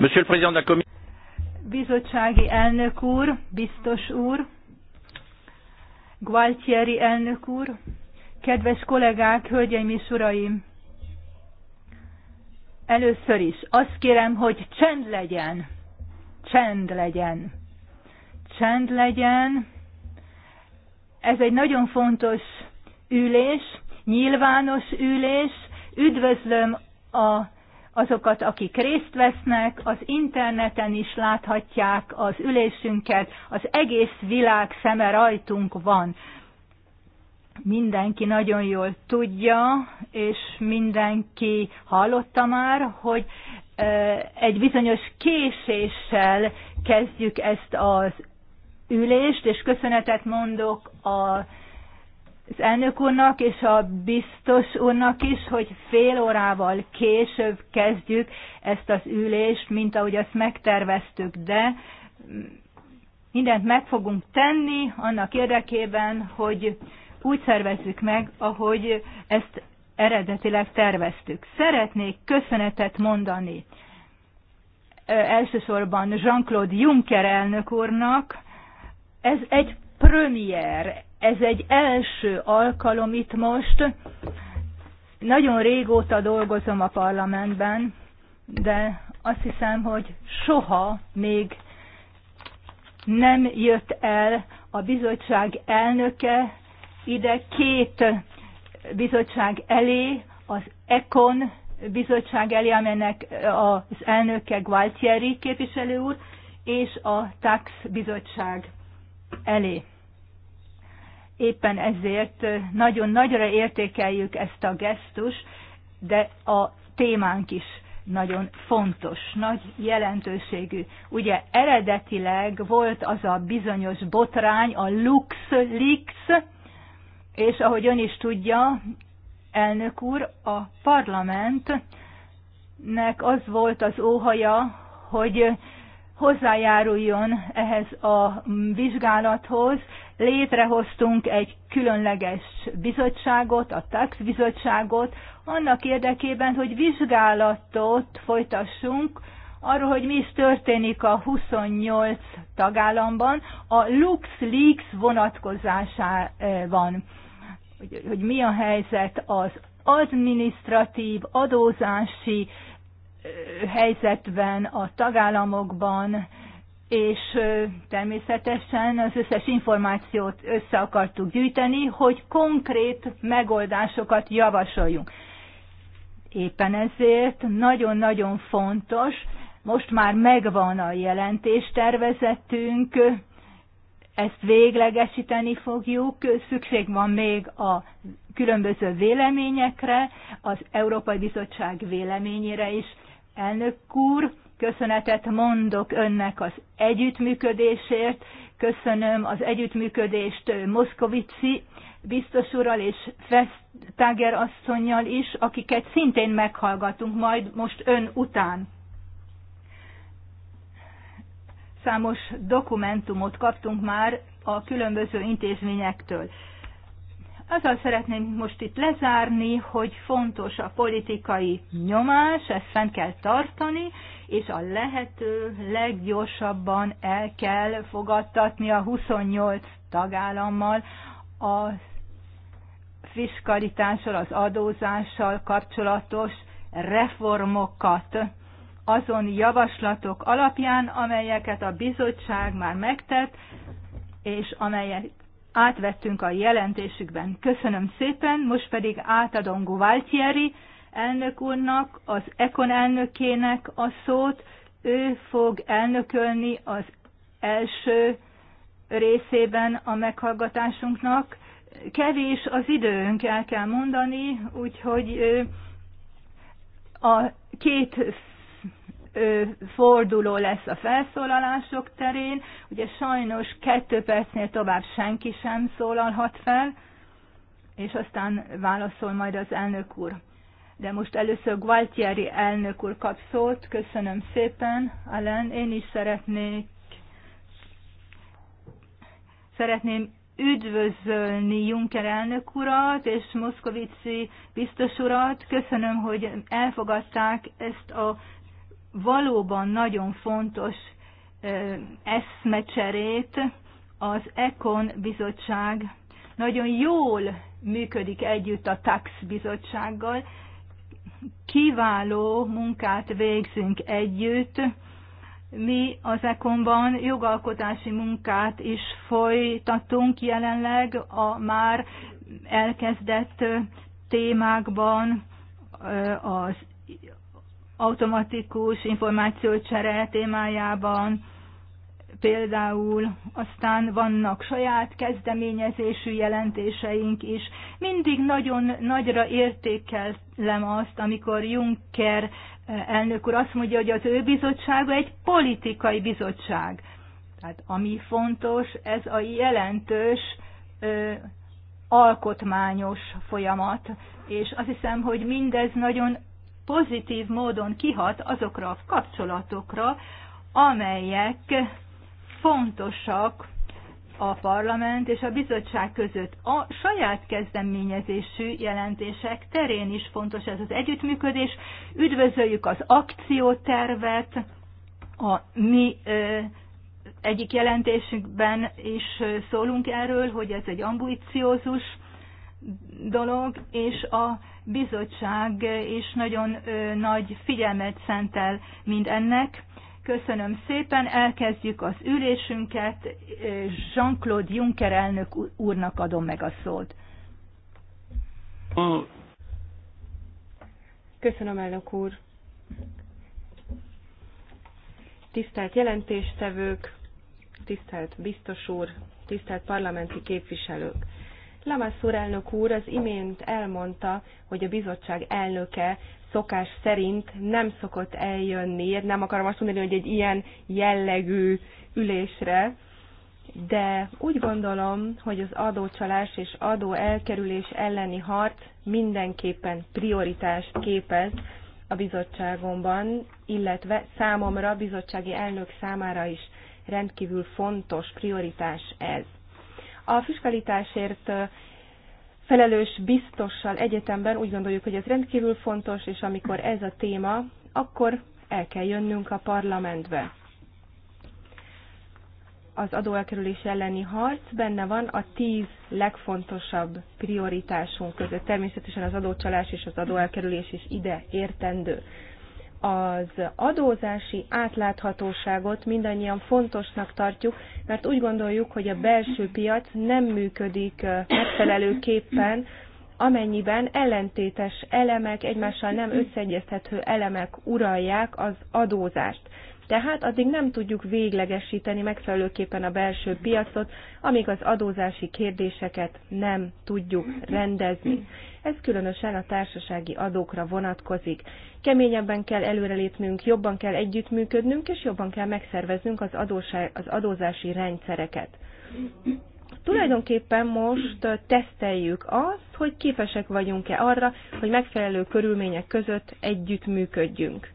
Monsieur le Président de la Commission. Bizottsági elnök úr, biztos úr, Gualtieri elnök úr, kedves kollégák, hölgyeim és uraim! Először is azt kérem, hogy csend legyen, csend legyen, csend legyen. Ez egy nagyon fontos ülés, nyilvános ülés. Üdvözlöm a azokat, akik részt vesznek, az interneten is láthatják az ülésünket, az egész világ szeme rajtunk van. Mindenki nagyon jól tudja, és mindenki hallotta már, hogy egy bizonyos késéssel kezdjük ezt az ülést, és köszönetet mondok a az elnök úrnak és a biztos úrnak is, hogy fél órával később kezdjük ezt az ülést, mint ahogy azt megterveztük, de mindent meg fogunk tenni annak érdekében, hogy úgy szervezzük meg, ahogy ezt eredetileg terveztük. Szeretnék köszönetet mondani elsősorban Jean-Claude Juncker elnök úrnak. Ez egy premier, ez egy első alkalom itt most. Nagyon régóta dolgozom a parlamentben, de azt hiszem, hogy soha még nem jött el a bizottság elnöke ide két bizottság elé, az ECON bizottság elé, amelynek az elnöke Gualtieri képviselő úr, és a TAX bizottság elé éppen ezért nagyon nagyra értékeljük ezt a gesztus, de a témánk is nagyon fontos, nagy jelentőségű. Ugye eredetileg volt az a bizonyos botrány, a LuxLeaks, és ahogy ön is tudja, elnök úr, a parlamentnek az volt az óhaja, hogy hozzájáruljon ehhez a vizsgálathoz, Létrehoztunk egy különleges bizottságot, a TAX bizottságot, annak érdekében, hogy vizsgálatot folytassunk arról, hogy mi is történik a 28 tagállamban a LuxLeaks vonatkozásában. Hogy, hogy mi a helyzet az administratív, adózási helyzetben a tagállamokban, és természetesen az összes információt össze akartuk gyűjteni, hogy konkrét megoldásokat javasoljunk. Éppen ezért nagyon-nagyon fontos, most már megvan a jelentéstervezetünk, ezt véglegesíteni fogjuk, szükség van még a különböző véleményekre, az Európai Bizottság véleményére is. Elnök úr, Köszönetet mondok önnek az együttműködésért, köszönöm az együttműködést Moszkovici biztos ural és Vestager asszonynal is, akiket szintén meghallgatunk majd most ön után. Számos dokumentumot kaptunk már a különböző intézményektől. Azzal szeretném most itt lezárni, hogy fontos a politikai nyomás, ezt fenn kell tartani, és a lehető leggyorsabban el kell fogadtatni a 28 tagállammal a fiskalitással, az adózással kapcsolatos reformokat azon javaslatok alapján, amelyeket a bizottság már megtett, és amelyek átvettünk a jelentésükben. Köszönöm szépen, most pedig átadom Guvaltieri elnök úrnak, az Ekon elnökének a szót. Ő fog elnökölni az első részében a meghallgatásunknak. Kevés az időnk, el kell mondani, úgyhogy a két forduló lesz a felszólalások terén. Ugye sajnos kettő percnél tovább senki sem szólalhat fel, és aztán válaszol majd az elnök úr. De most először Gualtieri elnök úr kap szót. Köszönöm szépen, Alen. Én is szeretnék szeretném üdvözölni Juncker elnök urat és Moszkovici biztos urat. Köszönöm, hogy elfogadták ezt a valóban nagyon fontos eszmecserét az ECON bizottság nagyon jól működik együtt a TAX bizottsággal. Kiváló munkát végzünk együtt. Mi az Econban jogalkotási munkát is folytatunk jelenleg a már elkezdett témákban, az automatikus információcsere témájában, például aztán vannak saját kezdeményezésű jelentéseink is. Mindig nagyon nagyra értékelem azt, amikor Juncker eh, elnök úr azt mondja, hogy az ő bizottsága egy politikai bizottság. Tehát ami fontos, ez a jelentős ö, eh, alkotmányos folyamat, és azt hiszem, hogy mindez nagyon pozitív módon kihat azokra a kapcsolatokra, amelyek fontosak a parlament és a bizottság között. A saját kezdeményezésű jelentések terén is fontos ez az együttműködés. Üdvözöljük az akciótervet, a mi ö, egyik jelentésükben is szólunk erről, hogy ez egy ambiciózus dolog, és a bizottság is nagyon nagy figyelmet szentel mindennek. Köszönöm szépen, elkezdjük az ülésünket. Jean-Claude Juncker elnök úrnak adom meg a szót. Köszönöm, elnök úr. Tisztelt jelentéstevők, tisztelt biztos úr, tisztelt parlamenti képviselők! Lamassur elnök úr az imént elmondta, hogy a bizottság elnöke szokás szerint nem szokott eljönni. Nem akarom azt mondani, hogy egy ilyen jellegű ülésre, de úgy gondolom, hogy az adócsalás és adó elkerülés elleni harc mindenképpen prioritást képez a bizottságomban, illetve számomra, bizottsági elnök számára is rendkívül fontos prioritás ez. A fiskalitásért felelős biztossal egyetemben úgy gondoljuk, hogy ez rendkívül fontos, és amikor ez a téma, akkor el kell jönnünk a parlamentbe. Az adóelkerülés elleni harc benne van a tíz legfontosabb prioritásunk között. Természetesen az adócsalás és az adóelkerülés is ide értendő az adózási átláthatóságot mindannyian fontosnak tartjuk, mert úgy gondoljuk, hogy a belső piac nem működik megfelelőképpen, amennyiben ellentétes elemek, egymással nem összeegyeztethető elemek uralják az adózást. Tehát addig nem tudjuk véglegesíteni megfelelőképpen a belső piacot, amíg az adózási kérdéseket nem tudjuk rendezni. Ez különösen a társasági adókra vonatkozik. Keményebben kell előrelépnünk, jobban kell együttműködnünk, és jobban kell megszerveznünk az, adósá, az adózási rendszereket tulajdonképpen most teszteljük azt, hogy képesek vagyunk-e arra, hogy megfelelő körülmények között együttműködjünk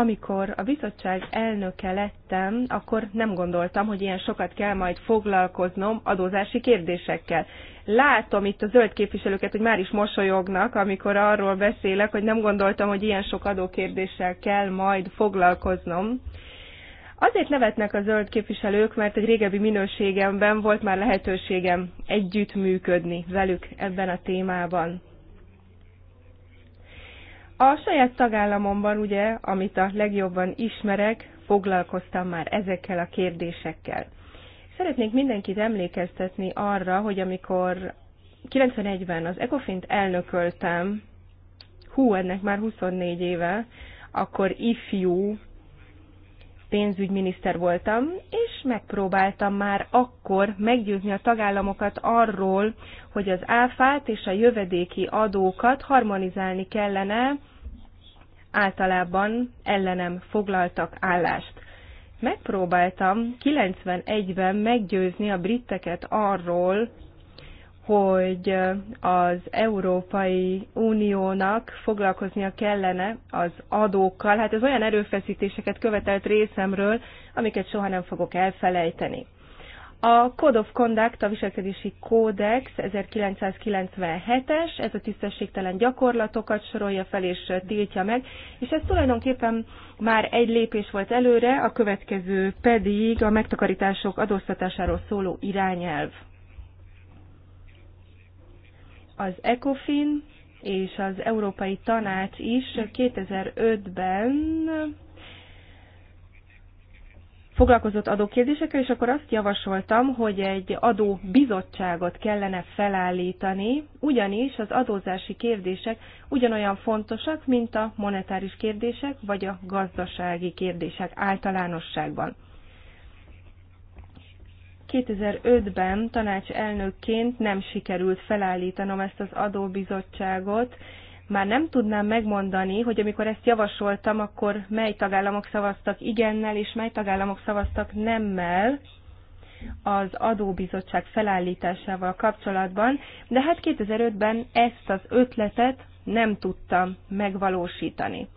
amikor a bizottság elnöke lettem, akkor nem gondoltam, hogy ilyen sokat kell majd foglalkoznom adózási kérdésekkel. Látom itt a zöld képviselőket, hogy már is mosolyognak, amikor arról beszélek, hogy nem gondoltam, hogy ilyen sok adókérdéssel kell majd foglalkoznom. Azért nevetnek a zöld képviselők, mert egy régebbi minőségemben volt már lehetőségem együttműködni velük ebben a témában. A saját tagállamomban, ugye, amit a legjobban ismerek, foglalkoztam már ezekkel a kérdésekkel. Szeretnék mindenkit emlékeztetni arra, hogy amikor 91-ben az Ecofint elnököltem, hú, ennek már 24 éve, akkor ifjú pénzügyminiszter voltam, és megpróbáltam már akkor meggyőzni a tagállamokat arról, hogy az áfát és a jövedéki adókat harmonizálni kellene, általában ellenem foglaltak állást. Megpróbáltam 91-ben meggyőzni a britteket arról, hogy az Európai Uniónak foglalkoznia kellene az adókkal. Hát ez olyan erőfeszítéseket követelt részemről, amiket soha nem fogok elfelejteni. A Code of Conduct, a viselkedési kódex 1997-es, ez a tisztességtelen gyakorlatokat sorolja fel és tiltja meg, és ez tulajdonképpen már egy lépés volt előre, a következő pedig a megtakarítások adóztatásáról szóló irányelv. Az ECOFIN és az Európai Tanács is 2005-ben foglalkozott adókérdésekkel, és akkor azt javasoltam, hogy egy adóbizottságot kellene felállítani, ugyanis az adózási kérdések ugyanolyan fontosak, mint a monetáris kérdések vagy a gazdasági kérdések általánosságban. 2005-ben tanács nem sikerült felállítanom ezt az adóbizottságot. Már nem tudnám megmondani, hogy amikor ezt javasoltam, akkor mely tagállamok szavaztak igennel, és mely tagállamok szavaztak nemmel az adóbizottság felállításával kapcsolatban, de hát 2005-ben ezt az ötletet nem tudtam megvalósítani.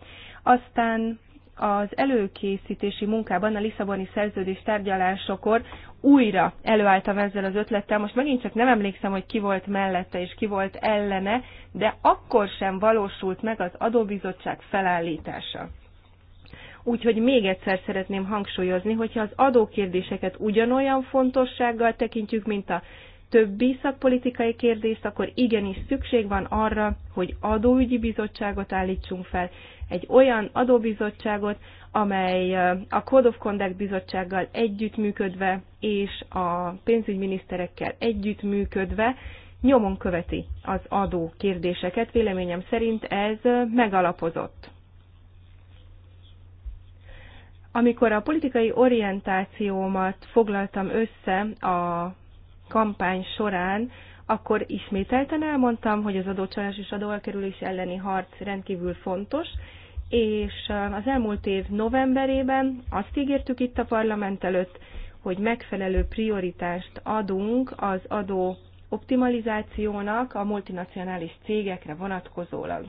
Aztán az előkészítési munkában, a Lisszaboni szerződés tárgyalásokor újra előálltam ezzel az ötlettel. Most megint csak nem emlékszem, hogy ki volt mellette és ki volt ellene, de akkor sem valósult meg az adóbizottság felállítása. Úgyhogy még egyszer szeretném hangsúlyozni, hogyha az adókérdéseket ugyanolyan fontossággal tekintjük, mint a többi szakpolitikai kérdést, akkor igenis szükség van arra, hogy adóügyi bizottságot állítsunk fel, egy olyan adóbizottságot, amely a Code of Conduct bizottsággal együttműködve és a pénzügyminiszterekkel együttműködve nyomon követi az adó kérdéseket. Véleményem szerint ez megalapozott. Amikor a politikai orientációmat foglaltam össze a kampány során, akkor ismételten elmondtam, hogy az adócsalás és adóelkerülés elleni harc rendkívül fontos, és az elmúlt év novemberében azt ígértük itt a parlament előtt, hogy megfelelő prioritást adunk az adó optimalizációnak a multinacionális cégekre vonatkozólag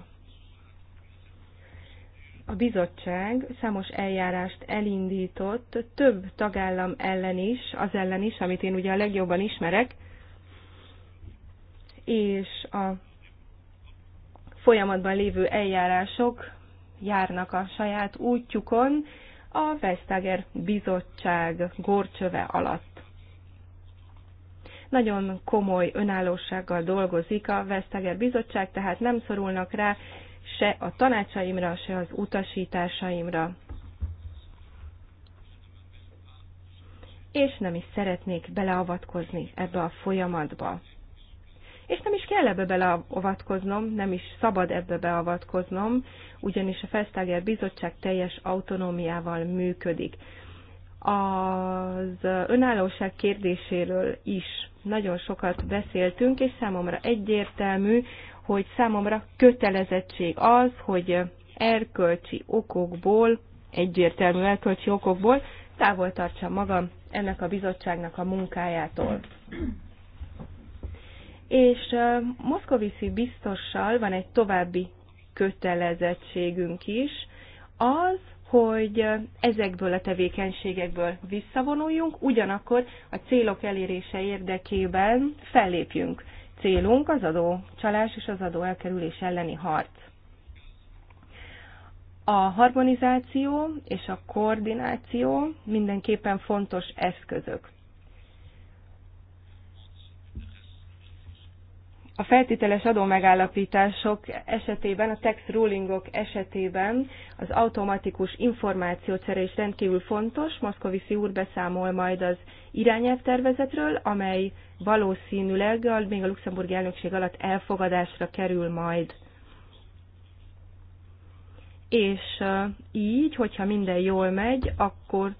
a bizottság számos eljárást elindított több tagállam ellen is, az ellen is, amit én ugye a legjobban ismerek, és a folyamatban lévő eljárások járnak a saját útjukon a Vestager bizottság gorcsöve alatt. Nagyon komoly önállósággal dolgozik a Vestager bizottság, tehát nem szorulnak rá se a tanácsaimra, se az utasításaimra. És nem is szeretnék beleavatkozni ebbe a folyamatba. És nem is kell ebbe beleavatkoznom, nem is szabad ebbe beavatkoznom, ugyanis a Vestager Bizottság teljes autonómiával működik. Az önállóság kérdéséről is nagyon sokat beszéltünk, és számomra egyértelmű, hogy számomra kötelezettség az, hogy erkölcsi okokból, egyértelmű erkölcsi okokból távol tartsam magam ennek a bizottságnak a munkájától. És Moszkoviszi biztossal van egy további kötelezettségünk is, az, hogy ezekből a tevékenységekből visszavonuljunk, ugyanakkor a célok elérése érdekében fellépjünk célunk az adó csalás és az adó elkerülés elleni harc. A harmonizáció és a koordináció mindenképpen fontos eszközök. a feltételes adómegállapítások esetében, a tax rulingok esetében az automatikus információcsere is rendkívül fontos. Moszkovici úr beszámol majd az irányelvtervezetről, amely valószínűleg még a luxemburgi elnökség alatt elfogadásra kerül majd. És így, hogyha minden jól megy, akkor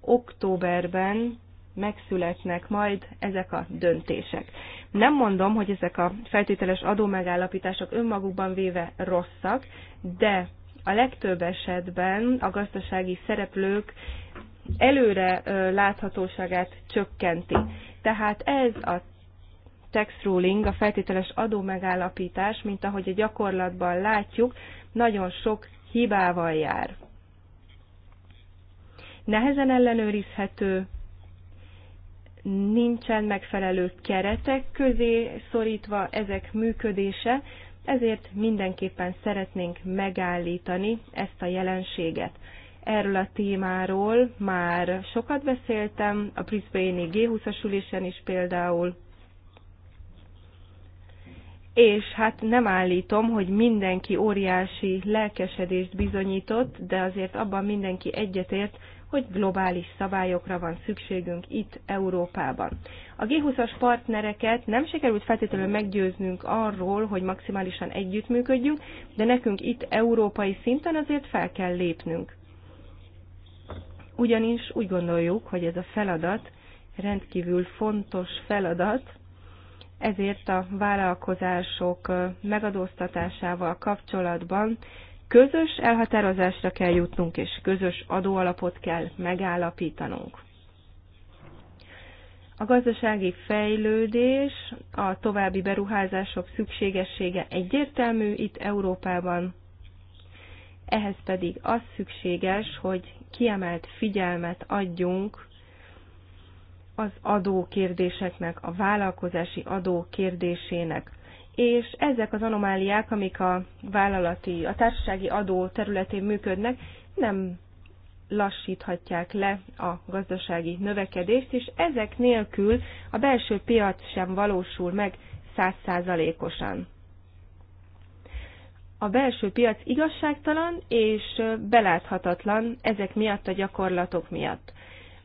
októberben megszületnek majd ezek a döntések. Nem mondom, hogy ezek a feltételes adómegállapítások önmagukban véve rosszak, de a legtöbb esetben a gazdasági szereplők előre láthatóságát csökkenti. Tehát ez a tax ruling, a feltételes adómegállapítás, mint ahogy a gyakorlatban látjuk, nagyon sok hibával jár. Nehezen ellenőrizhető, nincsen megfelelő keretek közé szorítva ezek működése, ezért mindenképpen szeretnénk megállítani ezt a jelenséget. Erről a témáról már sokat beszéltem, a Brisbane-i G20-as ülésen is például, és hát nem állítom, hogy mindenki óriási lelkesedést bizonyított, de azért abban mindenki egyetért, hogy globális szabályokra van szükségünk itt Európában. A G20-as partnereket nem sikerült feltétlenül meggyőznünk arról, hogy maximálisan együttműködjünk, de nekünk itt európai szinten azért fel kell lépnünk. Ugyanis úgy gondoljuk, hogy ez a feladat rendkívül fontos feladat, ezért a vállalkozások megadóztatásával kapcsolatban közös elhatározásra kell jutnunk, és közös adóalapot kell megállapítanunk. A gazdasági fejlődés, a további beruházások szükségessége egyértelmű itt Európában, ehhez pedig az szükséges, hogy kiemelt figyelmet adjunk az adókérdéseknek, a vállalkozási adókérdésének és ezek az anomáliák, amik a vállalati, a társasági adó területén működnek, nem lassíthatják le a gazdasági növekedést, és ezek nélkül a belső piac sem valósul meg százszázalékosan. A belső piac igazságtalan és beláthatatlan ezek miatt a gyakorlatok miatt.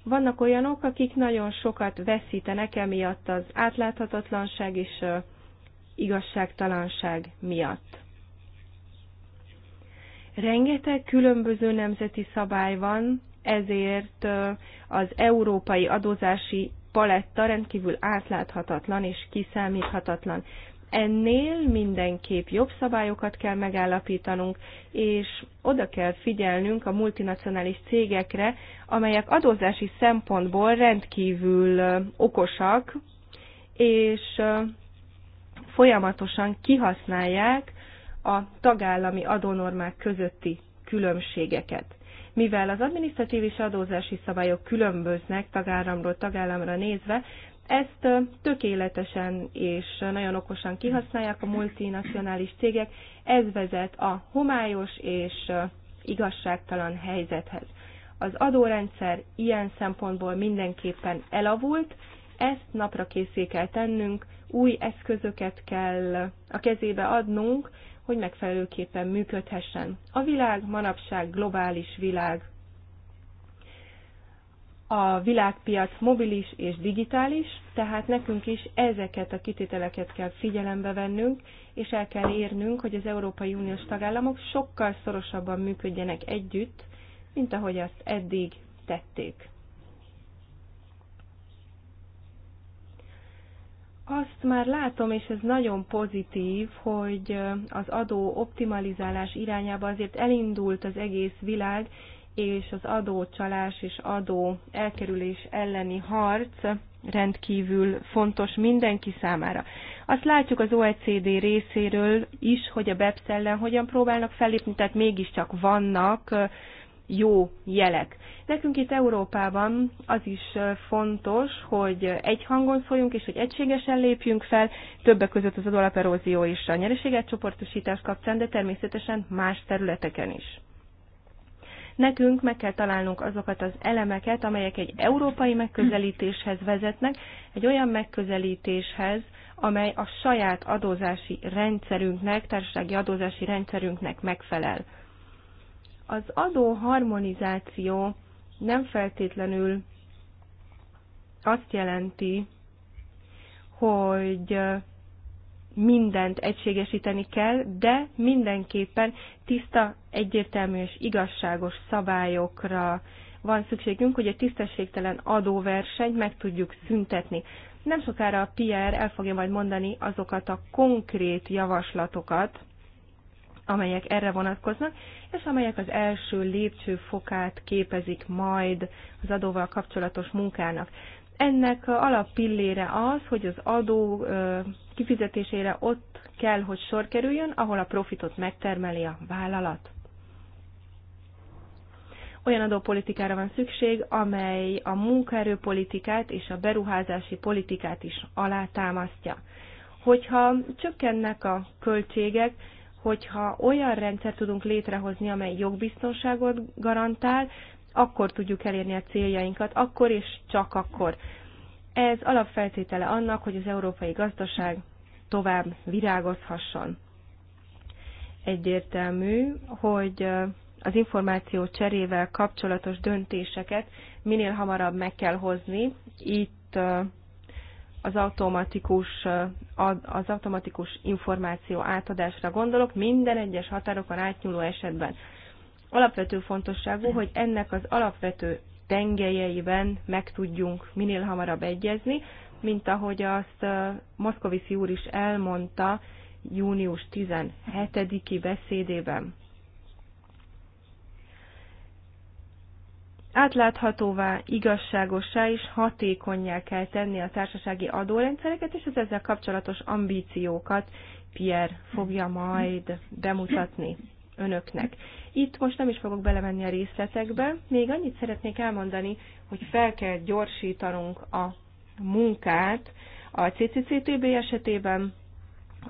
Vannak olyanok, akik nagyon sokat veszítenek emiatt az átláthatatlanság és igazságtalanság miatt. Rengeteg különböző nemzeti szabály van, ezért az európai adózási paletta rendkívül átláthatatlan és kiszámíthatatlan. Ennél mindenképp jobb szabályokat kell megállapítanunk, és oda kell figyelnünk a multinacionális cégekre, amelyek adózási szempontból rendkívül okosak, és folyamatosan kihasználják a tagállami adónormák közötti különbségeket. Mivel az adminisztratív és adózási szabályok különböznek tagállamról tagállamra nézve, ezt tökéletesen és nagyon okosan kihasználják a multinacionális cégek, ez vezet a homályos és igazságtalan helyzethez. Az adórendszer ilyen szempontból mindenképpen elavult, ezt napra készé kell tennünk, új eszközöket kell a kezébe adnunk, hogy megfelelőképpen működhessen. A világ manapság globális világ. A világpiac mobilis és digitális, tehát nekünk is ezeket a kitételeket kell figyelembe vennünk, és el kell érnünk, hogy az Európai Uniós tagállamok sokkal szorosabban működjenek együtt, mint ahogy azt eddig tették. Azt már látom, és ez nagyon pozitív, hogy az adó optimalizálás irányába azért elindult az egész világ, és az adócsalás és adó elkerülés elleni harc rendkívül fontos mindenki számára. Azt látjuk az OECD részéről is, hogy a BEPS ellen hogyan próbálnak fellépni, tehát mégiscsak vannak jó jelek. Nekünk itt Európában az is fontos, hogy egy hangon szóljunk, és hogy egységesen lépjünk fel, többek között az adóalaperózió és a nyereséget csoportosítás kapcsán, de természetesen más területeken is. Nekünk meg kell találnunk azokat az elemeket, amelyek egy európai megközelítéshez vezetnek, egy olyan megközelítéshez, amely a saját adózási rendszerünknek, társasági adózási rendszerünknek megfelel. Az adó harmonizáció nem feltétlenül azt jelenti, hogy mindent egységesíteni kell, de mindenképpen tiszta, egyértelmű és igazságos szabályokra van szükségünk, hogy a tisztességtelen adóversenyt meg tudjuk szüntetni. Nem sokára a PR el fogja majd mondani azokat a konkrét javaslatokat, amelyek erre vonatkoznak, és amelyek az első lépcsőfokát képezik majd az adóval kapcsolatos munkának. Ennek alappillére az, hogy az adó kifizetésére ott kell, hogy sor kerüljön, ahol a profitot megtermeli a vállalat. Olyan adópolitikára van szükség, amely a munkaerőpolitikát és a beruházási politikát is alátámasztja. Hogyha csökkennek a költségek, hogyha olyan rendszer tudunk létrehozni, amely jogbiztonságot garantál, akkor tudjuk elérni a céljainkat, akkor és csak akkor. Ez alapfeltétele annak, hogy az európai gazdaság tovább virágozhasson. Egyértelmű, hogy az információ cserével kapcsolatos döntéseket minél hamarabb meg kell hozni. Itt az automatikus, az automatikus információ átadásra gondolok minden egyes határokon átnyúló esetben. Alapvető fontosságú, hogy ennek az alapvető tengelyeiben meg tudjunk minél hamarabb egyezni, mint ahogy azt Moszkoviszi úr is elmondta június 17-i beszédében. átláthatóvá, igazságossá és hatékonyá kell tenni a társasági adórendszereket, és az ezzel kapcsolatos ambíciókat Pierre fogja majd bemutatni önöknek. Itt most nem is fogok belemenni a részletekbe, még annyit szeretnék elmondani, hogy fel kell gyorsítanunk a munkát a CCCTB esetében.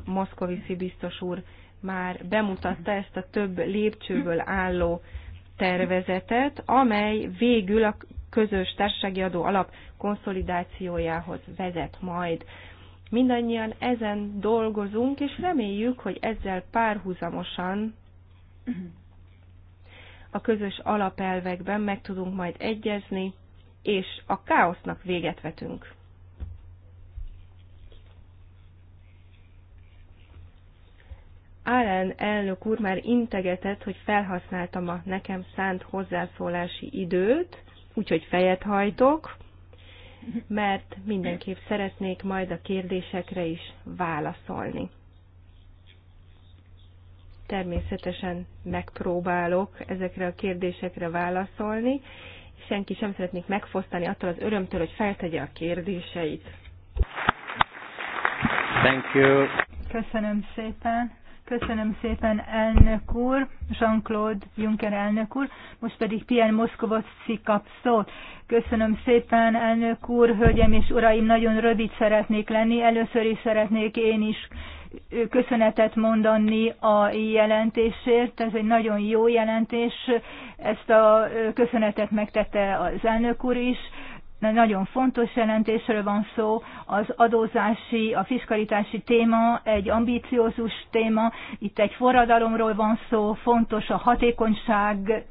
Moszkoviszi biztos úr már bemutatta ezt a több lépcsőből álló tervezetet, amely végül a közös társasági adó alap konszolidációjához vezet majd. Mindannyian ezen dolgozunk, és reméljük, hogy ezzel párhuzamosan a közös alapelvekben meg tudunk majd egyezni, és a káosznak véget vetünk. Allen elnök úr már integetett, hogy felhasználtam a nekem szánt hozzászólási időt, úgyhogy fejet hajtok, mert mindenképp szeretnék majd a kérdésekre is válaszolni. Természetesen megpróbálok ezekre a kérdésekre válaszolni. Senki sem szeretnék megfosztani attól az örömtől, hogy feltegye a kérdéseit. Thank you. Köszönöm szépen. Köszönöm szépen, elnök úr, Jean-Claude Juncker elnök úr, most pedig Pierre Moszkovocsi kap szót. Köszönöm szépen, elnök úr, hölgyem és uraim, nagyon rövid szeretnék lenni. Először is szeretnék én is köszönetet mondani a jelentésért. Ez egy nagyon jó jelentés, ezt a köszönetet megtette az elnök úr is nagyon fontos jelentésről van szó, az adózási, a fiskalitási téma egy ambíciózus téma, itt egy forradalomról van szó, fontos a hatékonyság,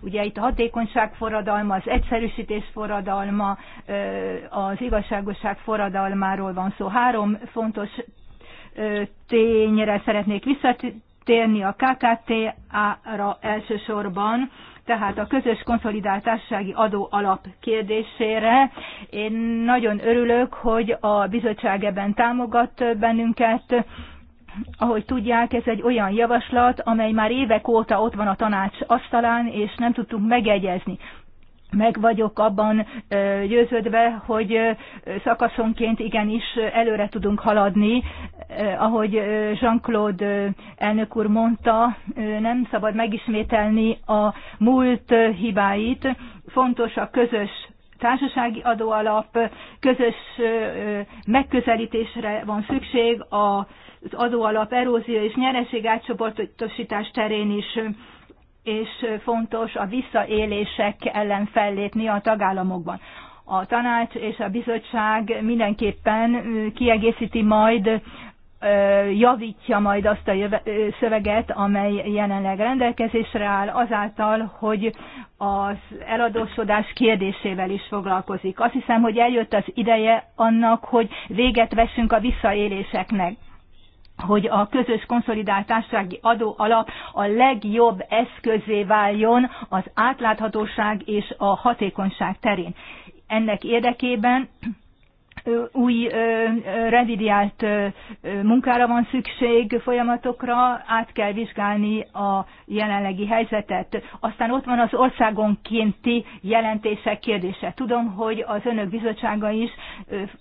ugye itt a hatékonyság forradalma, az egyszerűsítés forradalma, az igazságosság forradalmáról van szó. Három fontos tényre szeretnék visszatérni, a KKT-ra elsősorban, tehát a közös konszolidáltársági adó alap kérdésére én nagyon örülök, hogy a bizottság ebben támogat bennünket, ahogy tudják, ez egy olyan javaslat, amely már évek óta ott van a tanács asztalán, és nem tudtunk megegyezni meg vagyok abban győződve, hogy szakaszonként igenis előre tudunk haladni. Ahogy Jean-Claude elnök úr mondta, nem szabad megismételni a múlt hibáit. Fontos a közös társasági adóalap, közös megközelítésre van szükség az adóalap erózió és nyereség átcsoportosítás terén is és fontos a visszaélések ellen fellépni a tagállamokban. A tanács és a bizottság mindenképpen kiegészíti majd, javítja majd azt a szöveget, amely jelenleg rendelkezésre áll, azáltal, hogy az eladósodás kérdésével is foglalkozik. Azt hiszem, hogy eljött az ideje annak, hogy véget vessünk a visszaéléseknek hogy a közös konszolidált társasági adóalap a legjobb eszközé váljon az átláthatóság és a hatékonyság terén. Ennek érdekében új revidiált munkára van szükség, folyamatokra, át kell vizsgálni a jelenlegi helyzetet. Aztán ott van az országonkénti jelentések kérdése. Tudom, hogy az önök bizottsága is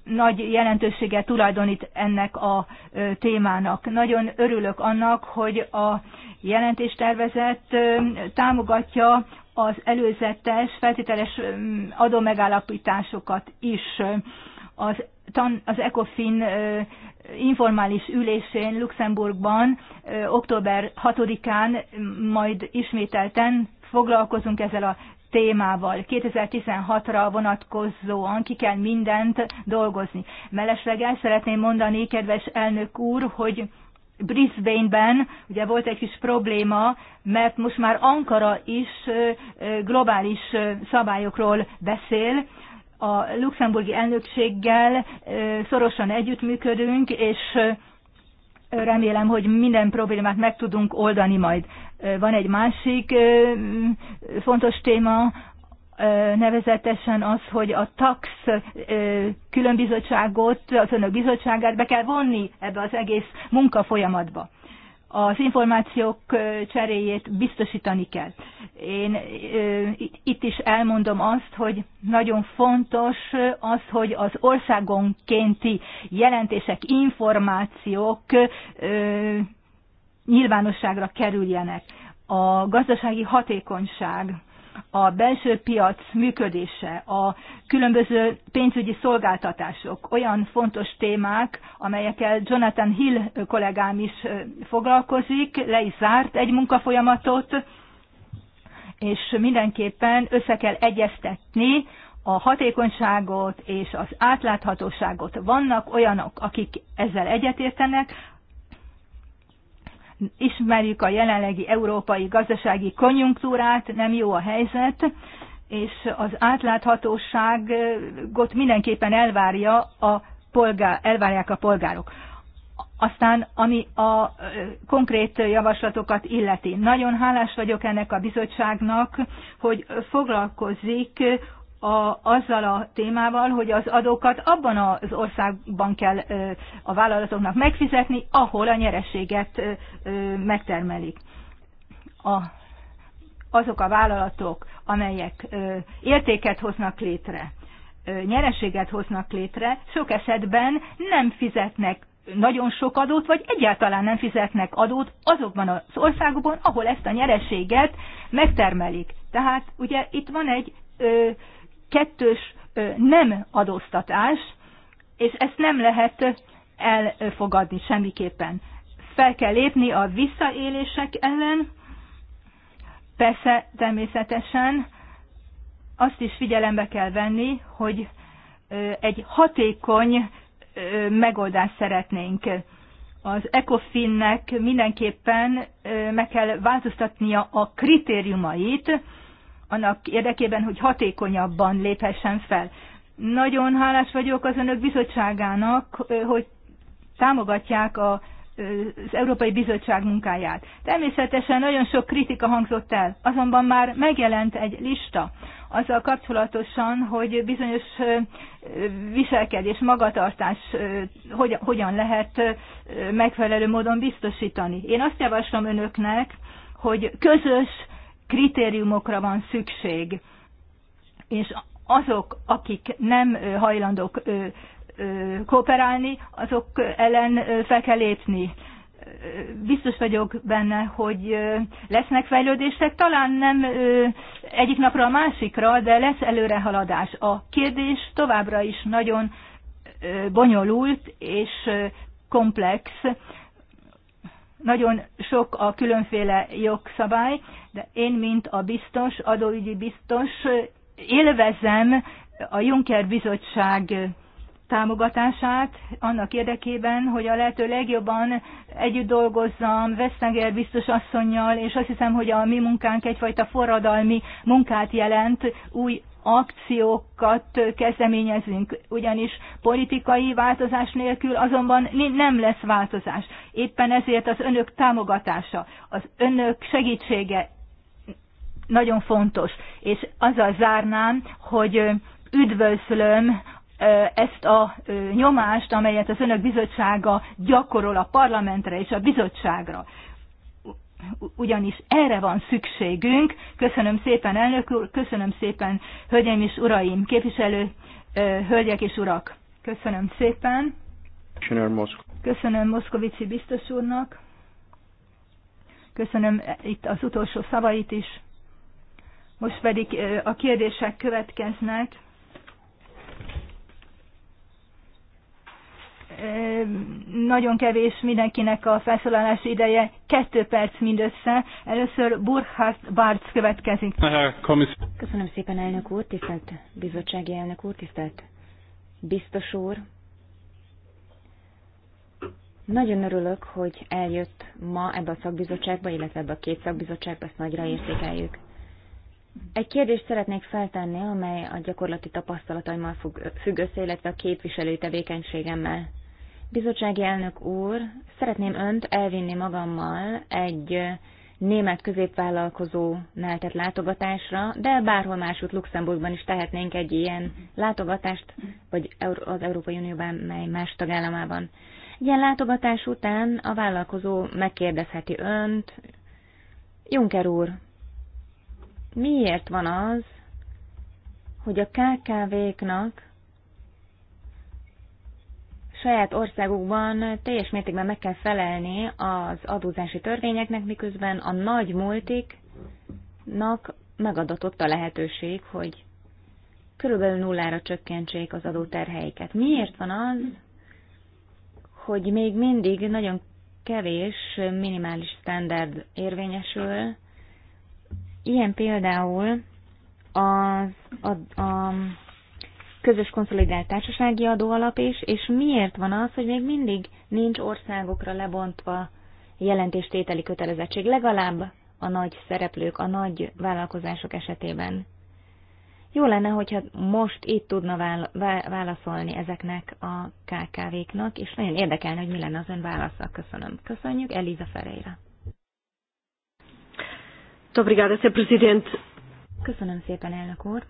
nagy jelentőséget tulajdonít ennek a témának. Nagyon örülök annak, hogy a jelentéstervezet támogatja az előzetes, feltételes adómegállapításokat is az, tan, az ECOFIN informális ülésén Luxemburgban október 6-án majd ismételten foglalkozunk ezzel a témával. 2016-ra vonatkozóan ki kell mindent dolgozni. Mellesleg el szeretném mondani, kedves elnök úr, hogy Brisbane-ben ugye volt egy kis probléma, mert most már Ankara is globális szabályokról beszél, a luxemburgi elnökséggel szorosan együttműködünk, és remélem, hogy minden problémát meg tudunk oldani majd. Van egy másik fontos téma, nevezetesen az, hogy a tax különbizottságot, az önök bizottságát be kell vonni ebbe az egész munkafolyamatba az információk cseréjét biztosítani kell. Én itt is elmondom azt, hogy nagyon fontos az, hogy az országonkénti jelentések, információk nyilvánosságra kerüljenek. A gazdasági hatékonyság a belső piac működése, a különböző pénzügyi szolgáltatások olyan fontos témák, amelyekkel Jonathan Hill kollégám is foglalkozik, le is zárt egy munkafolyamatot, és mindenképpen össze kell egyeztetni a hatékonyságot és az átláthatóságot. Vannak olyanok, akik ezzel egyetértenek, ismerjük a jelenlegi európai gazdasági konjunktúrát, nem jó a helyzet, és az átláthatóságot mindenképpen elvárja a polgár, elvárják a polgárok. Aztán, ami a konkrét javaslatokat illeti. Nagyon hálás vagyok ennek a bizottságnak, hogy foglalkozik a, azzal a témával, hogy az adókat abban az országban kell ö, a vállalatoknak megfizetni, ahol a nyereséget ö, ö, megtermelik. A, azok a vállalatok, amelyek ö, értéket hoznak létre, ö, nyereséget hoznak létre, sok esetben nem fizetnek nagyon sok adót, vagy egyáltalán nem fizetnek adót azokban az országokban, ahol ezt a nyereséget megtermelik. Tehát ugye itt van egy ö, kettős nem adóztatás, és ezt nem lehet elfogadni semmiképpen. Fel kell lépni a visszaélések ellen, persze természetesen azt is figyelembe kell venni, hogy egy hatékony megoldást szeretnénk. Az ECOFIN-nek mindenképpen meg kell változtatnia a kritériumait, annak érdekében, hogy hatékonyabban léphessen fel. Nagyon hálás vagyok az önök bizottságának, hogy támogatják a, az Európai Bizottság munkáját. Természetesen nagyon sok kritika hangzott el, azonban már megjelent egy lista azzal kapcsolatosan, hogy bizonyos viselkedés, magatartás hogyan lehet megfelelő módon biztosítani. Én azt javaslom önöknek, hogy közös kritériumokra van szükség, és azok, akik nem hajlandók kooperálni, azok ellen fel kell lépni. Biztos vagyok benne, hogy lesznek fejlődések, talán nem egyik napra a másikra, de lesz előrehaladás. A kérdés továbbra is nagyon bonyolult és komplex. Nagyon sok a különféle jogszabály, de én, mint a biztos, adóügyi biztos, élvezem a Juncker Bizottság támogatását annak érdekében, hogy a lehető legjobban együtt dolgozzam Vesztenger biztos asszonynal, és azt hiszem, hogy a mi munkánk egyfajta forradalmi munkát jelent, új akciókat kezdeményezünk, ugyanis politikai változás nélkül azonban nem lesz változás. Éppen ezért az önök támogatása, az önök segítsége nagyon fontos. És azzal zárnám, hogy üdvözlöm ezt a nyomást, amelyet az önök bizottsága gyakorol a parlamentre és a bizottságra. Ugyanis erre van szükségünk. Köszönöm szépen, elnök úr, köszönöm szépen, hölgyeim és uraim, képviselő, hölgyek és urak. Köszönöm szépen. Köszönöm Moszkovici biztos úrnak. Köszönöm e, itt az utolsó szavait is. Most pedig a kérdések következnek. Nagyon kevés mindenkinek a felszólalási ideje, kettő perc mindössze. Először Burkhard Bartz következik. Köszönöm szépen, elnök úr, tisztelt bizottsági elnök úr, tisztelt biztos úr. Nagyon örülök, hogy eljött ma ebbe a szakbizottságba, illetve ebbe a két szakbizottságba, ezt nagyra értékeljük. Egy kérdést szeretnék feltenni, amely a gyakorlati tapasztalataimmal függ össze, illetve a képviselői tevékenységemmel. Bizottsági elnök úr, szeretném önt elvinni magammal egy német középvállalkozónál tett látogatásra, de bárhol máshogy Luxemburgban is tehetnénk egy ilyen látogatást, vagy az Európai Unióban, mely más tagállamában. Egy ilyen látogatás után a vállalkozó megkérdezheti önt, Juncker úr, miért van az, hogy a KKV-knak saját országukban teljes mértékben meg kell felelni az adózási törvényeknek, miközben a nagy multiknak megadatott a lehetőség, hogy körülbelül nullára csökkentsék az adóterheiket. Miért van az, hogy még mindig nagyon kevés minimális standard érvényesül Ilyen például az, a, a közös konszolidált társasági adóalap is, és miért van az, hogy még mindig nincs országokra lebontva jelentéstételi kötelezettség, legalább a nagy szereplők, a nagy vállalkozások esetében. Jó lenne, hogyha most itt tudna válaszolni ezeknek a KKV-knak, és nagyon érdekelne, hogy mi lenne az ön válasza. Köszönöm. Köszönjük, Eliza Ferreira. Obrigada, Sr. Presidente. Köszönöm szépen, elnök úr.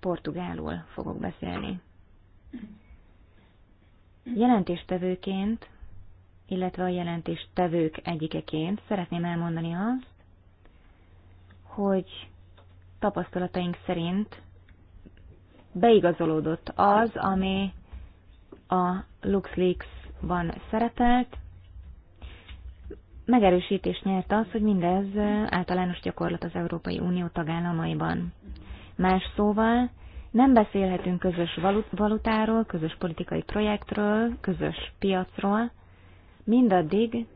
Portugálul fogok beszélni. Jelentéstevőként, illetve a jelentéstevők egyikeként szeretném elmondani azt, hogy tapasztalataink szerint beigazolódott az, ami a LuxLeaks-ban szerepelt, Megerősítést nyert az, hogy mindez általános gyakorlat az Európai Unió tagállamaiban. Más szóval, nem beszélhetünk közös valutáról, közös politikai projektről, közös piacról, mindaddig,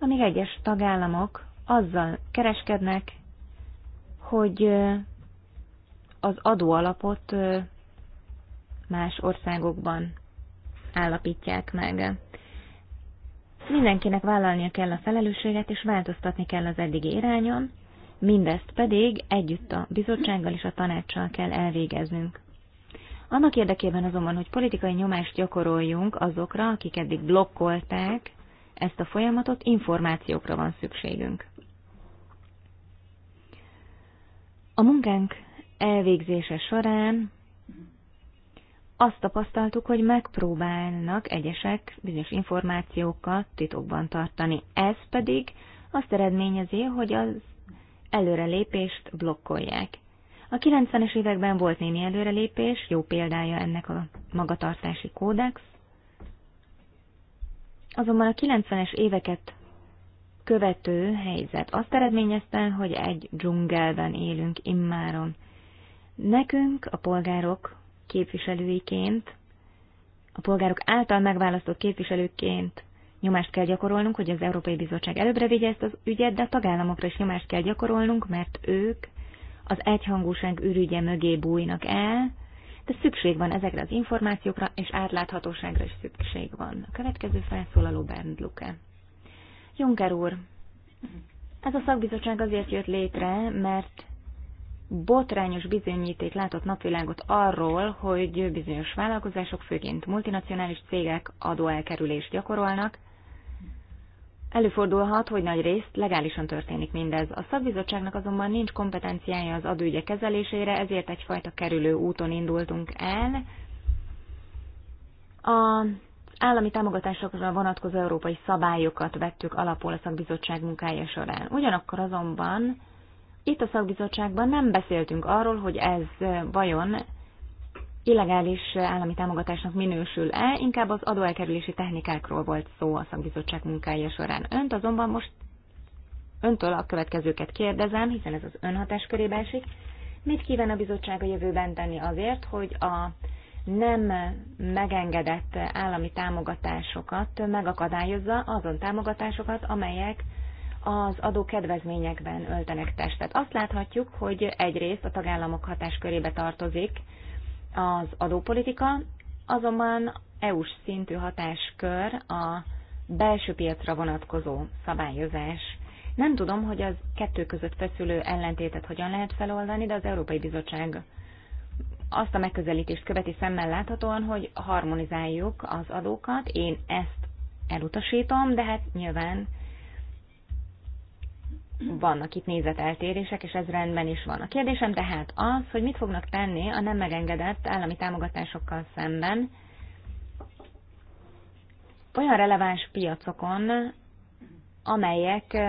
amíg egyes tagállamok azzal kereskednek, hogy az adóalapot más országokban állapítják meg. Mindenkinek vállalnia kell a felelősséget, és változtatni kell az eddigi irányon, mindezt pedig együtt a bizottsággal és a tanácssal kell elvégeznünk. Annak érdekében azonban, hogy politikai nyomást gyakoroljunk azokra, akik eddig blokkolták ezt a folyamatot, információkra van szükségünk. A munkánk elvégzése során azt tapasztaltuk, hogy megpróbálnak egyesek bizonyos információkat titokban tartani. Ez pedig azt eredményezi, hogy az előrelépést blokkolják. A 90-es években volt némi előrelépés, jó példája ennek a magatartási kódex. Azonban a 90-es éveket követő helyzet azt eredményezte, hogy egy dzsungelben élünk immáron. Nekünk, a polgárok képviselőiként, a polgárok által megválasztott képviselőként nyomást kell gyakorolnunk, hogy az Európai Bizottság előbbre vigye ezt az ügyet, de a tagállamokra is nyomást kell gyakorolnunk, mert ők az egyhangúság ürügye mögé bújnak el, de szükség van ezekre az információkra, és átláthatóságra is szükség van. A következő felszólaló Bernd Luke. Juncker úr, ez a szakbizottság azért jött létre, mert botrányos bizonyíték látott napvilágot arról, hogy bizonyos vállalkozások, főként multinacionális cégek adóelkerülést gyakorolnak. Előfordulhat, hogy nagy részt legálisan történik mindez. A szabbizottságnak azonban nincs kompetenciája az adőgye kezelésére, ezért egyfajta kerülő úton indultunk el. A állami támogatásokra vonatkozó európai szabályokat vettük alapul a szakbizottság munkája során. Ugyanakkor azonban itt a szakbizottságban nem beszéltünk arról, hogy ez vajon illegális állami támogatásnak minősül-e, inkább az adóelkerülési technikákról volt szó a szakbizottság munkája során. Önt azonban most öntől a következőket kérdezem, hiszen ez az önhatás körébe esik. Mit kíván a bizottság a jövőben tenni azért, hogy a nem megengedett állami támogatásokat megakadályozza azon támogatásokat, amelyek az adó kedvezményekben öltenek testet. Azt láthatjuk, hogy egyrészt a tagállamok hatáskörébe tartozik az adópolitika, azonban EU-s szintű hatáskör a belső piacra vonatkozó szabályozás. Nem tudom, hogy az kettő között feszülő ellentétet hogyan lehet feloldani, de az Európai Bizottság azt a megközelítést követi szemmel láthatóan, hogy harmonizáljuk az adókat. Én ezt elutasítom, de hát nyilván vannak itt nézeteltérések, és ez rendben is van. A kérdésem tehát az, hogy mit fognak tenni a nem megengedett állami támogatásokkal szemben olyan releváns piacokon, amelyek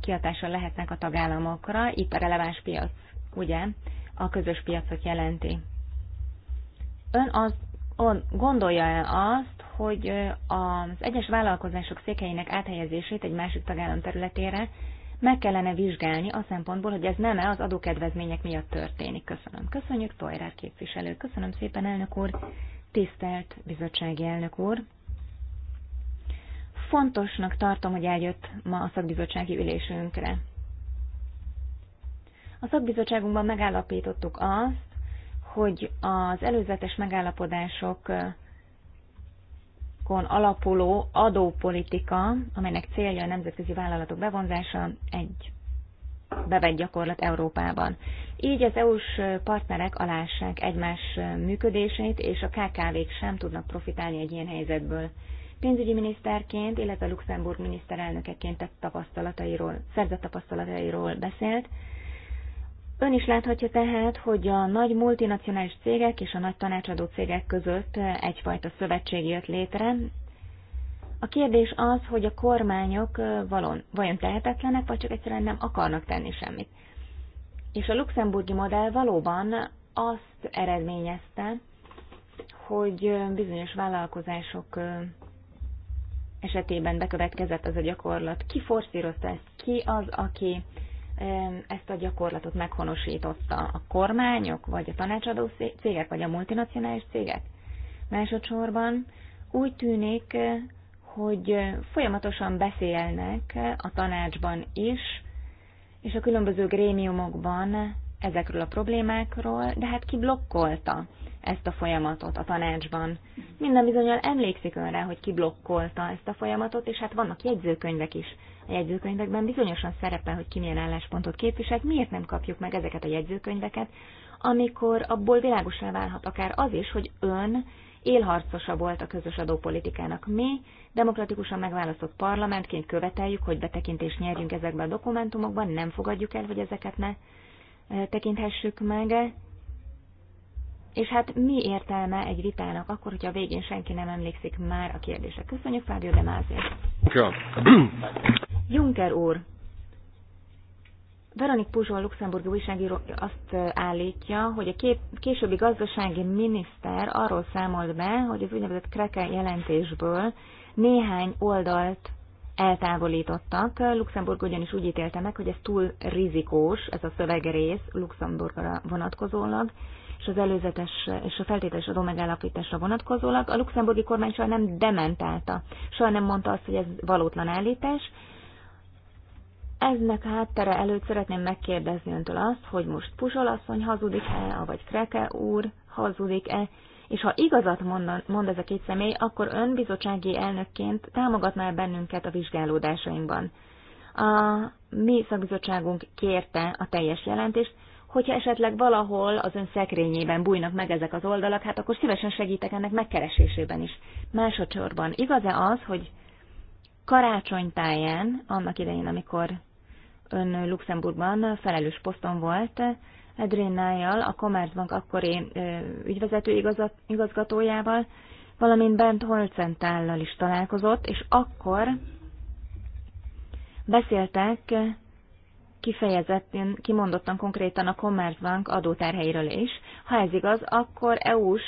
kiatással lehetnek a tagállamokra. Itt a releváns piac, ugye, a közös piacot jelenti. Ön az gondolja-e azt, hogy az egyes vállalkozások székeinek áthelyezését egy másik tagállam területére meg kellene vizsgálni a szempontból, hogy ez nem-e az adókedvezmények miatt történik. Köszönöm. Köszönjük, Tojrár képviselő. Köszönöm szépen, elnök úr. Tisztelt bizottsági elnök úr. Fontosnak tartom, hogy eljött ma a szakbizottsági ülésünkre. A szakbizottságunkban megállapítottuk azt, hogy az előzetes megállapodások kockázatokon alapuló adópolitika, amelynek célja a nemzetközi vállalatok bevonzása, egy bevett gyakorlat Európában. Így az EU-s partnerek alássák egymás működését, és a KKV-k sem tudnak profitálni egy ilyen helyzetből. Pénzügyi miniszterként, illetve Luxemburg miniszterelnökeként tett tapasztalatairól, szerzett tapasztalatairól beszélt, Ön is láthatja tehát, hogy a nagy multinacionális cégek és a nagy tanácsadó cégek között egyfajta szövetség jött létre. A kérdés az, hogy a kormányok valon, vajon tehetetlenek, vagy csak egyszerűen nem akarnak tenni semmit. És a luxemburgi modell valóban azt eredményezte, hogy bizonyos vállalkozások esetében bekövetkezett az a gyakorlat. Ki forszírozta ezt? Ki az, aki ezt a gyakorlatot meghonosította a kormányok, vagy a tanácsadó cégek, vagy a multinacionális cégek? Másodszorban úgy tűnik, eh, hogy eh, folyamatosan beszélnek a tanácsban is, és a különböző grémiumokban ezekről a problémákról, de hát ki blokkolta ezt a folyamatot a tanácsban. Minden bizonyal emlékszik önre, hogy ki blokkolta ezt a folyamatot, és hát vannak jegyzőkönyvek is. A jegyzőkönyvekben bizonyosan szerepel, hogy ki milyen álláspontot képviselt, miért nem kapjuk meg ezeket a jegyzőkönyveket, amikor abból világosan válhat akár az is, hogy ön élharcosa volt a közös adópolitikának. Mi, demokratikusan megválasztott parlamentként követeljük, hogy betekintést nyerjünk ezekbe a dokumentumokban, nem fogadjuk el, hogy ezeket ne tekinthessük meg, és hát mi értelme egy vitának akkor, hogyha a végén senki nem emlékszik már a kérdésre? Köszönjük, Fábio de Mázi. Juncker úr, Veronik Puzsol, luxemburgi újságíró azt állítja, hogy a kép, későbbi gazdasági miniszter arról számolt be, hogy az úgynevezett kreke jelentésből néhány oldalt eltávolítottak. Luxemburg ugyanis úgy ítélte meg, hogy ez túl rizikós, ez a szövegrész Luxemburgra vonatkozólag, és az előzetes és a feltételes adó megállapításra vonatkozólag. A luxemburgi kormány soha nem dementálta, soha nem mondta azt, hogy ez valótlan állítás. Eznek háttere előtt szeretném megkérdezni öntől azt, hogy most Pusolasszony hazudik-e, vagy Kreke úr hazudik-e, és ha igazat mond ez a két személy, akkor ön bizottsági elnökként támogatná -e bennünket a vizsgálódásainkban. A mi szakbizottságunk kérte a teljes jelentést, hogyha esetleg valahol az ön szekrényében bújnak meg ezek az oldalak, hát akkor szívesen segítek ennek megkeresésében is. Másodszorban igaz-e az, hogy karácsonytáján, annak idején, amikor ön Luxemburgban felelős poszton volt, Edrénájjal, a Commerzbank akkori ügyvezető igazgatójával, valamint Bent Holcentállal is találkozott, és akkor beszéltek kifejezetten, kimondottan konkrétan a Commerzbank adóterheiről is. Ha ez igaz, akkor EU-s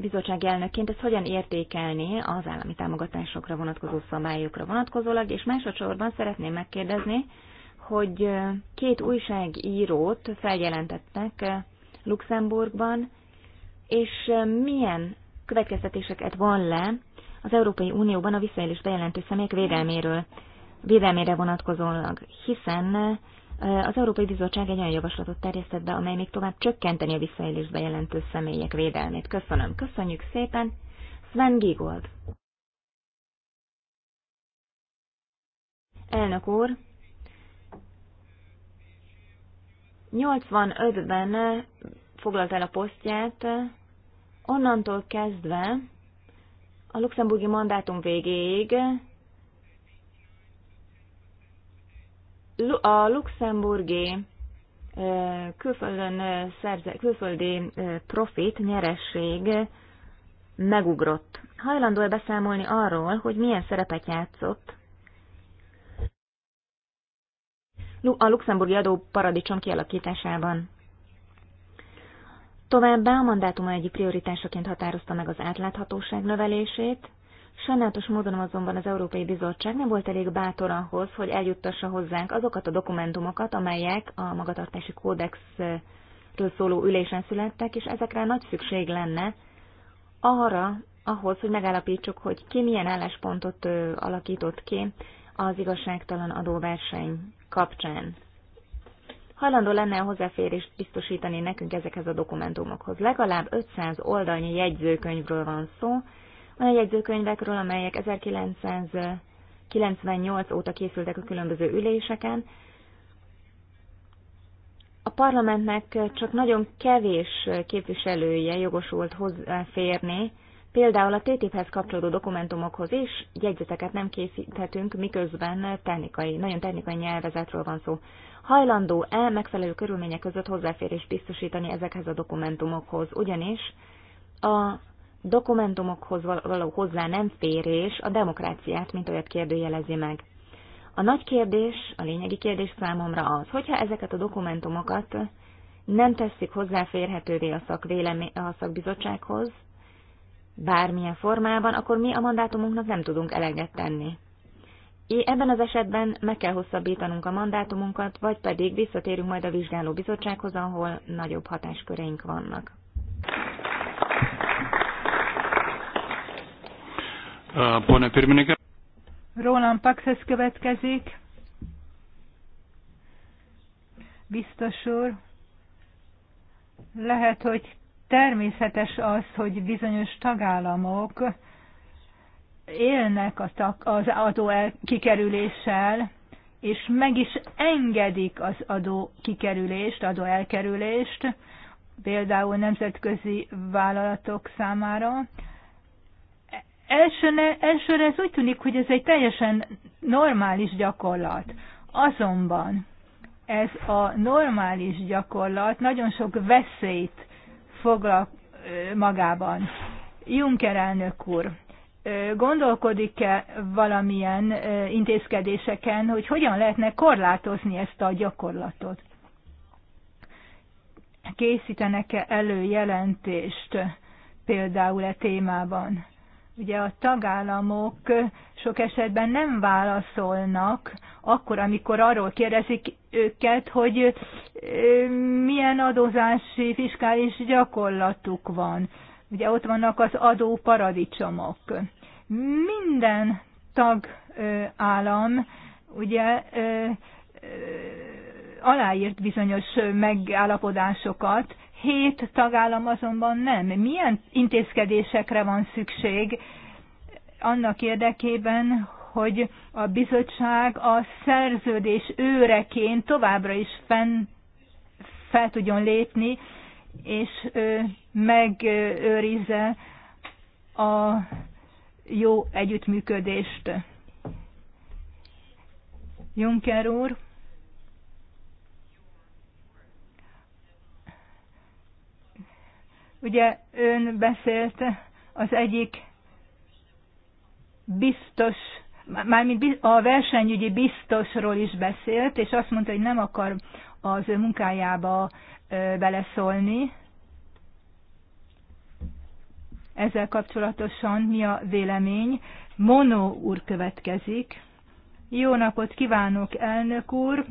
bizottság elnökként ezt hogyan értékelni az állami támogatásokra vonatkozó szabályokra vonatkozólag, és másodszorban szeretném megkérdezni, hogy két újságírót feljelentettek Luxemburgban, és milyen következtetéseket van le az Európai Unióban a visszaélés bejelentő személyek védelméről, védelmére vonatkozólag, hiszen az Európai Bizottság egy olyan javaslatot terjesztett be, amely még tovább csökkenteni a visszaélés bejelentő személyek védelmét. Köszönöm. Köszönjük szépen. Sven Gigold. Elnök úr, 85-ben foglalt el a posztját, onnantól kezdve a luxemburgi mandátum végéig a luxemburgi külföldön szerze, külföldi profit, nyeresség megugrott. Hajlandó-e beszámolni arról, hogy milyen szerepet játszott a luxemburgi adó paradicsom kialakításában. Továbbá a mandátuma egyik prioritásaként határozta meg az átláthatóság növelését, Sajnálatos módon azonban az Európai Bizottság nem volt elég bátor ahhoz, hogy eljuttassa hozzánk azokat a dokumentumokat, amelyek a magatartási kódexről szóló ülésen születtek, és ezekre nagy szükség lenne arra, ahhoz, hogy megállapítsuk, hogy ki milyen álláspontot alakított ki az igazságtalan adóverseny kapcsán. Hajlandó lenne a hozzáférést biztosítani nekünk ezekhez a dokumentumokhoz. Legalább 500 oldalnyi jegyzőkönyvről van szó, olyan jegyzőkönyvekről, amelyek 1998 óta készültek a különböző üléseken. A parlamentnek csak nagyon kevés képviselője jogosult hozzáférni Például a TTIP-hez kapcsolódó dokumentumokhoz is jegyzeteket nem készíthetünk, miközben technikai, nagyon technikai nyelvezetről van szó. Hajlandó-e megfelelő körülmények között hozzáférés, biztosítani ezekhez a dokumentumokhoz? Ugyanis a dokumentumokhoz való hozzá nem férés a demokráciát, mint olyat kérdőjelezi meg. A nagy kérdés, a lényegi kérdés számomra az, hogyha ezeket a dokumentumokat nem teszik hozzáférhetővé a, szakvélemé- a szakbizottsághoz, bármilyen formában, akkor mi a mandátumunknak nem tudunk eleget tenni. É, ebben az esetben meg kell hosszabbítanunk a mandátumunkat, vagy pedig visszatérünk majd a vizsgáló bizottsághoz, ahol nagyobb hatásköreink vannak. Uh, Pone Roland Paxes következik. Biztos úr. Lehet, hogy természetes az, hogy bizonyos tagállamok élnek az adó kikerüléssel, és meg is engedik az adó kikerülést, adó elkerülést, például nemzetközi vállalatok számára. Elsőne, elsőre ez úgy tűnik, hogy ez egy teljesen normális gyakorlat. Azonban ez a normális gyakorlat nagyon sok veszélyt foglal magában. Juncker elnök úr, gondolkodik-e valamilyen intézkedéseken, hogy hogyan lehetne korlátozni ezt a gyakorlatot? Készítenek-e elő jelentést például e témában? Ugye a tagállamok sok esetben nem válaszolnak, akkor, amikor arról kérdezik őket, hogy milyen adózási, fiskális gyakorlatuk van. Ugye ott vannak az adóparadicsomok. Minden tagállam ugye aláírt bizonyos megállapodásokat, hét tagállam azonban nem. Milyen intézkedésekre van szükség annak érdekében, hogy a bizottság a szerződés őreként továbbra is fenn, fel tudjon lépni, és ö, megőrizze a jó együttműködést. Juncker úr, Ugye ön beszélt az egyik biztos, mármint a versenyügyi biztosról is beszélt, és azt mondta, hogy nem akar az ő munkájába beleszólni. Ezzel kapcsolatosan mi a vélemény? Mono úr következik. Jó napot kívánok, elnök úr!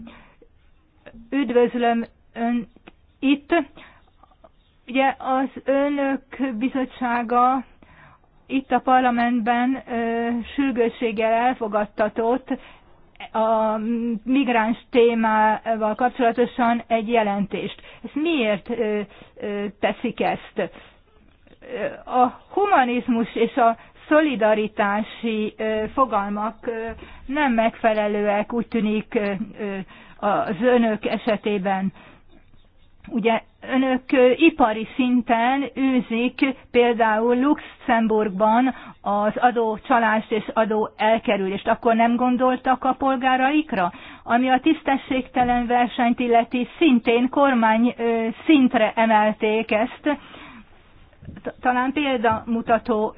Üdvözlöm ön itt. Ugye az önök bizottsága itt a parlamentben ö, sürgősséggel elfogadtatott a migráns témával kapcsolatosan egy jelentést. Ezt miért ö, ö, teszik ezt? A humanizmus és a szolidaritási ö, fogalmak ö, nem megfelelőek, úgy tűnik ö, az önök esetében. Ö, Ugye önök ipari szinten űzik például Luxemburgban az csalást és adó elkerülést. Akkor nem gondoltak a polgáraikra? Ami a tisztességtelen versenyt illeti, szintén kormány szintre emelték ezt. Talán példamutató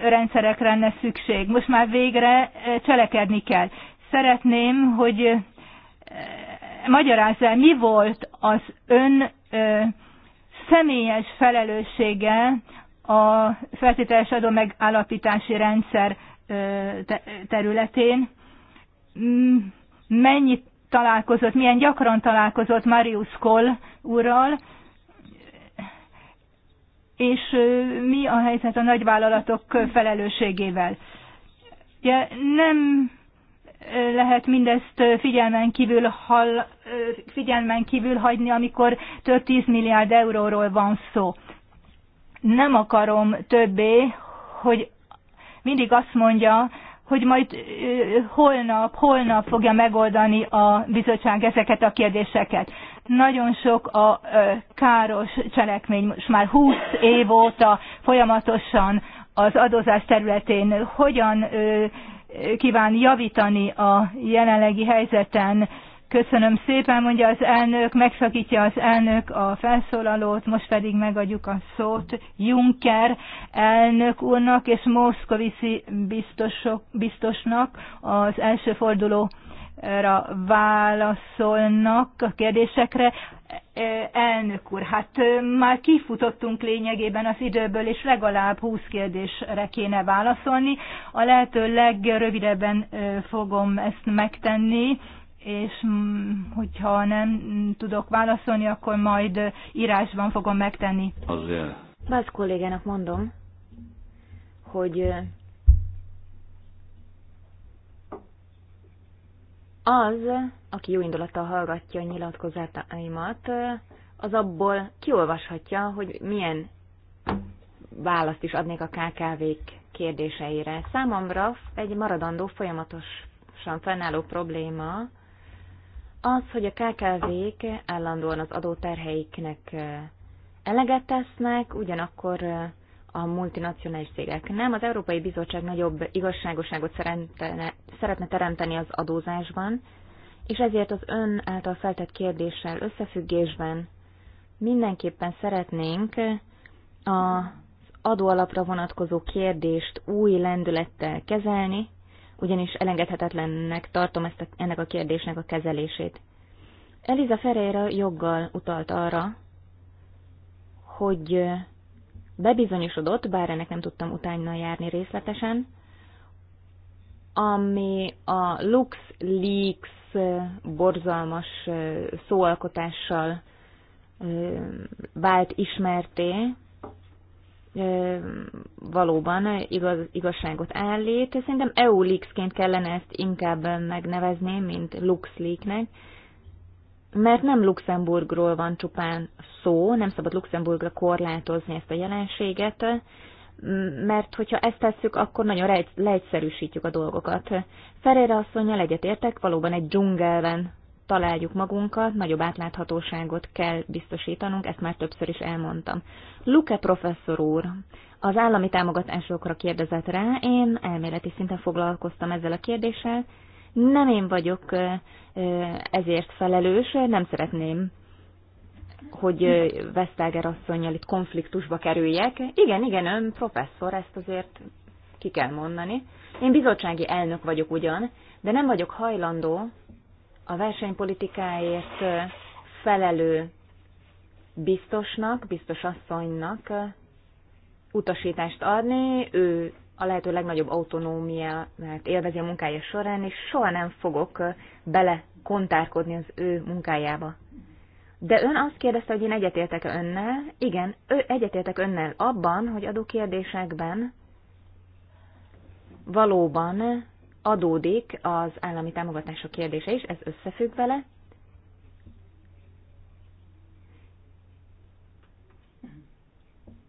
rendszerekre lenne szükség. Most már végre cselekedni kell. Szeretném, hogy magyarázza el, mi volt az ön ö, személyes felelőssége a feltételes adó megállapítási rendszer ö, területén, mennyit találkozott, milyen gyakran találkozott Marius Koll úrral, és mi a helyzet a nagyvállalatok felelősségével. Ugye nem lehet mindezt figyelmen kívül, hall, figyelmen kívül hagyni, amikor több 10 milliárd euróról van szó. Nem akarom többé, hogy mindig azt mondja, hogy majd holnap, holnap fogja megoldani a bizottság ezeket a kérdéseket. Nagyon sok a káros cselekmény, most már 20 év óta folyamatosan az adózás területén hogyan kíván javítani a jelenlegi helyzeten. Köszönöm szépen, mondja az elnök, megszakítja az elnök a felszólalót, most pedig megadjuk a szót Juncker elnök úrnak és Moszkoviszi biztosok, biztosnak az első forduló válaszolnak a kérdésekre. Elnök úr, hát már kifutottunk lényegében az időből, és legalább 20 kérdésre kéne válaszolni. A lehető legrövidebben fogom ezt megtenni, és hogyha nem tudok válaszolni, akkor majd írásban fogom megtenni. Azért. Bász kollégának mondom, hogy Az, aki jó indulattal hallgatja a nyilatkozataimat, az abból kiolvashatja, hogy milyen választ is adnék a KKV-k kérdéseire. Számomra egy maradandó, folyamatosan fennálló probléma az, hogy a KKV-k állandóan az adóterheiknek eh, eleget tesznek, ugyanakkor eh, a multinacionális cégek. Nem, az Európai Bizottság nagyobb igazságoságot szeretne, szeretne teremteni az adózásban, és ezért az ön által feltett kérdéssel összefüggésben mindenképpen szeretnénk az adóalapra vonatkozó kérdést új lendülettel kezelni, ugyanis elengedhetetlennek tartom ezt a, ennek a kérdésnek a kezelését. Eliza Ferreira joggal utalt arra, hogy bebizonyosodott, bár ennek nem tudtam utána járni részletesen, ami a LuxLeaks borzalmas szóalkotással vált ismerté, valóban igaz, igazságot állít. Szerintem EU-leaksként kellene ezt inkább megnevezni, mint LuxLeaknek. nek mert nem Luxemburgról van csupán szó, nem szabad Luxemburgra korlátozni ezt a jelenséget, mert hogyha ezt tesszük, akkor nagyon leegyszerűsítjük a dolgokat. Ferére legyet értek, valóban egy dzsungelben találjuk magunkat, nagyobb átláthatóságot kell biztosítanunk, ezt már többször is elmondtam. Luke professzor úr az állami támogatásokra kérdezett rá, én elméleti szinten foglalkoztam ezzel a kérdéssel, nem én vagyok ezért felelős, nem szeretném, hogy Vesztelger asszonynal itt konfliktusba kerüljek. Igen, igen, ön professzor, ezt azért ki kell mondani. Én bizottsági elnök vagyok ugyan, de nem vagyok hajlandó a versenypolitikáért felelő biztosnak, biztos asszonynak utasítást adni, ő a lehető legnagyobb autonómiát élvezi a munkája során, és soha nem fogok bele kontárkodni az ő munkájába. De ön azt kérdezte, hogy én egyetértek önnel. Igen, ő egyetértek önnel abban, hogy kérdésekben valóban adódik az állami támogatások kérdése is, ez összefügg vele,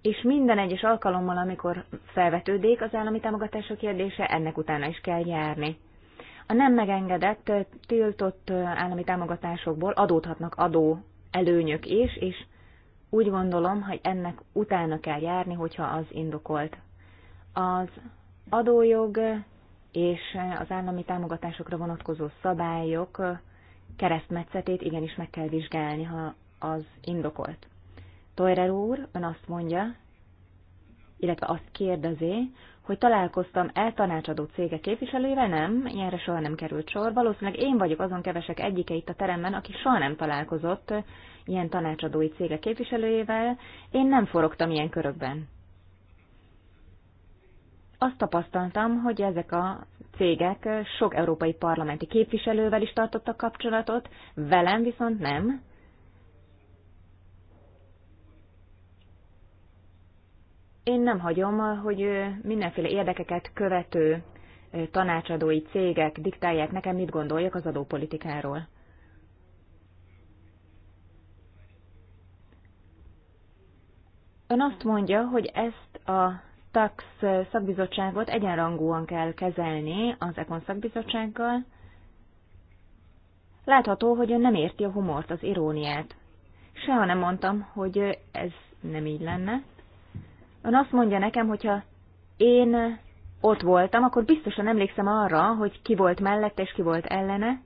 és minden egyes alkalommal, amikor felvetődik az állami támogatások kérdése, ennek utána is kell járni. A nem megengedett, tiltott állami támogatásokból adódhatnak adó előnyök is, és úgy gondolom, hogy ennek utána kell járni, hogyha az indokolt. Az adójog és az állami támogatásokra vonatkozó szabályok keresztmetszetét igenis meg kell vizsgálni, ha az indokolt. Toerer úr, ön azt mondja, illetve azt kérdezi, hogy találkoztam el tanácsadó cége képviselőivel, nem, ilyenre soha nem került sor. Valószínűleg én vagyok azon kevesek egyike itt a teremben, aki soha nem találkozott ilyen tanácsadói cége képviselőjével. Én nem forogtam ilyen körökben. Azt tapasztaltam, hogy ezek a cégek sok európai parlamenti képviselővel is tartottak kapcsolatot, velem viszont nem. Én nem hagyom, hogy mindenféle érdekeket követő tanácsadói cégek diktálják nekem, mit gondoljak az adópolitikáról. Ön azt mondja, hogy ezt a TAX szakbizottságot egyenrangúan kell kezelni az EKON szakbizottsággal. Látható, hogy ön nem érti a humort, az iróniát. Soha nem mondtam, hogy ez nem így lenne. Ön azt mondja nekem, hogyha én ott voltam, akkor biztosan emlékszem arra, hogy ki volt mellette és ki volt ellene.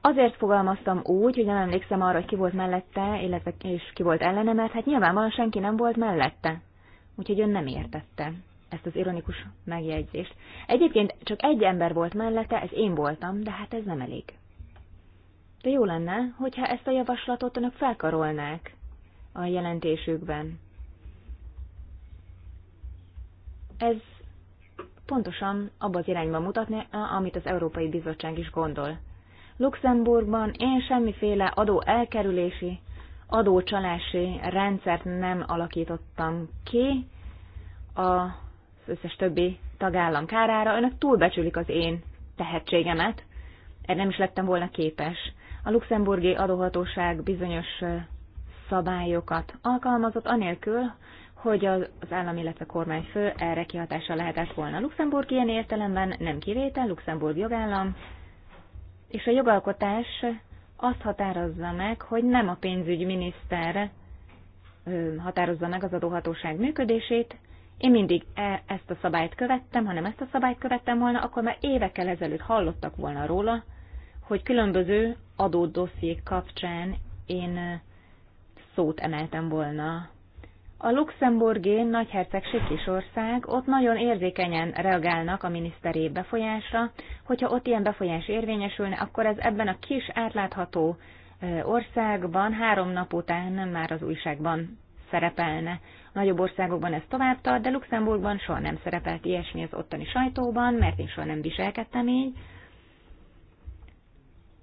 Azért fogalmaztam úgy, hogy nem emlékszem arra, hogy ki volt mellette, illetve és ki volt ellene, mert hát nyilvánvalóan senki nem volt mellette. Úgyhogy ön nem értette ezt az ironikus megjegyzést. Egyébként csak egy ember volt mellette, ez én voltam, de hát ez nem elég. De jó lenne, hogyha ezt a javaslatot önök felkarolnák a jelentésükben. Ez pontosan abba az irányba mutatni, amit az Európai Bizottság is gondol. Luxemburgban én semmiféle adó elkerülési, adócsalási rendszert nem alakítottam ki az összes többi tagállam kárára. Önök túlbecsülik az én tehetségemet, erre nem is lettem volna képes. A luxemburgi adóhatóság bizonyos szabályokat alkalmazott, anélkül, hogy az állam, illetve kormányfő erre kihatása lehetett volna. Luxemburg ilyen értelemben nem kivétel, Luxemburg jogállam, és a jogalkotás azt határozza meg, hogy nem a pénzügyminiszter határozza meg az adóhatóság működését. Én mindig e- ezt a szabályt követtem, hanem ezt a szabályt követtem volna, akkor már évekkel ezelőtt hallottak volna róla, hogy különböző adódossziék kapcsán én szót emeltem volna a luxemburgi nagyhercegség kisország, ott nagyon érzékenyen reagálnak a miniszteri befolyásra. Hogyha ott ilyen befolyás érvényesülne, akkor ez ebben a kis átlátható országban három nap után nem már az újságban szerepelne. Nagyobb országokban ez tovább tart, de Luxemburgban soha nem szerepelt ilyesmi az ottani sajtóban, mert én soha nem viselkedtem így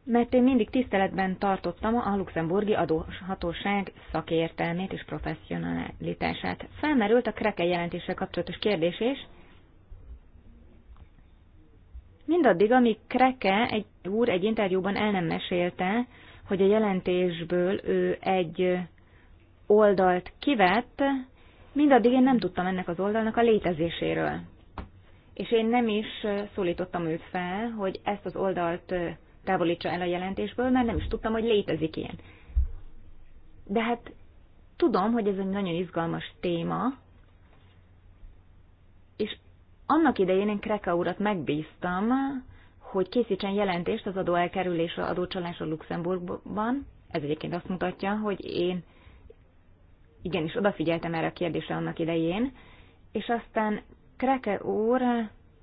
mert én mindig tiszteletben tartottam a luxemburgi adóhatóság szakértelmét és professzionalitását. Felmerült a kreke jelentéssel kapcsolatos kérdés is. Mindaddig, amíg Kreke egy úr egy interjúban el nem mesélte, hogy a jelentésből ő egy oldalt kivett, mindaddig én nem tudtam ennek az oldalnak a létezéséről. És én nem is szólítottam őt fel, hogy ezt az oldalt távolítsa el a jelentésből, mert nem is tudtam, hogy létezik ilyen. De hát tudom, hogy ez egy nagyon izgalmas téma, és annak idején én Kreka urat megbíztam, hogy készítsen jelentést az adó adócsalás adócsalásról Luxemburgban. Ez egyébként azt mutatja, hogy én igenis odafigyeltem erre a kérdésre annak idején, és aztán Kreke úr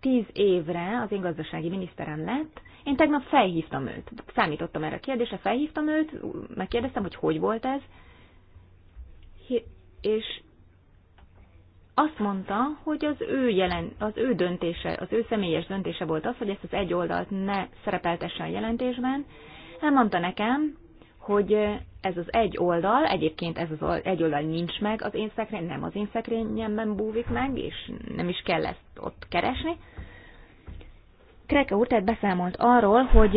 tíz évre az én gazdasági miniszterem lett, én tegnap felhívtam őt. Számítottam erre a kérdésre, felhívtam őt, megkérdeztem, hogy hogy volt ez, és azt mondta, hogy az ő, jelen, az ő döntése, az ő személyes döntése volt az, hogy ezt az egy oldalt ne szerepeltesse a jelentésben. Elmondta nekem, hogy ez az egy oldal, egyébként ez az egy oldal nincs meg az én szekrény, nem az én szekrényemben búvik meg, és nem is kell ezt ott keresni. Kreke úr tehát beszámolt arról, hogy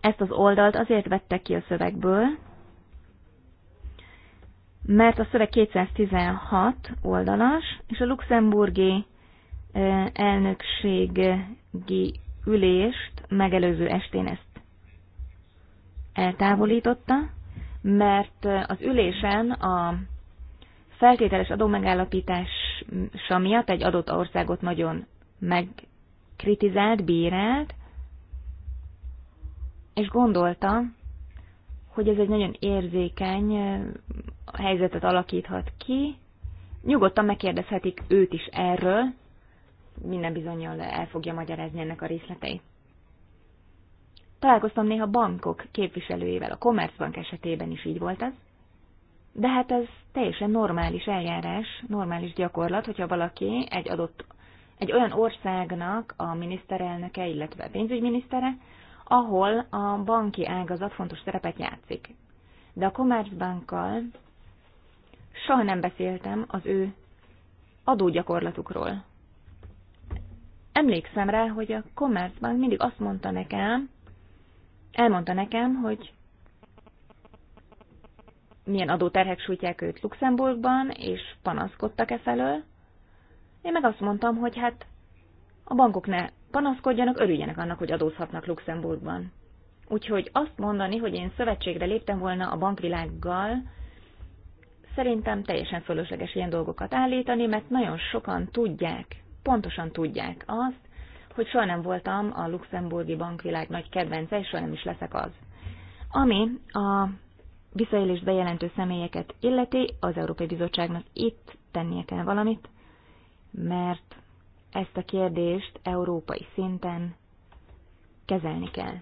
ezt az oldalt azért vettek ki a szövegből, mert a szöveg 216 oldalas, és a luxemburgi eh, elnökségi ülést megelőző estén ezt eltávolította, mert az ülésen a feltételes adómegállapítása miatt egy adott országot nagyon megkritizált, bírált, és gondolta, hogy ez egy nagyon érzékeny helyzetet alakíthat ki. Nyugodtan megkérdezhetik őt is erről, minden bizonyal el fogja magyarázni ennek a részleteit. Találkoztam néha bankok képviselőjével, a Commerzbank esetében is így volt ez. De hát ez teljesen normális eljárás, normális gyakorlat, hogyha valaki egy adott, egy olyan országnak a miniszterelnöke, illetve a pénzügyminisztere, ahol a banki ágazat fontos szerepet játszik. De a Commerzbankkal soha nem beszéltem az ő adógyakorlatukról. Emlékszem rá, hogy a Commerzbank mindig azt mondta nekem, elmondta nekem, hogy milyen adóterhek sújtják őt Luxemburgban, és panaszkodtak e felől. Én meg azt mondtam, hogy hát a bankok ne panaszkodjanak, örüljenek annak, hogy adózhatnak Luxemburgban. Úgyhogy azt mondani, hogy én szövetségre léptem volna a bankvilággal, szerintem teljesen fölösleges ilyen dolgokat állítani, mert nagyon sokan tudják, pontosan tudják azt, hogy soha nem voltam a luxemburgi bankvilág nagy kedvence, és soha nem is leszek az. Ami a visszaélést bejelentő személyeket illeti, az Európai Bizottságnak itt tennie kell valamit, mert ezt a kérdést európai szinten kezelni kell.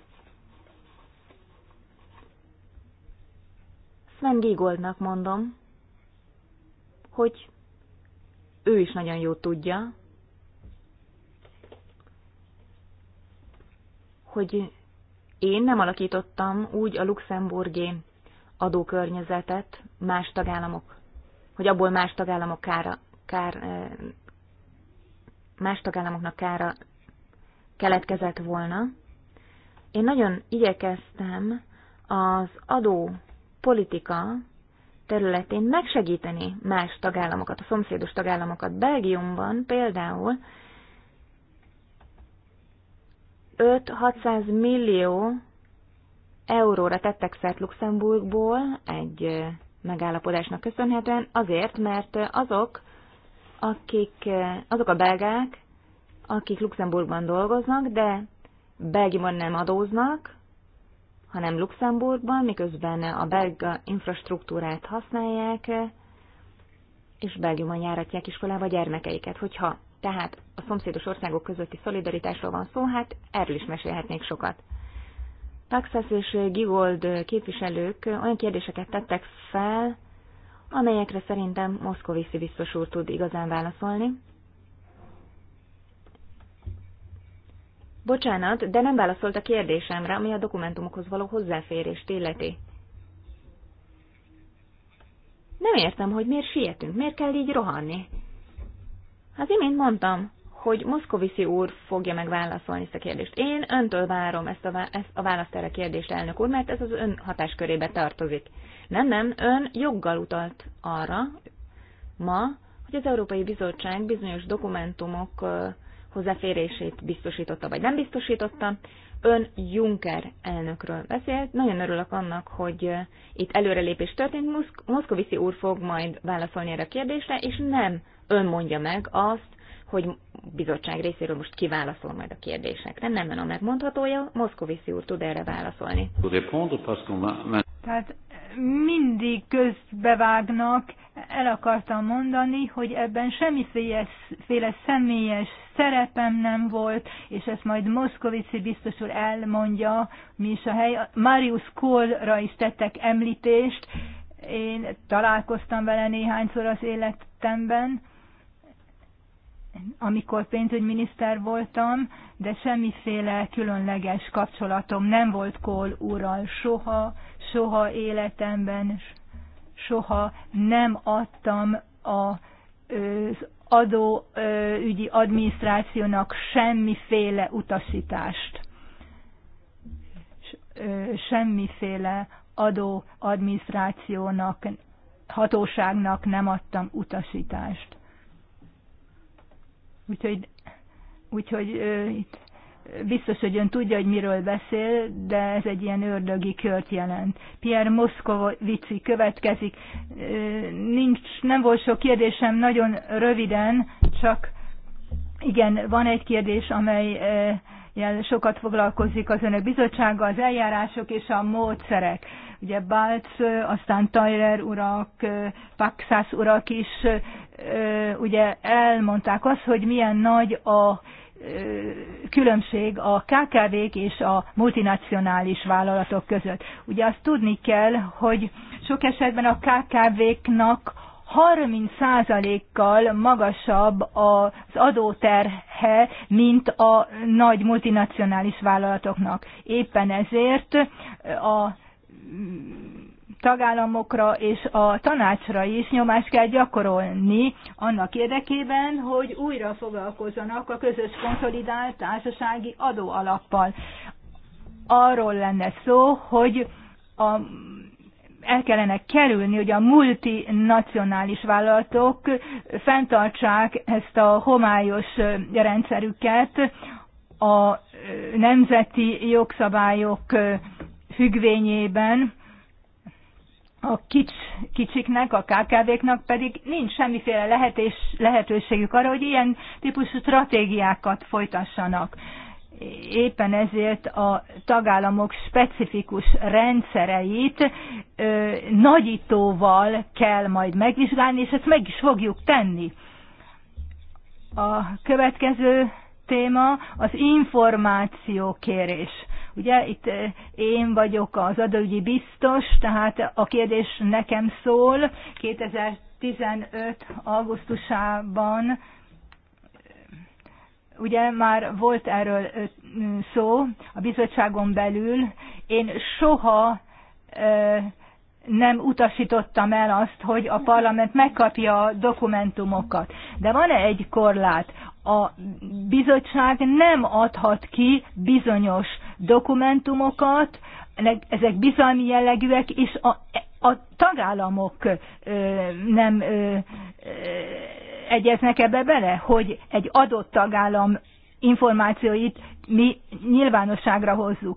Sven Giegoldnak mondom, hogy ő is nagyon jó tudja, hogy én nem alakítottam úgy a luxemburgi adókörnyezetet más tagállamok, hogy abból más tagállamok kára, kár, más tagállamoknak kára keletkezett volna. Én nagyon igyekeztem az adó politika területén megsegíteni más tagállamokat, a szomszédos tagállamokat. Belgiumban például 5-600 millió euróra tettek szert Luxemburgból egy megállapodásnak köszönhetően, azért, mert azok, akik, azok a belgák, akik Luxemburgban dolgoznak, de belgiumon nem adóznak, hanem Luxemburgban, miközben a belga infrastruktúrát használják, és Belgiumon járatják iskolába a gyermekeiket. Hogyha tehát a szomszédos országok közötti szolidaritásról van szó, hát erről is mesélhetnék sokat. Paxas és Gigold képviselők olyan kérdéseket tettek fel, amelyekre szerintem Moszkoviszi biztos úr tud igazán válaszolni. Bocsánat, de nem válaszolt a kérdésemre, ami a dokumentumokhoz való hozzáférést illeti. Nem értem, hogy miért sietünk, miért kell így rohanni. Az hát imént mondtam, hogy Moszkoviszi úr fogja megválaszolni ezt a kérdést. Én öntől várom ezt a, vá- ezt a választ erre a kérdést, elnök úr, mert ez az ön hatáskörébe tartozik. Nem, nem, ön joggal utalt arra ma, hogy az Európai Bizottság bizonyos dokumentumok hozzáférését biztosította, vagy nem biztosította. Ön Juncker elnökről beszélt. Nagyon örülök annak, hogy itt előrelépés történt. Moszkoviszi úr fog majd válaszolni erre a kérdésre, és nem ön mondja meg azt, hogy bizottság részéről most kiválaszol majd a kérdésekre. Nem ön a megmondhatója, Moszkoviszi úr tud erre válaszolni. Tehát mindig közbevágnak, el akartam mondani, hogy ebben semmiféle személyes szerepem nem volt, és ezt majd Moszkovici biztos úr elmondja, mi is a hely. Marius Kohlra is tettek említést, én találkoztam vele néhányszor az életemben, amikor pénzügyminiszter voltam, de semmiféle különleges kapcsolatom nem volt Kohl úrral soha, soha életemben, soha nem adtam a az adóügyi adminisztrációnak semmiféle utasítást, semmiféle adóadminisztrációnak hatóságnak nem adtam utasítást. Úgyhogy, úgyhogy itt biztos, hogy ön tudja, hogy miről beszél, de ez egy ilyen ördögi kört jelent. Pierre Moszkovici következik. Nincs, nem volt sok kérdésem, nagyon röviden, csak igen, van egy kérdés, amely ilyen sokat foglalkozik az önök bizottsága, az eljárások és a módszerek. Ugye Balc, aztán Tyler urak, Paxas urak is ugye elmondták azt, hogy milyen nagy a különbség a KKV-k és a multinacionális vállalatok között. Ugye azt tudni kell, hogy sok esetben a KKV-knak 30%-kal magasabb az adóterhe, mint a nagy multinacionális vállalatoknak. Éppen ezért a tagállamokra és a tanácsra is nyomást kell gyakorolni annak érdekében, hogy újra foglalkozzanak a közös konszolidált társasági adóalappal. Arról lenne szó, hogy a el kellene kerülni, hogy a multinacionális vállalatok fenntartsák ezt a homályos rendszerüket a nemzeti jogszabályok függvényében, a kics, kicsiknek, a KKV-knak pedig nincs semmiféle lehetés, lehetőségük arra, hogy ilyen típusú stratégiákat folytassanak éppen ezért a tagállamok specifikus rendszereit ö, nagyítóval kell majd megvizsgálni, és ezt meg is fogjuk tenni. A következő téma az információkérés. Ugye itt én vagyok az adóügyi biztos, tehát a kérdés nekem szól. 2015. augusztusában Ugye már volt erről szó a bizottságon belül. Én soha nem utasítottam el azt, hogy a parlament megkapja a dokumentumokat. De van -e egy korlát. A bizottság nem adhat ki bizonyos dokumentumokat, ezek bizalmi jellegűek, és a, a tagállamok ö, nem ö, ö, egyeznek ebbe bele, hogy egy adott tagállam információit mi nyilvánosságra hozzuk.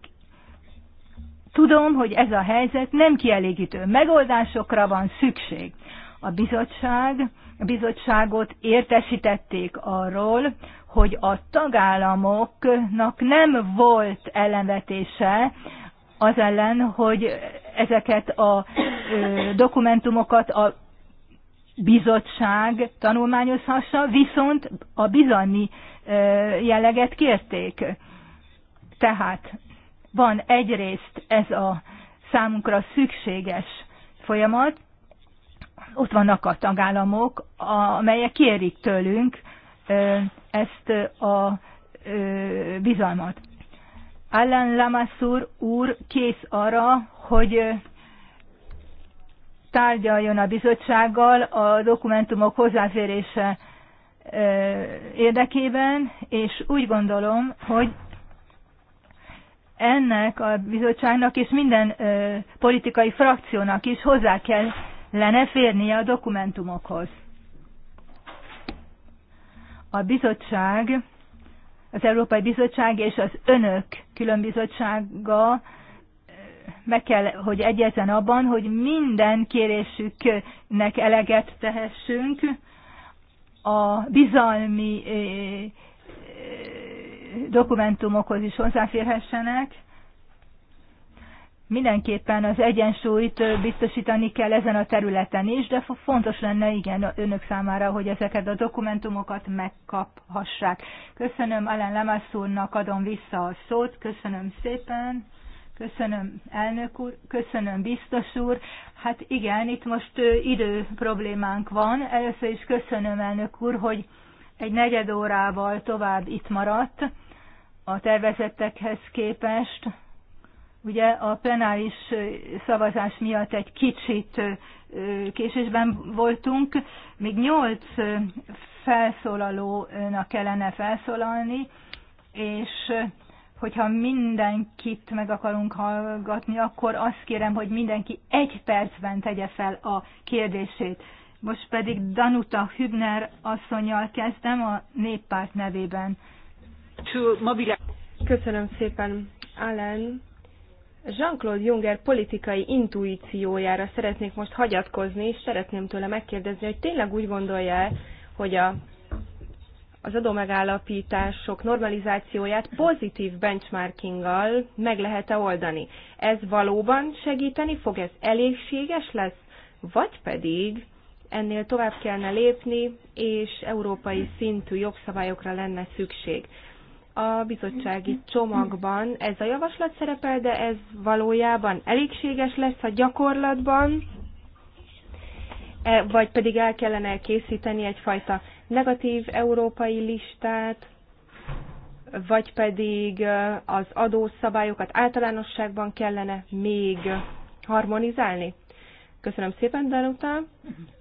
Tudom, hogy ez a helyzet nem kielégítő. Megoldásokra van szükség. A bizottság, a bizottságot értesítették arról, hogy a tagállamoknak nem volt ellenvetése az ellen, hogy ezeket a ö, dokumentumokat a bizottság tanulmányozhassa, viszont a bizalmi jelleget kérték. Tehát van egyrészt ez a számunkra szükséges folyamat, ott vannak a tagállamok, amelyek kérik tőlünk ezt a bizalmat. Allen Lamassur úr kész arra, hogy tárgyaljon a bizottsággal a dokumentumok hozzáférése érdekében, és úgy gondolom, hogy ennek a bizottságnak és minden politikai frakciónak is hozzá kellene férnie a dokumentumokhoz. A bizottság, az Európai Bizottság és az önök különbizottsága meg kell, hogy egyezzen abban, hogy minden kérésüknek eleget tehessünk. A bizalmi eh, eh, dokumentumokhoz is hozzáférhessenek. Mindenképpen az egyensúlyt eh, biztosítani kell ezen a területen is, de fontos lenne igen önök számára, hogy ezeket a dokumentumokat megkaphassák. Köszönöm, Ellen Lemasszúrnak adom vissza a szót, köszönöm szépen. Köszönöm, elnök úr, köszönöm, biztos úr. Hát igen, itt most idő problémánk van. Először is köszönöm, elnök úr, hogy egy negyed órával tovább itt maradt a tervezettekhez képest. Ugye a plenáris szavazás miatt egy kicsit késésben voltunk, még nyolc felszólalónak kellene felszólalni, és hogyha mindenkit meg akarunk hallgatni, akkor azt kérem, hogy mindenki egy percben tegye fel a kérdését. Most pedig Danuta Hübner asszonyjal kezdtem a néppárt nevében. Köszönöm szépen, Allen. Jean-Claude Juncker politikai intuíciójára szeretnék most hagyatkozni, és szeretném tőle megkérdezni, hogy tényleg úgy gondolja hogy a az adómegállapítások normalizációját pozitív benchmarkinggal meg lehet-e oldani. Ez valóban segíteni fog, ez elégséges lesz, vagy pedig ennél tovább kellene lépni, és európai szintű jogszabályokra lenne szükség. A bizottsági csomagban ez a javaslat szerepel, de ez valójában elégséges lesz a gyakorlatban, e, vagy pedig el kellene készíteni egyfajta negatív európai listát, vagy pedig az adószabályokat általánosságban kellene még harmonizálni? Köszönöm szépen, Danuta.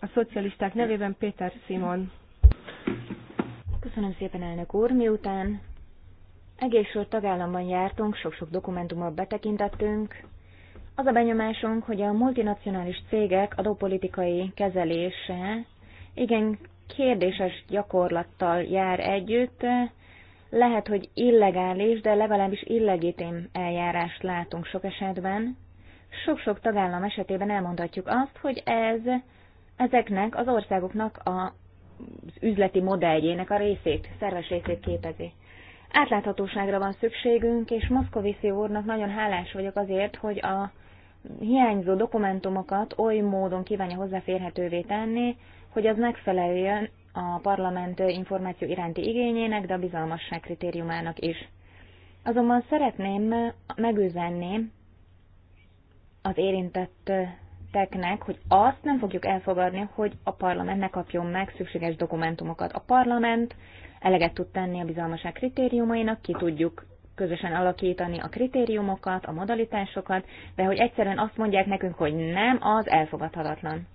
A szocialisták nevében Péter Simon. Köszönöm szépen, elnök úr. Miután egész sor tagállamban jártunk, sok-sok dokumentumot betekintettünk, az a benyomásunk, hogy a multinacionális cégek adópolitikai kezelése igen kérdéses gyakorlattal jár együtt. Lehet, hogy illegális, de legalábbis illegitim eljárást látunk sok esetben. Sok-sok tagállam esetében elmondhatjuk azt, hogy ez ezeknek az országoknak a, az üzleti modelljének a részét, szerves részét képezi. Átláthatóságra van szükségünk, és Moszkoviszi úrnak nagyon hálás vagyok azért, hogy a hiányzó dokumentumokat oly módon kívánja hozzáférhetővé tenni, hogy az megfeleljen a parlament információ iránti igényének, de a bizalmasság kritériumának is. Azonban szeretném megüzenni az érintetteknek, hogy azt nem fogjuk elfogadni, hogy a parlament ne kapjon meg szükséges dokumentumokat. A parlament eleget tud tenni a bizalmaság kritériumainak, ki tudjuk közösen alakítani a kritériumokat, a modalitásokat, de hogy egyszerűen azt mondják nekünk, hogy nem, az elfogadhatatlan.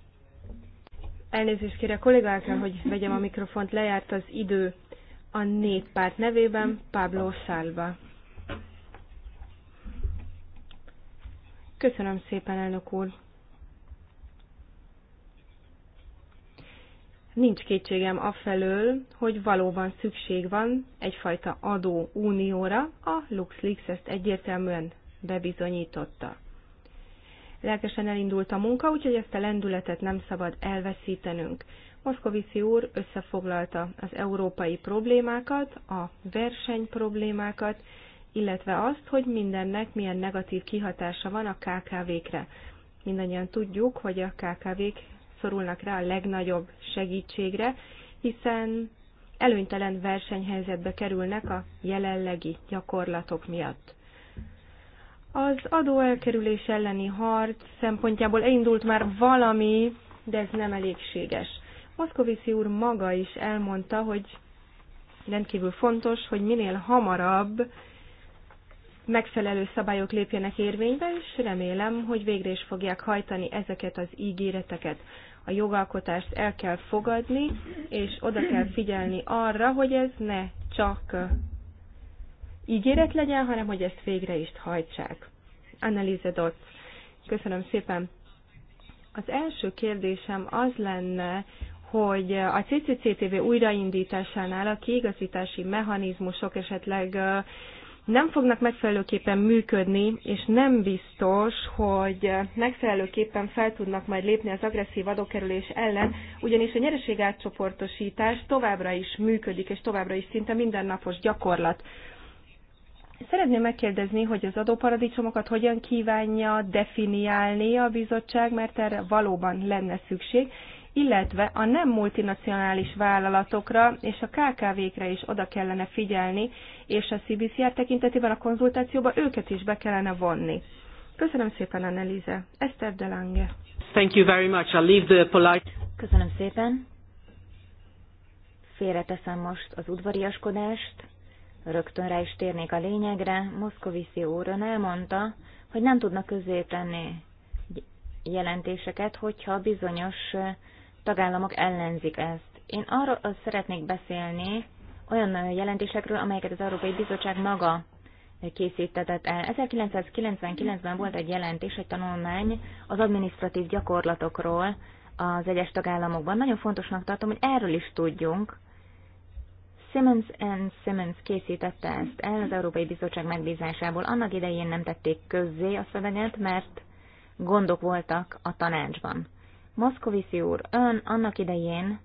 Elnézést kérek kollégákra, hogy vegyem a mikrofont, lejárt az idő a néppárt nevében, Pablo Salva. Köszönöm szépen, elnök úr. Nincs kétségem afelől, hogy valóban szükség van egyfajta adó unióra, a LuxLeaks ezt egyértelműen bebizonyította lelkesen elindult a munka, úgyhogy ezt a lendületet nem szabad elveszítenünk. Moszkovici úr összefoglalta az európai problémákat, a verseny problémákat, illetve azt, hogy mindennek milyen negatív kihatása van a KKV-kre. Mindannyian tudjuk, hogy a KKV-k szorulnak rá a legnagyobb segítségre, hiszen előnytelen versenyhelyzetbe kerülnek a jelenlegi gyakorlatok miatt. Az adó elkerülés elleni harc szempontjából elindult már valami, de ez nem elégséges. Moszkovici úr maga is elmondta, hogy rendkívül fontos, hogy minél hamarabb megfelelő szabályok lépjenek érvénybe, és remélem, hogy végre is fogják hajtani ezeket az ígéreteket. A jogalkotást el kell fogadni, és oda kell figyelni arra, hogy ez ne csak ígéret legyen, hanem hogy ezt végre is hajtsák. Annalise Dotz. Köszönöm szépen. Az első kérdésem az lenne, hogy a CCCTV újraindításánál a kiigazítási mechanizmusok esetleg nem fognak megfelelőképpen működni, és nem biztos, hogy megfelelőképpen fel tudnak majd lépni az agresszív adókerülés ellen, ugyanis a nyereségátcsoportosítás továbbra is működik, és továbbra is szinte mindennapos gyakorlat. Szeretném megkérdezni, hogy az adóparadicsomokat hogyan kívánja definiálni a bizottság, mert erre valóban lenne szükség, illetve a nem multinacionális vállalatokra és a KKV-kre is oda kellene figyelni, és a CBCR tekintetében a konzultációba őket is be kellene vonni. Köszönöm szépen, Annelize. Eszter Delange. Thank you very much. I'll leave the polite... Köszönöm szépen. Félreteszem most az udvariaskodást Rögtön rá is térnék a lényegre, Moszkoviszi úr elmondta, hogy nem tudnak közé tenni jelentéseket, hogyha bizonyos tagállamok ellenzik ezt. Én arról szeretnék beszélni olyan jelentésekről, amelyeket az Európai Bizottság maga készítetett el. 1999-ben volt egy jelentés, egy tanulmány az administratív gyakorlatokról az egyes tagállamokban. Nagyon fontosnak tartom, hogy erről is tudjunk, Simmons and Simmons készítette ezt el az Európai Bizottság megbízásából. Annak idején nem tették közzé a szöveget, mert gondok voltak a tanácsban. Moszkovici úr, ön annak idején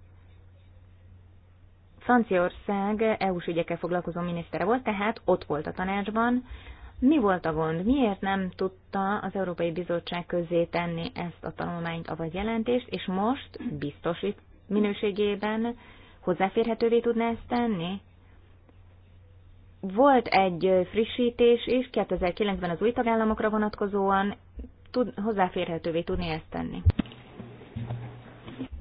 Franciaország EU-s ügyekkel foglalkozó minisztere volt, tehát ott volt a tanácsban. Mi volt a gond? Miért nem tudta az Európai Bizottság közzé tenni ezt a tanulmányt, avagy jelentést, és most biztosít minőségében hozzáférhetővé tudná ezt tenni? Volt egy frissítés is 2009-ben az új tagállamokra vonatkozóan, tud, hozzáférhetővé tudni ezt tenni.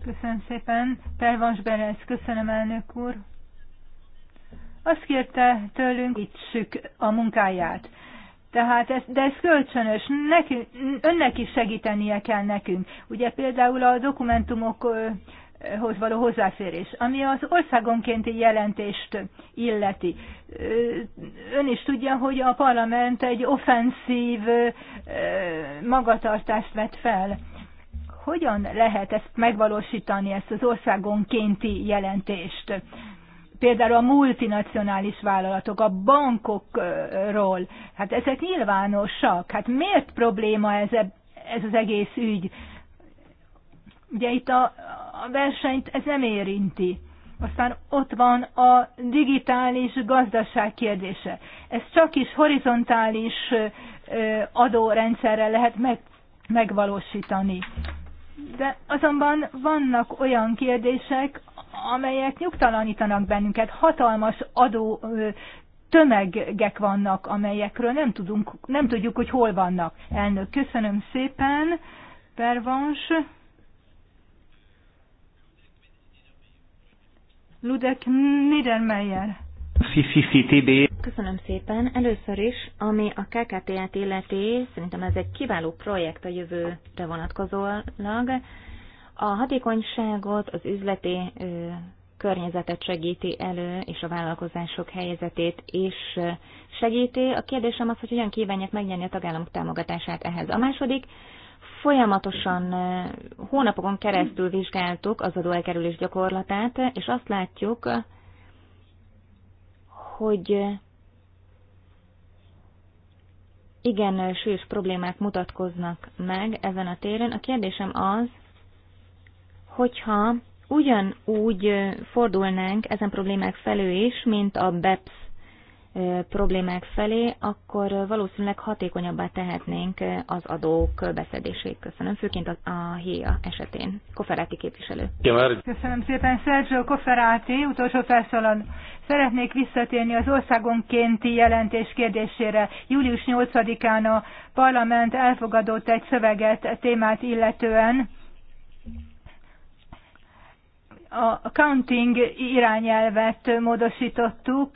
Köszönöm szépen. Pervans Berez, köszönöm elnök úr. Azt kérte tőlünk, ítsük a munkáját. Tehát ez, de ez kölcsönös, nekünk, önnek is segítenie kell nekünk. Ugye például a dokumentumok hoz való hozzáférés. Ami az országonkénti jelentést illeti. Ön is tudja, hogy a parlament egy offenszív magatartást vett fel. Hogyan lehet ezt megvalósítani, ezt az országonkénti jelentést? Például a multinacionális vállalatok, a bankokról, hát ezek nyilvánosak. Hát miért probléma ez, ez az egész ügy? Ugye itt a, a versenyt ez nem érinti. Aztán ott van a digitális gazdaság kérdése. Ez csak is horizontális adórendszerrel lehet meg, megvalósítani. De azonban vannak olyan kérdések, amelyek nyugtalanítanak bennünket. Hatalmas adó tömegek vannak, amelyekről nem, tudunk, nem tudjuk, hogy hol vannak. Elnök, köszönöm szépen. Pervans. Ludek Niedermeyer. CCCTB. Köszönöm szépen. Először is, ami a KKT-t illeti, szerintem ez egy kiváló projekt a jövőre vonatkozólag. A hatékonyságot, az üzleti ö, környezetet segíti elő, és a vállalkozások helyzetét is segíti. A kérdésem az, hogy hogyan kívánják megnyerni a tagállamok támogatását ehhez. A második, folyamatosan eh, hónapokon keresztül vizsgáltuk az adóelkerülés gyakorlatát, és azt látjuk, hogy igen sűrűs problémák mutatkoznak meg ezen a téren. A kérdésem az, hogyha ugyanúgy fordulnánk ezen problémák felől is, mint a BEPS problémák felé, akkor valószínűleg hatékonyabbá tehetnénk az adók beszedését. Köszönöm, főként a, HIA esetén. Koferáti képviselő. Köszönöm szépen, Sergio Koferáti, utolsó felszólaló. Szeretnék visszatérni az országonkénti jelentés kérdésére. Július 8-án a parlament elfogadott egy szöveget e témát illetően, a accounting irányelvet módosítottuk,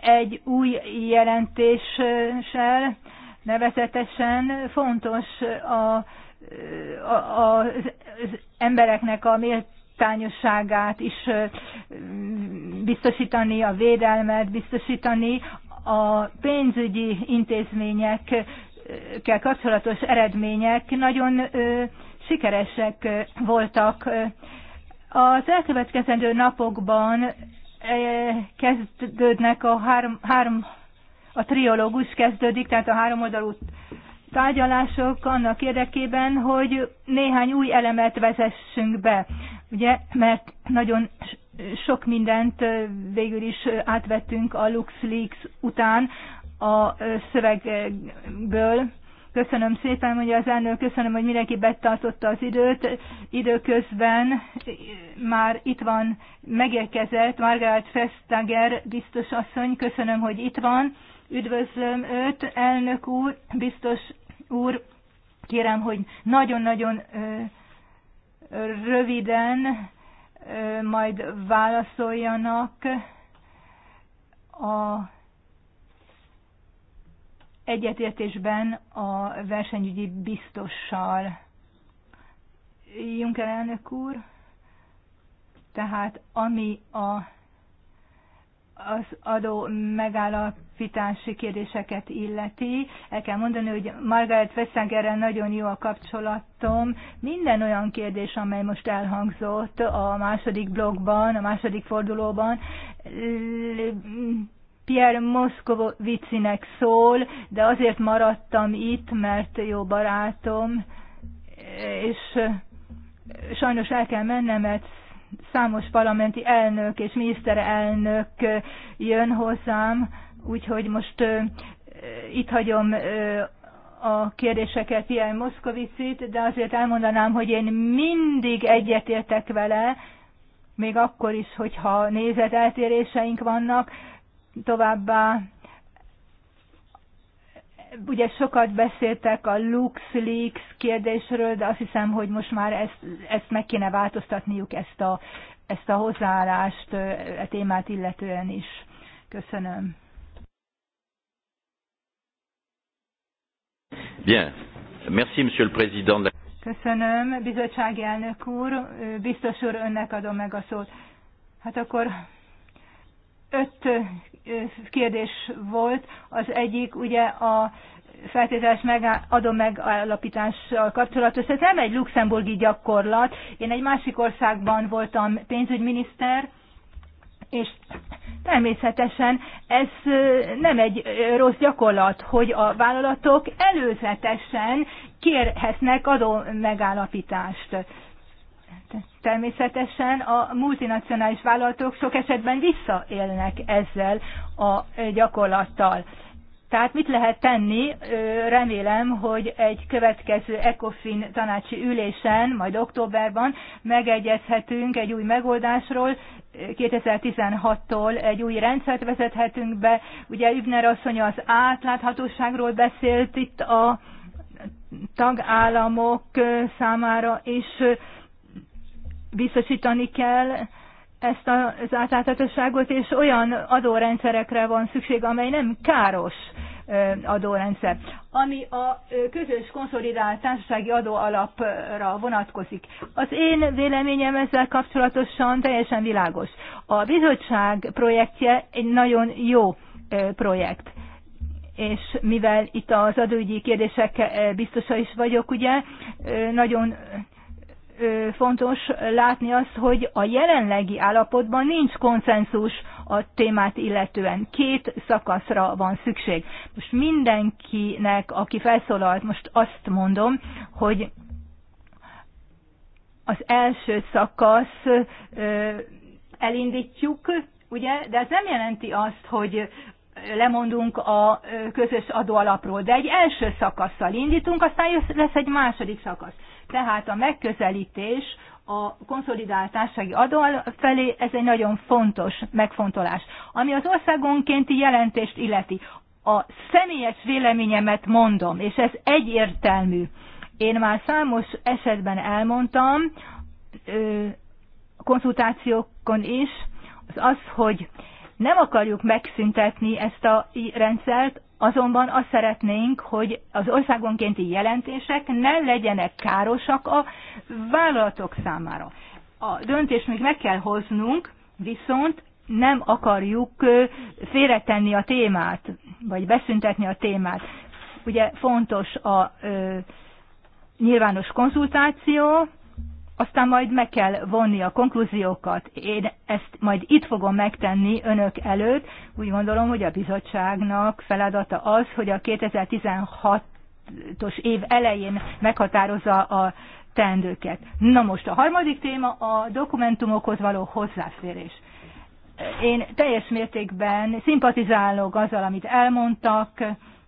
egy új jelentéssel, nevezetesen fontos a, a, a, az embereknek a méltányosságát is biztosítani, a védelmet biztosítani, a pénzügyi intézményekkel kapcsolatos eredmények nagyon sikeresek voltak. Az elkövetkezendő napokban E, kezdődnek a három, három a triológus kezdődik, tehát a oldalú tárgyalások annak érdekében, hogy néhány új elemet vezessünk be, ugye, mert nagyon sok mindent végül is átvettünk a LuxLeaks után a szövegből, Köszönöm szépen, hogy az elnök, köszönöm, hogy mindenki betartotta az időt. Időközben már itt van, megérkezett Margaret Festager biztos asszony, köszönöm, hogy itt van. Üdvözlöm őt, elnök úr, biztos úr, kérem, hogy nagyon-nagyon röviden majd válaszoljanak a egyetértésben a versenyügyi biztossal. Juncker elnök úr, tehát ami a, az adó megállapítási kérdéseket illeti, el kell mondani, hogy Margaret Vessengerrel nagyon jó a kapcsolatom. Minden olyan kérdés, amely most elhangzott a második blogban, a második fordulóban, Pierre Moszkovicinek szól, de azért maradtam itt, mert jó barátom, és eh, sajnos el kell mennem, mert számos parlamenti elnök és miniszterelnök eh, jön hozzám, úgyhogy most eh, itt hagyom a kérdéseket ilyen Moszkovicit, de azért elmondanám, hogy én mindig egyetértek vele, még akkor is, hogyha nézeteltéréseink vannak, Továbbá ugye sokat beszéltek a LuxLeaks kérdésről, de azt hiszem, hogy most már ezt, ezt meg kéne változtatniuk, ezt a, ezt a hozzáállást, a e témát illetően is. Köszönöm. Bien. Merci, Monsieur le Président. Köszönöm, bizottsági elnök úr. Biztos úr, önnek adom meg a szót. Hát akkor öt kérdés volt. Az egyik ugye a feltételes adó megállapítással kapcsolatos. Ez nem egy luxemburgi gyakorlat. Én egy másik országban voltam pénzügyminiszter, és természetesen ez nem egy rossz gyakorlat, hogy a vállalatok előzetesen kérhetnek adó megállapítást. Természetesen a multinacionális vállalatok sok esetben visszaélnek ezzel a gyakorlattal. Tehát mit lehet tenni? Remélem, hogy egy következő ECOFIN tanácsi ülésen, majd októberban megegyezhetünk egy új megoldásról, 2016-tól egy új rendszert vezethetünk be. Ugye Übner asszony az átláthatóságról beszélt itt a tagállamok számára, és biztosítani kell ezt az átláthatóságot, és olyan adórendszerekre van szükség, amely nem káros adórendszer. Ami a közös konszolidált társasági adóalapra vonatkozik. Az én véleményem ezzel kapcsolatosan teljesen világos. A bizottság projektje egy nagyon jó projekt és mivel itt az adóügyi kérdések biztosa is vagyok, ugye, nagyon fontos látni azt, hogy a jelenlegi állapotban nincs konszenzus a témát illetően. Két szakaszra van szükség. Most mindenkinek, aki felszólalt, most azt mondom, hogy az első szakasz elindítjuk, ugye? De ez nem jelenti azt, hogy lemondunk a közös adóalapról, de egy első szakaszsal indítunk, aztán lesz egy második szakasz. Tehát a megközelítés a konszolidált társasági adó felé, ez egy nagyon fontos megfontolás. Ami az országonkénti jelentést illeti, a személyes véleményemet mondom, és ez egyértelmű. Én már számos esetben elmondtam, konzultációkon is, az az, hogy nem akarjuk megszüntetni ezt a rendszert, Azonban azt szeretnénk, hogy az országonkénti jelentések ne legyenek károsak a vállalatok számára. A döntést még meg kell hoznunk, viszont nem akarjuk félretenni a témát, vagy beszüntetni a témát. Ugye fontos a ö, nyilvános konzultáció, aztán majd meg kell vonni a konklúziókat. Én ezt majd itt fogom megtenni önök előtt. Úgy gondolom, hogy a bizottságnak feladata az, hogy a 2016-os év elején meghatározza a teendőket. Na most a harmadik téma a dokumentumokhoz való hozzáférés. Én teljes mértékben szimpatizálok azzal, amit elmondtak,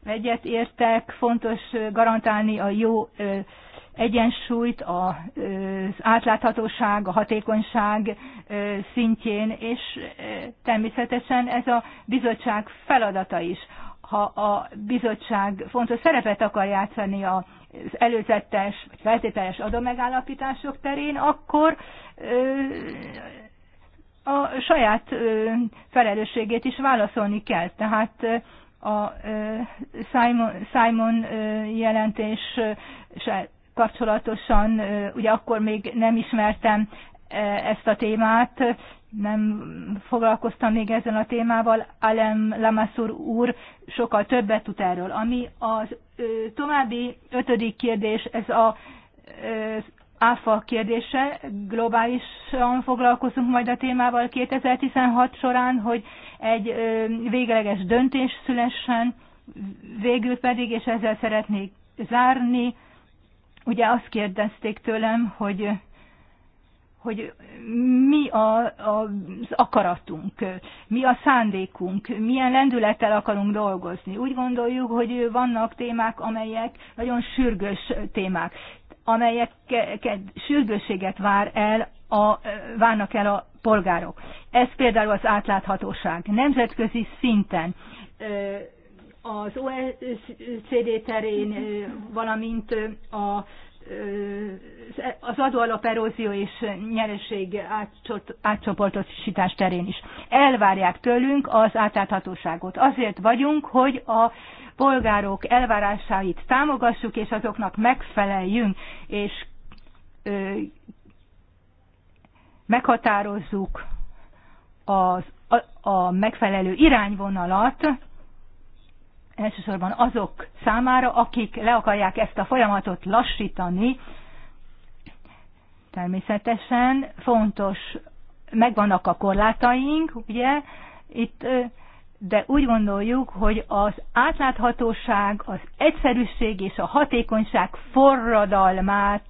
egyet értek, fontos garantálni a jó egyensúlyt az átláthatóság, a hatékonyság szintjén, és természetesen ez a bizottság feladata is. Ha a bizottság fontos szerepet akar játszani a az előzetes vagy feltételes adómegállapítások terén, akkor a saját felelősségét is válaszolni kell. Tehát a Simon, Simon jelentés kapcsolatosan, ugye akkor még nem ismertem ezt a témát, nem foglalkoztam még ezzel a témával, Alem Lamassur úr sokkal többet tud erről. Ami az további ötödik kérdés, ez a áfa kérdése, globálisan foglalkozunk majd a témával 2016 során, hogy egy végleges döntés szülessen, végül pedig, és ezzel szeretnék zárni, Ugye azt kérdezték tőlem, hogy hogy mi a, a, az akaratunk, mi a szándékunk, milyen lendülettel akarunk dolgozni. Úgy gondoljuk, hogy vannak témák, amelyek nagyon sürgős témák, amelyeket sürgősséget vár el a, várnak el a polgárok. Ez például az átláthatóság. Nemzetközi szinten az OECD terén, valamint a az adóalap erózió és nyereség átcsoportosítás terén is. Elvárják tőlünk az átláthatóságot. Azért vagyunk, hogy a polgárok elvárásait támogassuk, és azoknak megfeleljünk, és ö, meghatározzuk az, a, a megfelelő irányvonalat elsősorban azok számára, akik le akarják ezt a folyamatot lassítani. Természetesen fontos, megvannak a korlátaink, ugye, itt, de úgy gondoljuk, hogy az átláthatóság, az egyszerűség és a hatékonyság forradalmát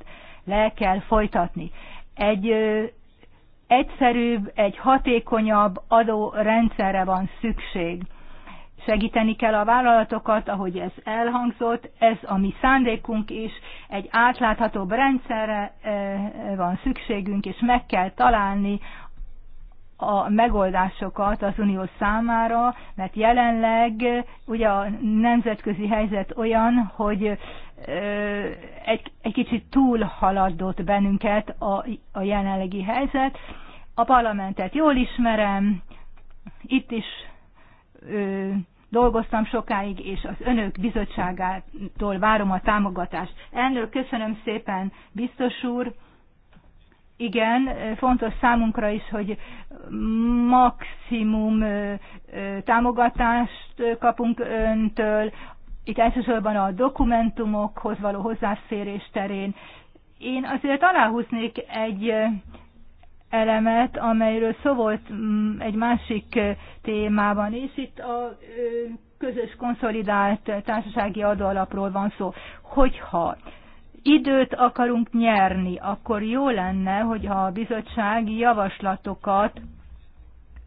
le kell folytatni. Egy egyszerűbb, egy hatékonyabb adórendszerre van szükség segíteni kell a vállalatokat, ahogy ez elhangzott, ez a mi szándékunk is, egy átláthatóbb rendszerre eh, van szükségünk, és meg kell találni a megoldásokat az unió számára, mert jelenleg eh, ugye a nemzetközi helyzet olyan, hogy eh, egy, egy kicsit túlhaladott bennünket a, a jelenlegi helyzet. A parlamentet jól ismerem, itt is dolgoztam sokáig, és az önök bizottságától várom a támogatást. Elnök, köszönöm szépen, biztos úr. Igen, fontos számunkra is, hogy maximum támogatást kapunk öntől, itt elsősorban a dokumentumokhoz való hozzáférés terén. Én azért aláhúznék egy elemet, amelyről szó volt mm, egy másik témában is. Itt a közös konszolidált társasági adóalapról van szó. Hogyha időt akarunk nyerni, akkor jó lenne, hogyha a bizottsági javaslatokat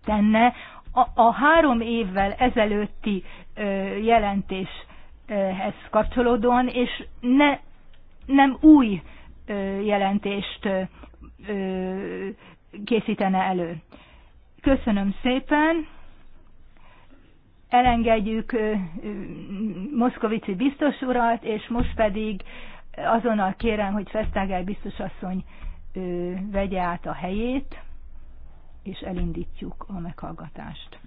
tenne a, a három évvel ezelőtti ö, jelentéshez kapcsolódóan, és ne, nem új ö, jelentést ö, készítene elő. Köszönöm szépen! Elengedjük Moszkovici biztos urat, és most pedig azonnal kérem, hogy Fesztágely biztosasszony ö, vegye át a helyét, és elindítjuk a meghallgatást.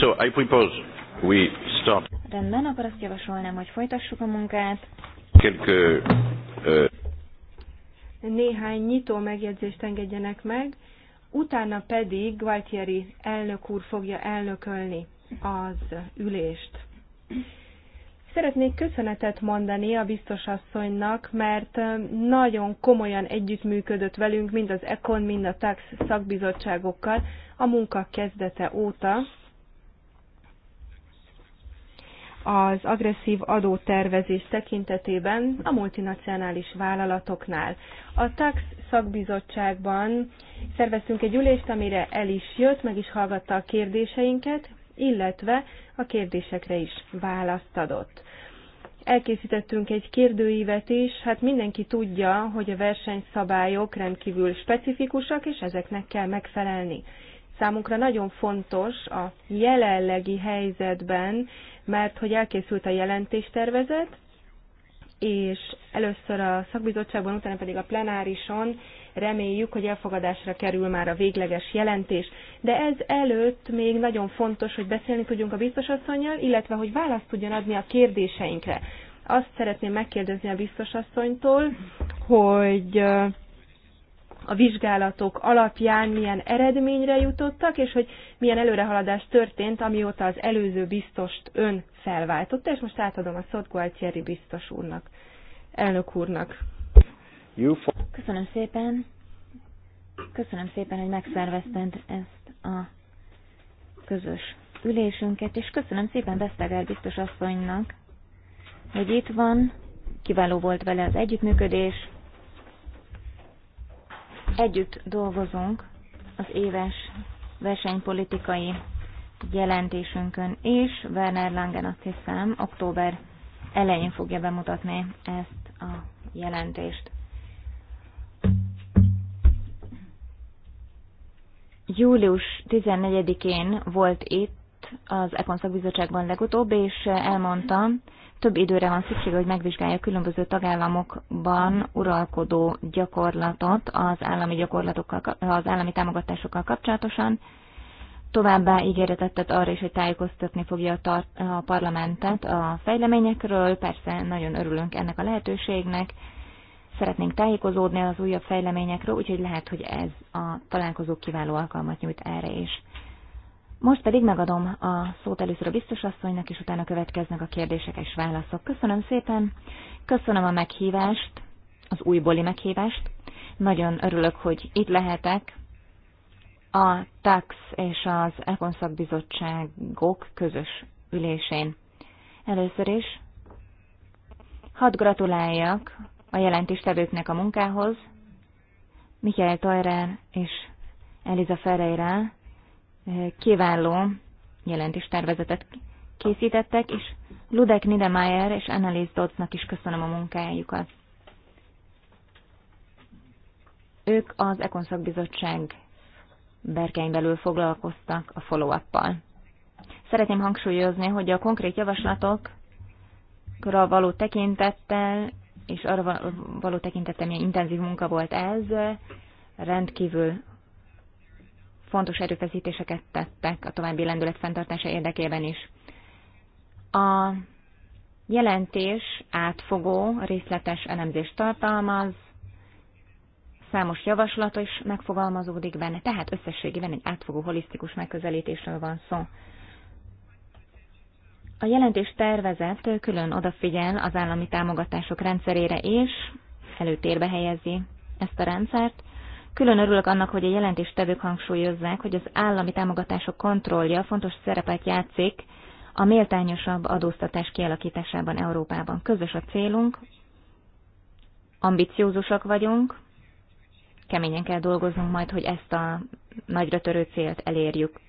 So I propose we stop. Rendben, akkor azt javasolnám, hogy folytassuk a munkát. Quelque, uh... Néhány nyitó megjegyzést engedjenek meg, utána pedig Gualtieri elnök úr fogja elnökölni az ülést. Szeretnék köszönetet mondani a biztos asszonynak, mert nagyon komolyan együttműködött velünk, mind az ECON, mind a TAX szakbizottságokkal a munka kezdete óta az agresszív adótervezés tekintetében a multinacionális vállalatoknál. A TAX szakbizottságban szerveztünk egy ülést, amire el is jött, meg is hallgatta a kérdéseinket, illetve a kérdésekre is választ adott. Elkészítettünk egy kérdőívet is, hát mindenki tudja, hogy a versenyszabályok rendkívül specifikusak, és ezeknek kell megfelelni. Számunkra nagyon fontos a jelenlegi helyzetben mert hogy elkészült a jelentéstervezet, és először a szakbizottságban, utána pedig a plenárison reméljük, hogy elfogadásra kerül már a végleges jelentés. De ez előtt még nagyon fontos, hogy beszélni tudjunk a biztosasszonynal, illetve hogy választ tudjon adni a kérdéseinkre. Azt szeretném megkérdezni a biztosasszonytól, hogy a vizsgálatok alapján milyen eredményre jutottak, és hogy milyen előrehaladás történt, amióta az előző biztost ön felváltotta, és most átadom a szót Gualtieri biztos úrnak, elnök úrnak. Köszönöm szépen. Köszönöm szépen, hogy megszervezted ezt a közös ülésünket, és köszönöm szépen Vesztegár biztos asszonynak, hogy itt van, kiváló volt vele az együttműködés, Együtt dolgozunk az éves versenypolitikai jelentésünkön is. Werner Langen azt hiszem október elején fogja bemutatni ezt a jelentést. Július 14-én volt itt az EPON szakbizottságban legutóbb, és elmondtam, több időre van szüksége, hogy megvizsgálja különböző tagállamokban uralkodó gyakorlatot az állami gyakorlatokkal, az állami támogatásokkal kapcsolatosan. Továbbá ígéretet tett arra is, hogy tájékoztatni fogja a, tar- a parlamentet a fejleményekről. Persze nagyon örülünk ennek a lehetőségnek. Szeretnénk tájékozódni az újabb fejleményekről, úgyhogy lehet, hogy ez a találkozó kiváló alkalmat nyújt erre is. Most pedig megadom a szót először a biztosasszonynak, és utána következnek a kérdések és válaszok. Köszönöm szépen, köszönöm a meghívást, az újbóli meghívást. Nagyon örülök, hogy itt lehetek a TAX és az ECON szakbizottságok közös ülésén. Először is hadd gratuláljak a jelentéstevőknek a munkához, Mikael Tajrán és Eliza Ferreira Eh, kiváló jelentés tervezetet készítettek, és Ludek Niedermayer és Annelies Dodznak is köszönöm a munkájukat. Ők az Ekon szakbizottság berkein belül foglalkoztak a follow -pal. Szeretném hangsúlyozni, hogy a konkrét javaslatokra való tekintettel és arra való tekintettel milyen intenzív munka volt ez, rendkívül fontos erőfeszítéseket tettek a további lendület fenntartása érdekében is. A jelentés átfogó, részletes elemzést tartalmaz, számos javaslat is megfogalmazódik benne, tehát összességében egy átfogó, holisztikus megközelítésről van szó. A jelentés tervezet külön odafigyel az állami támogatások rendszerére és előtérbe helyezi ezt a rendszert, Külön örülök annak, hogy a jelentéstevők hangsúlyozzák, hogy az állami támogatások kontrollja fontos szerepet játszik a méltányosabb adóztatás kialakításában Európában. Közös a célunk, ambiciózusak vagyunk, keményen kell dolgoznunk majd, hogy ezt a nagyra törő célt elérjük.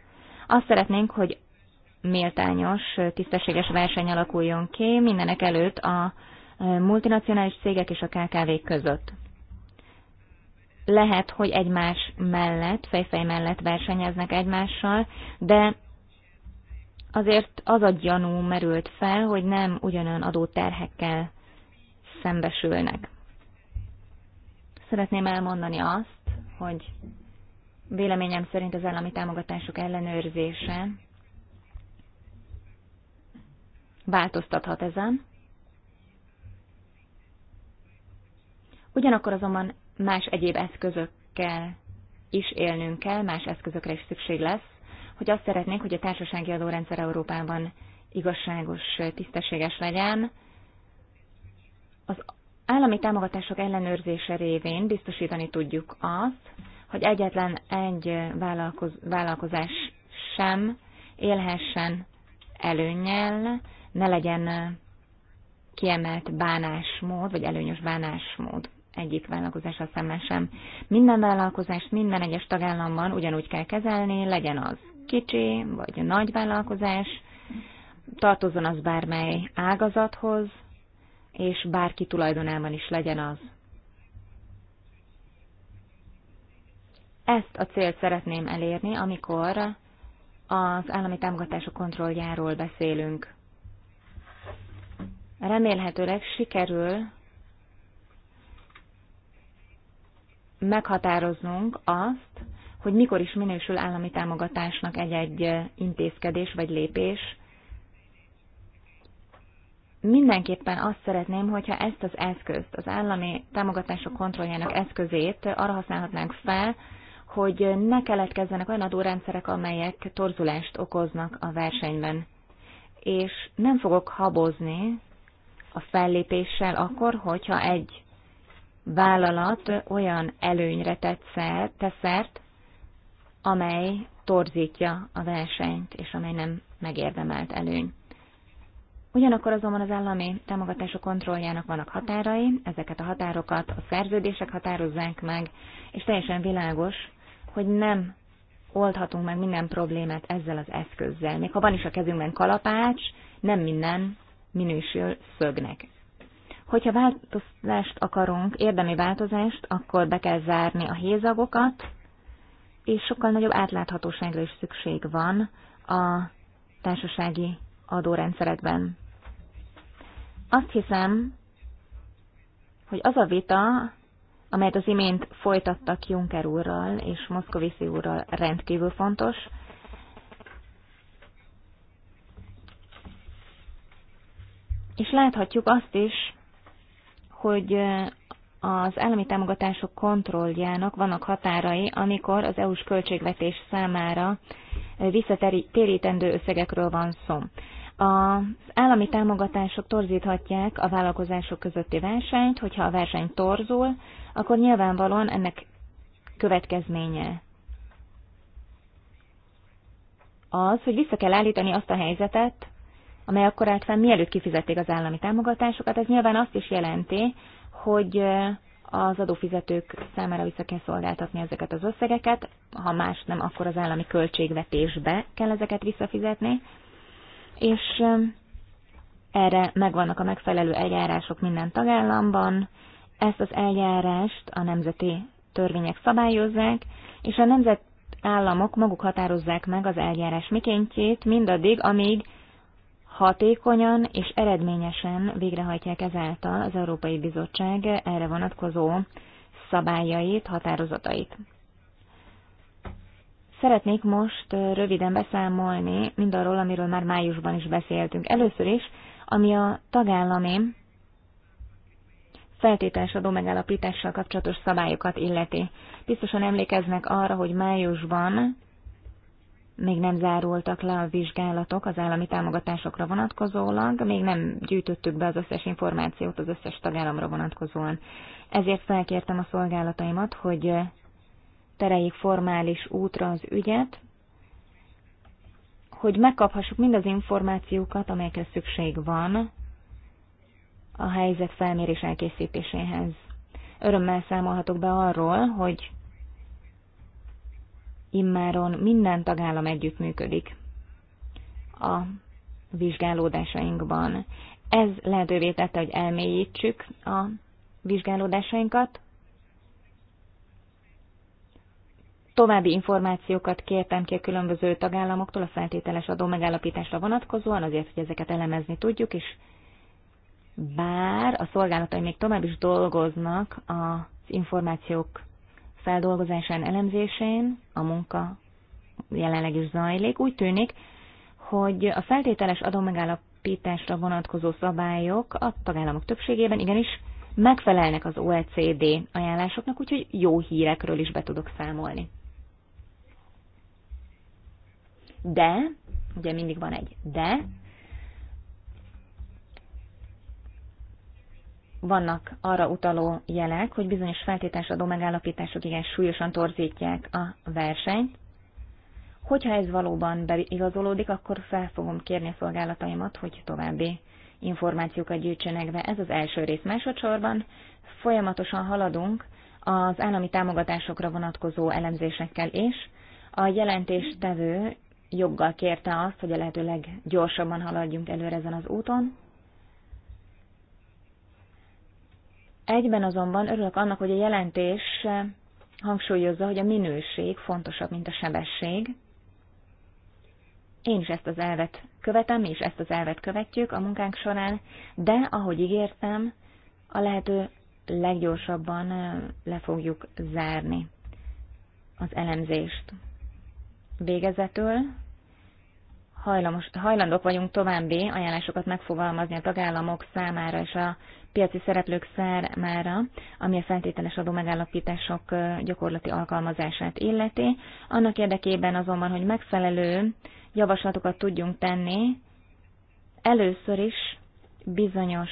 Azt szeretnénk, hogy méltányos, tisztességes verseny alakuljon ki mindenek előtt a multinacionális cégek és a KKV-k között lehet, hogy egymás mellett, fejfej mellett versenyeznek egymással, de azért az a gyanú merült fel, hogy nem ugyanolyan adóterhekkel szembesülnek. Szeretném elmondani azt, hogy véleményem szerint az állami támogatások ellenőrzése változtathat ezen. Ugyanakkor azonban más egyéb eszközökkel is élnünk kell, más eszközökre is szükség lesz, hogy azt szeretnénk, hogy a társasági adórendszer Európában igazságos, tisztességes legyen. Az állami támogatások ellenőrzése révén biztosítani tudjuk azt, hogy egyetlen egy vállalkoz, vállalkozás sem élhessen előnyel, ne legyen kiemelt bánásmód, vagy előnyös bánásmód egyik a szemben sem. Minden vállalkozást minden egyes tagállamban ugyanúgy kell kezelni, legyen az kicsi vagy nagy vállalkozás, tartozzon az bármely ágazathoz, és bárki tulajdonában is legyen az. Ezt a célt szeretném elérni, amikor az állami támogatások kontrolljáról beszélünk. Remélhetőleg sikerül meghatároznunk azt, hogy mikor is minősül állami támogatásnak egy-egy intézkedés vagy lépés. Mindenképpen azt szeretném, hogyha ezt az eszközt, az állami támogatások kontrolljának eszközét arra használhatnánk fel, hogy ne keletkezzenek olyan adórendszerek, amelyek torzulást okoznak a versenyben. És nem fogok habozni a fellépéssel akkor, hogyha egy vállalat olyan előnyre teszert, amely torzítja a versenyt, és amely nem megérdemelt előny. Ugyanakkor azonban az állami támogatások kontrolljának vannak határai, ezeket a határokat a szerződések határozzák meg, és teljesen világos, hogy nem oldhatunk meg minden problémát ezzel az eszközzel. Még ha van is a kezünkben kalapács, nem minden minősül szögnek. Hogyha változást akarunk, érdemi változást, akkor be kell zárni a hézagokat, és sokkal nagyobb átláthatóságra is szükség van a társasági adórendszerekben. Azt hiszem, hogy az a vita, amelyet az imént folytattak Juncker úrral és Moszkoviszi úrral rendkívül fontos. És láthatjuk azt is, hogy az állami támogatások kontrolljának vannak határai, amikor az EU-s költségvetés számára visszatérítendő összegekről van szó. Az állami támogatások torzíthatják a vállalkozások közötti versenyt, hogyha a verseny torzul, akkor nyilvánvalóan ennek következménye az, hogy vissza kell állítani azt a helyzetet, amely akkor állt fenn, mielőtt kifizették az állami támogatásokat, ez nyilván azt is jelenti, hogy az adófizetők számára vissza kell szolgáltatni ezeket az összegeket, ha más nem, akkor az állami költségvetésbe kell ezeket visszafizetni, és erre megvannak a megfelelő eljárások minden tagállamban, ezt az eljárást a nemzeti törvények szabályozzák, és a nemzetállamok maguk határozzák meg az eljárás mikéntjét mindaddig, amíg hatékonyan és eredményesen végrehajtják ezáltal az Európai Bizottság erre vonatkozó szabályait, határozatait. Szeretnék most röviden beszámolni mindarról, amiről már májusban is beszéltünk. Először is, ami a tagállami feltételes adó megállapítással kapcsolatos szabályokat illeti. Biztosan emlékeznek arra, hogy májusban még nem zárultak le a vizsgálatok az állami támogatásokra vonatkozólag, még nem gyűjtöttük be az összes információt az összes tagállamra vonatkozóan. Ezért felkértem a szolgálataimat, hogy tereljék formális útra az ügyet, hogy megkaphassuk mind az információkat, amelyekre szükség van a helyzet felmérés elkészítéséhez. Örömmel számolhatok be arról, hogy immáron minden tagállam együttműködik a vizsgálódásainkban. Ez lehetővé tette, hogy elmélyítsük a vizsgálódásainkat. További információkat kértem ki a különböző tagállamoktól a feltételes adó megállapításra vonatkozóan, azért, hogy ezeket elemezni tudjuk, és bár a szolgálatai még tovább is dolgoznak az információk feldolgozásán, elemzésén, a munka jelenleg is zajlik. Úgy tűnik, hogy a feltételes adómegállapításra vonatkozó szabályok a tagállamok többségében igenis megfelelnek az OECD ajánlásoknak, úgyhogy jó hírekről is be tudok számolni. De, ugye mindig van egy de, vannak arra utaló jelek, hogy bizonyos adó megállapítások igen súlyosan torzítják a versenyt. Hogyha ez valóban beigazolódik, akkor fel fogom kérni a szolgálataimat, hogy további információkat gyűjtsenek be. Ez az első rész. Másodszorban folyamatosan haladunk az állami támogatásokra vonatkozó elemzésekkel is. A jelentéstevő joggal kérte azt, hogy a lehető leggyorsabban haladjunk előre ezen az úton. Egyben azonban örülök annak, hogy a jelentés hangsúlyozza, hogy a minőség fontosabb, mint a sebesség. Én is ezt az elvet követem, és ezt az elvet követjük a munkánk során, de ahogy ígértem, a lehető leggyorsabban le fogjuk zárni az elemzést. Végezetül hajlamos, hajlandók vagyunk további ajánlásokat megfogalmazni a tagállamok számára és a piaci szereplők számára, ami a feltételes adó megállapítások gyakorlati alkalmazását illeti. Annak érdekében azonban, hogy megfelelő javaslatokat tudjunk tenni, először is bizonyos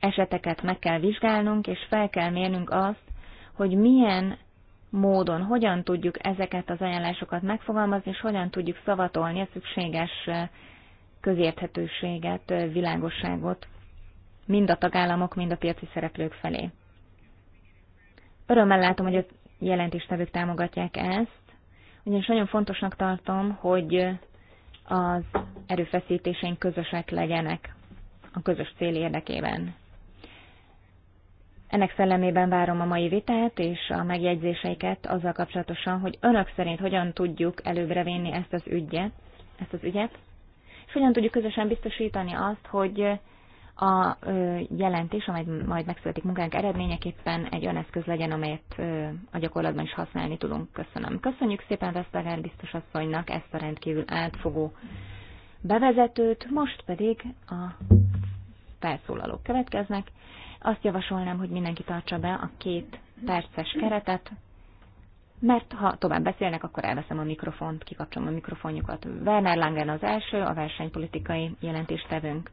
eseteket meg kell vizsgálnunk, és fel kell mérnünk azt, hogy milyen módon, hogyan tudjuk ezeket az ajánlásokat megfogalmazni, és hogyan tudjuk szavatolni a szükséges közérthetőséget, világosságot mind a tagállamok, mind a piaci szereplők felé. Örömmel látom, hogy a jelentéstevők támogatják ezt, ugyanis nagyon fontosnak tartom, hogy az erőfeszítéseink közösek legyenek a közös cél érdekében. Ennek szellemében várom a mai vitát és a megjegyzéseiket azzal kapcsolatosan, hogy önök szerint hogyan tudjuk előbbre vinni ezt az ügyet, ezt az ügyet, és hogyan tudjuk közösen biztosítani azt, hogy a jelentés, amely majd megszületik munkánk eredményeképpen, egy olyan eszköz legyen, amelyet a gyakorlatban is használni tudunk. Köszönöm. Köszönjük szépen Veszlegár biztos asszonynak ezt a rendkívül átfogó bevezetőt, most pedig a felszólalók következnek. Azt javasolnám, hogy mindenki tartsa be a két perces keretet, mert ha tovább beszélnek, akkor elveszem a mikrofont, kikapcsolom a mikrofonjukat. Werner Langen az első, a versenypolitikai jelentéstevőnk.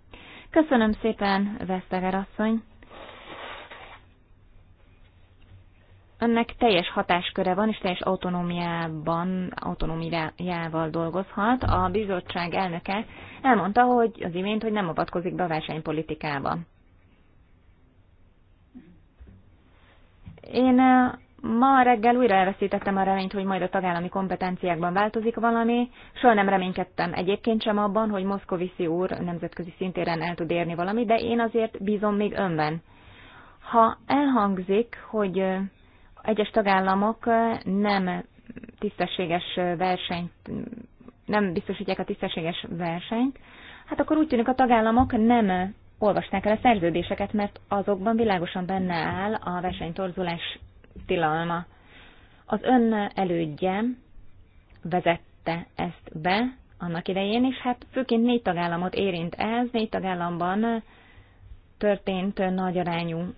Köszönöm szépen, Veszteger asszony. Önnek teljes hatásköre van, és teljes autonómiában, autonómiával dolgozhat. A bizottság elnöke elmondta, hogy az imént, hogy nem avatkozik be a versenypolitikába. Én Ma reggel újra elveszítettem a reményt, hogy majd a tagállami kompetenciákban változik valami. Soha nem reménykedtem egyébként sem abban, hogy Moszkoviszi úr nemzetközi szintéren el tud érni valami, de én azért bízom még önben. Ha elhangzik, hogy egyes tagállamok nem tisztességes versenyt, nem biztosítják a tisztességes versenyt, hát akkor úgy tűnik a tagállamok nem olvasták el a szerződéseket, mert azokban világosan benne áll a versenytorzulás tilalma. Az ön elődje vezette ezt be annak idején, és hát főként négy tagállamot érint ez, négy tagállamban történt nagy arányú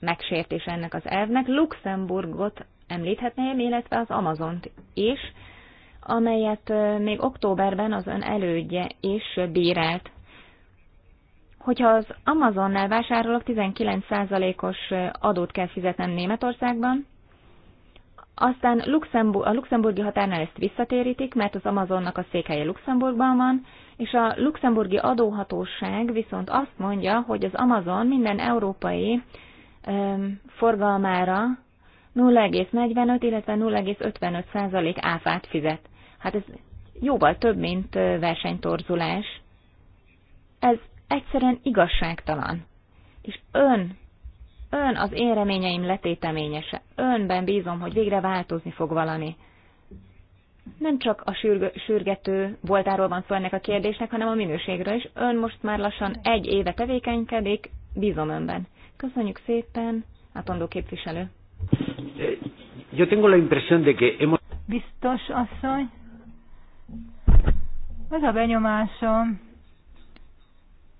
megsértés ennek az elvnek. Luxemburgot említhetném, illetve az Amazont is, amelyet még októberben az ön elődje is bírált. Hogyha az Amazonnál vásárolok, 19%-os adót kell fizetnem Németországban, aztán Luxemburg, a luxemburgi határnál ezt visszatérítik, mert az Amazonnak a székhelye Luxemburgban van, és a luxemburgi adóhatóság viszont azt mondja, hogy az Amazon minden európai ö, forgalmára 0,45, illetve 0,55 százalék áfát fizet. Hát ez jóval több, mint versenytorzulás. Ez egyszerűen igazságtalan. És ön, ön az én reményeim letéteményese. Önben bízom, hogy végre változni fog valami. Nem csak a sürg- sürgető voltáról van szó ennek a kérdésnek, hanem a minőségről is. Ön most már lassan egy éve tevékenykedik, bízom önben. Köszönjük szépen, átondó képviselő. Yo tengo la impresión de que hemos... Biztos asszony, ez a benyomásom,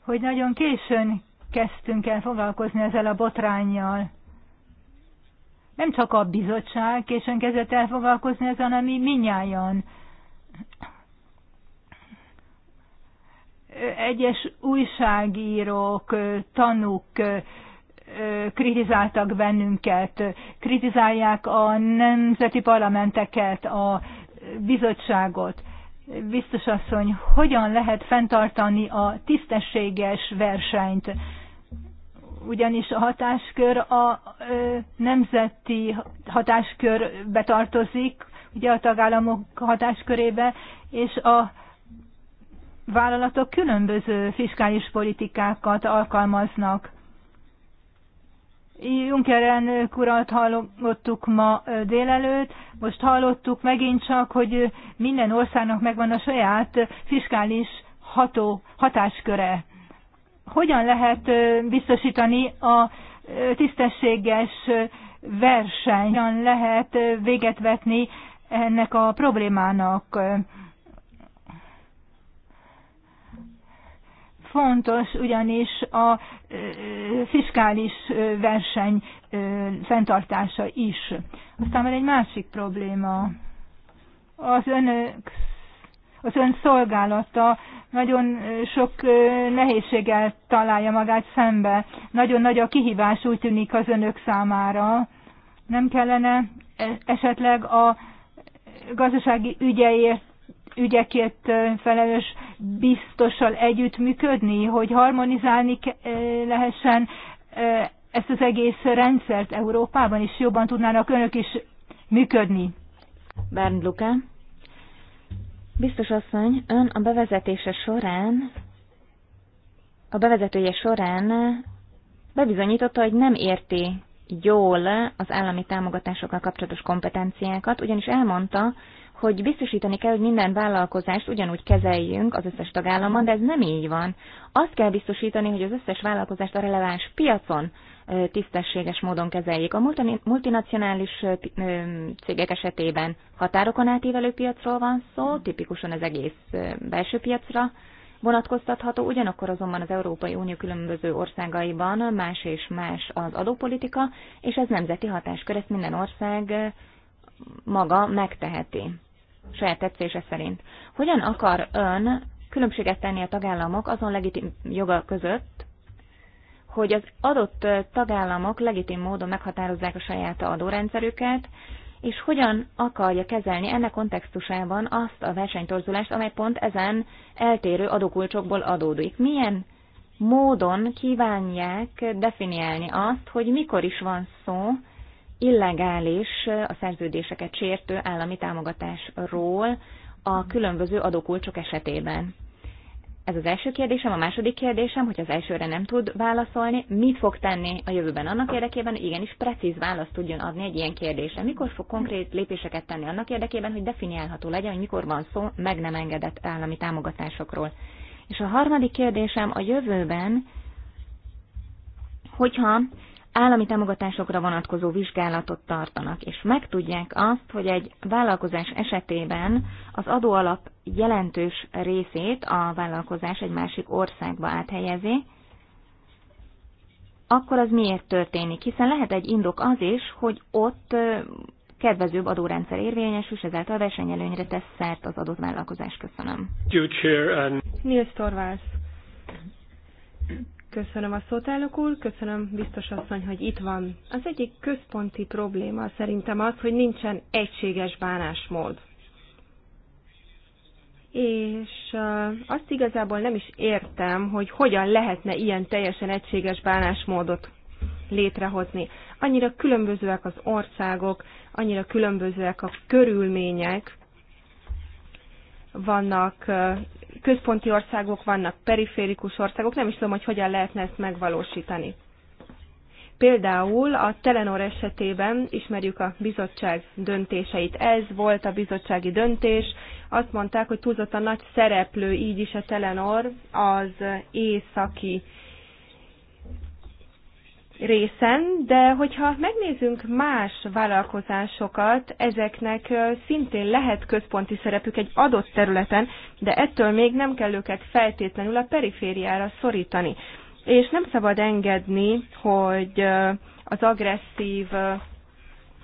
hogy nagyon későn kezdtünk el foglalkozni ezzel a botrányjal. Nem csak a bizottság későn kezdett el foglalkozni ezzel, hanem mi minnyáján. Egyes újságírók, tanúk kritizáltak bennünket, kritizálják a nemzeti parlamenteket, a bizottságot biztos asszony, hogyan lehet fenntartani a tisztességes versenyt? Ugyanis a hatáskör a ö, nemzeti hatáskör betartozik, ugye a tagállamok hatáskörébe, és a vállalatok különböző fiskális politikákat alkalmaznak. Juncker elnök urat hallottuk ma délelőtt, most hallottuk megint csak, hogy minden országnak megvan a saját fiskális ható, hatásköre. Hogyan lehet biztosítani a tisztességes verseny, hogyan lehet véget vetni ennek a problémának? Fontos ugyanis a fiskális verseny fenntartása is. Aztán van egy másik probléma. Az önök az ön szolgálata nagyon sok nehézséggel találja magát szembe. Nagyon nagy a kihívás úgy tűnik az önök számára. Nem kellene e-, esetleg a gazdasági ügyeért ügyekért felelős biztossal együttműködni, hogy harmonizálni lehessen ezt az egész rendszert Európában, és jobban tudnának önök is működni. Bernd Luka. Biztos asszony, ön a bevezetése során, a bevezetője során bebizonyította, hogy nem érti jól az állami támogatásokkal kapcsolatos kompetenciákat, ugyanis elmondta, hogy biztosítani kell, hogy minden vállalkozást ugyanúgy kezeljünk az összes tagállamban, de ez nem így van. Azt kell biztosítani, hogy az összes vállalkozást a releváns piacon tisztességes módon kezeljék. A multinacionális cégek esetében határokon átívelő piacról van szó, tipikusan az egész belső piacra vonatkoztatható, ugyanakkor azonban az Európai Unió különböző országaiban más és más az adópolitika, és ez nemzeti hatáskör, ezt minden ország maga megteheti saját tetszése szerint. Hogyan akar ön különbséget tenni a tagállamok azon legitim joga között, hogy az adott tagállamok legitim módon meghatározzák a saját adórendszerüket, és hogyan akarja kezelni ennek kontextusában azt a versenytorzulást, amely pont ezen eltérő adókulcsokból adódik. Milyen módon kívánják definiálni azt, hogy mikor is van szó illegális, a szerződéseket sértő állami támogatásról a különböző adókulcsok esetében. Ez az első kérdésem, a második kérdésem, hogy az elsőre nem tud válaszolni, mit fog tenni a jövőben annak érdekében, hogy igenis precíz választ tudjon adni egy ilyen kérdésre. Mikor fog konkrét lépéseket tenni annak érdekében, hogy definiálható legyen, hogy mikor van szó meg nem engedett állami támogatásokról. És a harmadik kérdésem a jövőben, hogyha állami támogatásokra vonatkozó vizsgálatot tartanak, és megtudják azt, hogy egy vállalkozás esetében az adóalap jelentős részét a vállalkozás egy másik országba áthelyezi, akkor az miért történik? Hiszen lehet egy indok az is, hogy ott kedvezőbb adórendszer érvényes, és ezáltal versenyelőnyre tesz szert az adott vállalkozás. Köszönöm. Nils Torvalds Köszönöm a szót, elnök úr, köszönöm biztos asszony, hogy itt van. Az egyik központi probléma szerintem az, hogy nincsen egységes bánásmód. És azt igazából nem is értem, hogy hogyan lehetne ilyen teljesen egységes bánásmódot létrehozni. Annyira különbözőek az országok, annyira különbözőek a körülmények, vannak központi országok, vannak periférikus országok, nem is tudom, hogy hogyan lehetne ezt megvalósítani. Például a Telenor esetében ismerjük a bizottság döntéseit. Ez volt a bizottsági döntés. Azt mondták, hogy a nagy szereplő, így is a Telenor az északi részen, de hogyha megnézzünk más vállalkozásokat, ezeknek szintén lehet központi szerepük egy adott területen, de ettől még nem kell őket feltétlenül a perifériára szorítani. És nem szabad engedni, hogy az agresszív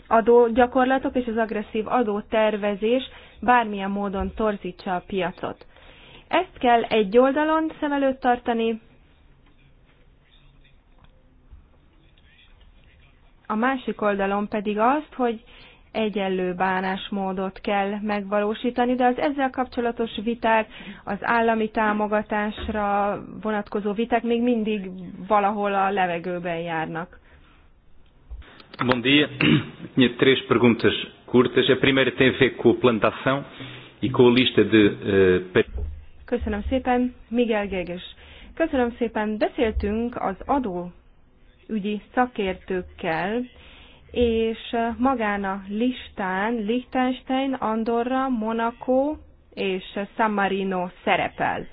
adógyakorlatok és az agresszív adótervezés bármilyen módon torzítsa a piacot. Ezt kell egy oldalon szem előtt tartani, a másik oldalon pedig azt, hogy egyenlő bánásmódot kell megvalósítani, de az ezzel kapcsolatos viták, az állami támogatásra vonatkozó viták még mindig valahol a levegőben járnak. Bom dia. Tinha três perguntas curtas. A primeira tem a ver com a plantação e com a lista de... Uh... Köszönöm szépen, Miguel Géges. Köszönöm szépen, beszéltünk az adó ügyi szakértőkkel, és eh, magán a listán Liechtenstein, Andorra, Monaco és eh, San Marino szerepel.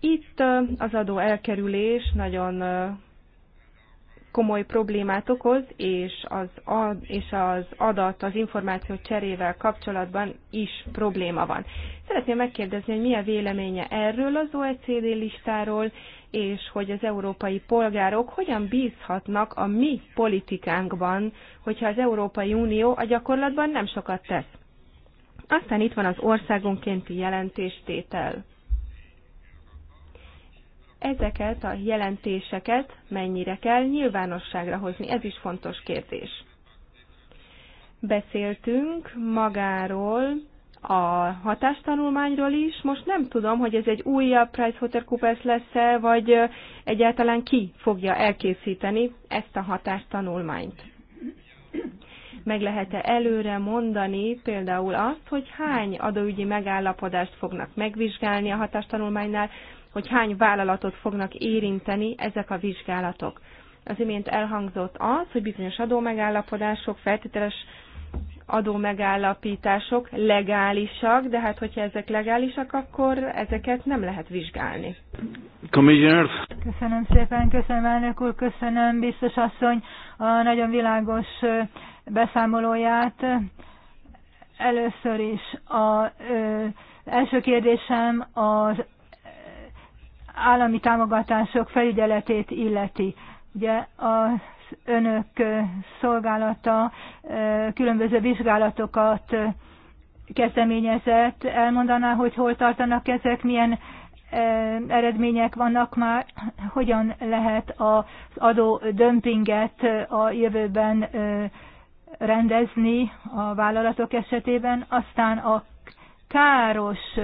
Itt eh, az adó elkerülés nagyon komoly problémát okoz, és az, ad, és az adat, az információ cserével kapcsolatban is probléma van. Szeretném megkérdezni, hogy mi a véleménye erről az OECD listáról, és hogy az európai polgárok hogyan bízhatnak a mi politikánkban, hogyha az Európai Unió a gyakorlatban nem sokat tesz. Aztán itt van az országonkénti jelentéstétel. Ezeket a jelentéseket mennyire kell nyilvánosságra hozni, ez is fontos kérdés. Beszéltünk magáról, a hatástanulmányról is. Most nem tudom, hogy ez egy újabb PricewaterhouseCoopers lesz-e, vagy egyáltalán ki fogja elkészíteni ezt a hatástanulmányt. Meg lehet-e előre mondani például azt, hogy hány adóügyi megállapodást fognak megvizsgálni a hatástanulmánynál, hogy hány vállalatot fognak érinteni ezek a vizsgálatok. Az imént elhangzott az, hogy bizonyos adómegállapodások feltételes adó megállapítások legálisak, de hát hogyha ezek legálisak, akkor ezeket nem lehet vizsgálni. Commissioner. Köszönöm szépen, köszönöm elnök úr, köszönöm biztos asszony a nagyon világos beszámolóját. Először is a ö, első kérdésem az állami támogatások felügyeletét illeti. Ugye a önök szolgálata különböző vizsgálatokat kezdeményezett. Elmondaná, hogy hol tartanak ezek, milyen eredmények vannak már, hogyan lehet az adó dömpinget a jövőben rendezni a vállalatok esetében, aztán a káros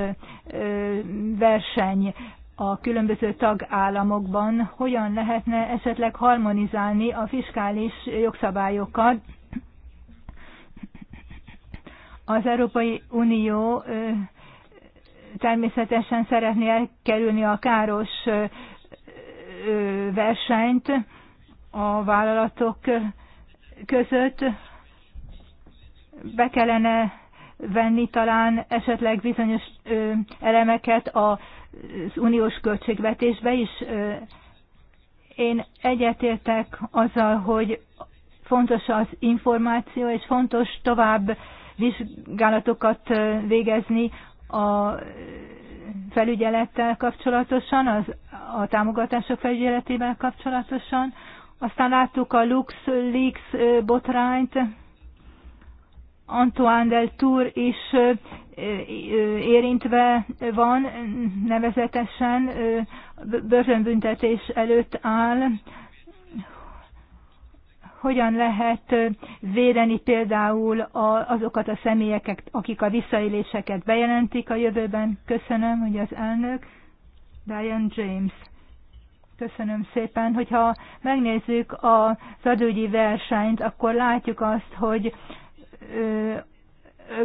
verseny, a különböző tagállamokban, hogyan lehetne esetleg harmonizálni a fiskális jogszabályokat. Az Európai Unió természetesen szeretné elkerülni a káros versenyt a vállalatok között. Be kellene venni talán esetleg bizonyos elemeket a uniós költségvetésbe is. Én egyetértek azzal, hogy fontos az információ, és fontos tovább vizsgálatokat végezni a felügyelettel kapcsolatosan, az, a támogatások felügyeletével kapcsolatosan. Aztán láttuk a LuxLeaks botrányt, Antoine del Tour is érintve van, nevezetesen börtönbüntetés előtt áll. Hogyan lehet védeni például azokat a személyeket, akik a visszaéléseket bejelentik a jövőben? Köszönöm, hogy az elnök Diane James. Köszönöm szépen. Hogyha megnézzük az adőgyi versenyt, akkor látjuk azt, hogy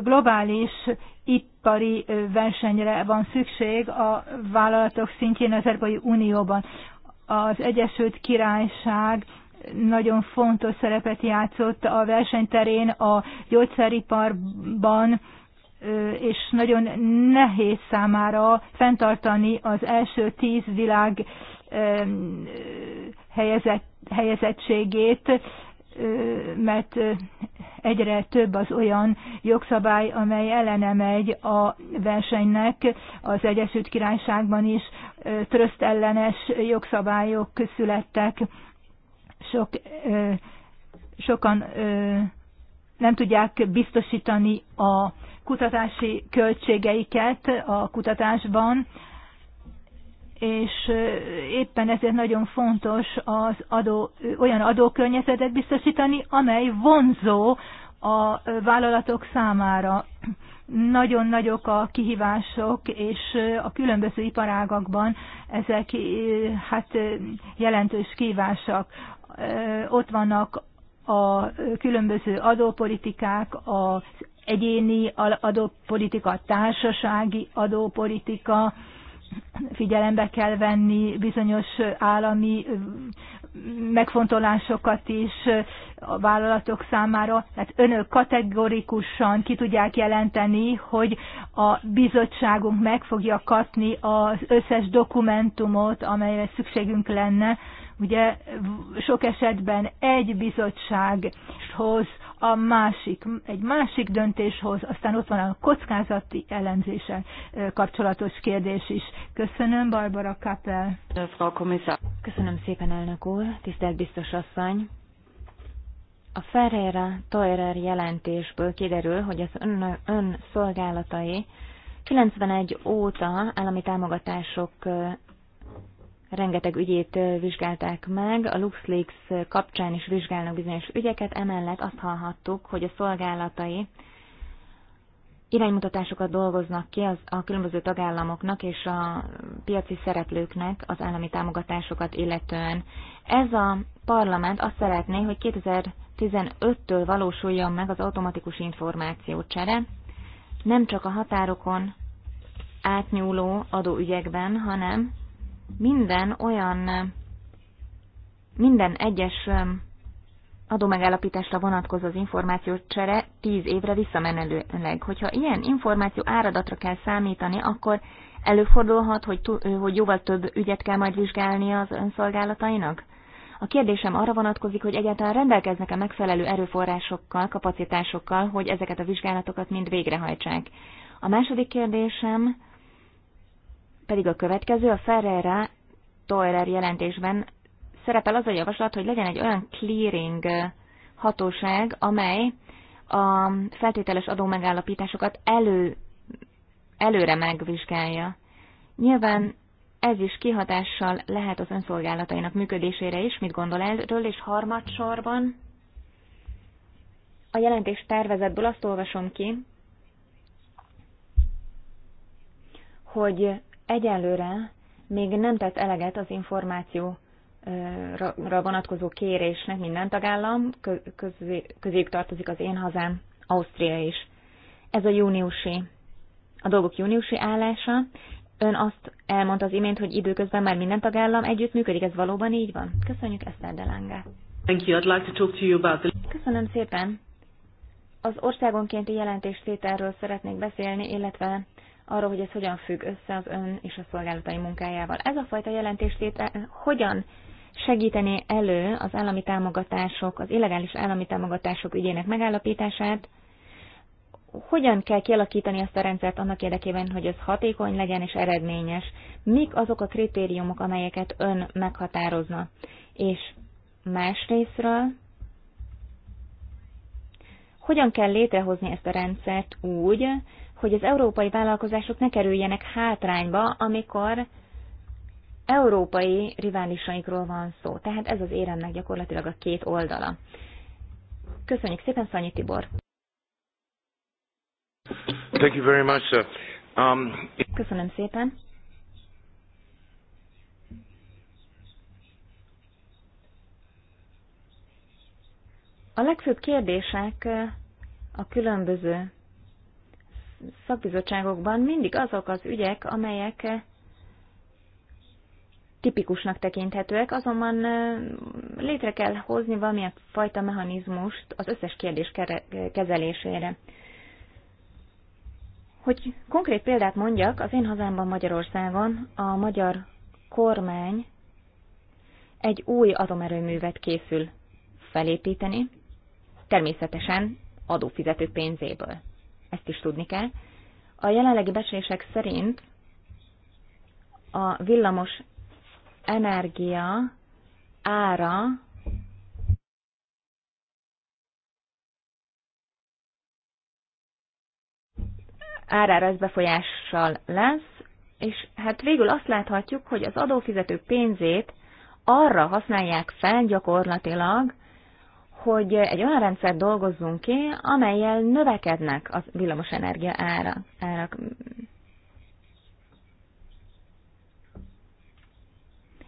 globális ipari versenyre van szükség a vállalatok szintjén az Európai Unióban. Az Egyesült Királyság nagyon fontos szerepet játszott a versenyterén, a gyógyszeriparban, és nagyon nehéz számára fenntartani az első tíz világ helyezettségét, mert egyre több az olyan jogszabály, amely ellene megy a versenynek az Egyesült Királyságban is. Tröszt ellenes jogszabályok születtek, sok, sokan nem tudják biztosítani a kutatási költségeiket a kutatásban, és éppen ezért nagyon fontos az adó, olyan adókörnyezetet biztosítani, amely vonzó a vállalatok számára. Nagyon nagyok a kihívások, és a különböző iparágakban ezek hát jelentős kihívások. Ott vannak a különböző adópolitikák, az egyéni adópolitika, a társasági adópolitika, figyelembe kell venni bizonyos állami megfontolásokat is a vállalatok számára. Tehát önök kategorikusan ki tudják jelenteni, hogy a bizottságunk meg fogja kapni az összes dokumentumot, amelyre szükségünk lenne. Ugye sok esetben egy bizottsághoz a másik, egy másik döntéshoz, aztán ott van a kockázati elemzése kapcsolatos kérdés is. Köszönöm, Barbara Kappel. Köszönöm szépen, elnök úr, tisztelt biztos asszony. A Ferreira Toirer jelentésből kiderül, hogy az ön, ön szolgálatai 91 óta állami támogatások rengeteg ügyét vizsgálták meg, a LuxLeaks kapcsán is vizsgálnak bizonyos ügyeket, emellett azt hallhattuk, hogy a szolgálatai iránymutatásokat dolgoznak ki az, a különböző tagállamoknak és a piaci szereplőknek az állami támogatásokat illetően. Ez a parlament azt szeretné, hogy 2015-től valósuljon meg az automatikus információcsere, nem csak a határokon átnyúló adóügyekben, hanem minden olyan, minden egyes um, adómegállapításra vonatkozó az információcsere 10 évre visszamenőleg. Hogyha ilyen információ áradatra kell számítani, akkor előfordulhat, hogy, hogy jóval több ügyet kell majd vizsgálni az önszolgálatainak? A kérdésem arra vonatkozik, hogy egyáltalán rendelkeznek-e megfelelő erőforrásokkal, kapacitásokkal, hogy ezeket a vizsgálatokat mind végrehajtsák. A második kérdésem pedig a következő, a Ferreira Toerer jelentésben szerepel az a javaslat, hogy legyen egy olyan clearing hatóság, amely a feltételes adó megállapításokat elő, előre megvizsgálja. Nyilván ez is kihatással lehet az önszolgálatainak működésére is, mit gondol erről, és harmadsorban a jelentés tervezetből azt olvasom ki, hogy egyelőre még nem tett eleget az információra vonatkozó kérésnek minden tagállam, közéjük tartozik az én hazám, Ausztria is. Ez a júniusi, a dolgok júniusi állása. Ön azt elmondta az imént, hogy időközben már minden tagállam együttműködik, ez valóban így van? Köszönjük Eszter Delange. Thank you. I'd like to talk to you about the... Köszönöm szépen. Az országonkénti jelentéstételről szeretnék beszélni, illetve arra, hogy ez hogyan függ össze az ön és a szolgálatai munkájával. Ez a fajta jelentéstétel eh, hogyan segíteni elő az állami támogatások, az illegális állami támogatások ügyének megállapítását, hogyan kell kialakítani ezt a rendszert annak érdekében, hogy ez hatékony legyen és eredményes, mik azok a kritériumok, amelyeket ön meghatározna. És másrésztről, hogyan kell létrehozni ezt a rendszert úgy, hogy az európai vállalkozások ne kerüljenek hátrányba, amikor európai riválisaikról van szó. Tehát ez az éremnek gyakorlatilag a két oldala. Köszönjük szépen, Szanyi Tibor! Thank you very much, sir. Um, Köszönöm szépen! A legfőbb kérdések a különböző szakbizottságokban mindig azok az ügyek, amelyek eh, tipikusnak tekinthetőek, azonban eh, létre kell hozni valamilyen fajta mechanizmust az összes kérdés kezelésére. Hogy konkrét példát mondjak, az én hazámban Magyarországon a magyar kormány egy új atomerőművet készül felépíteni, természetesen adófizető pénzéből ezt is tudni kell. A jelenlegi becslések szerint a villamos energia ára árára ez befolyással lesz, és hát végül azt láthatjuk, hogy az adófizető pénzét arra használják fel gyakorlatilag, hogy egy olyan rendszer dolgozzunk ki, amelyel növekednek a villamosenergia ára, árak.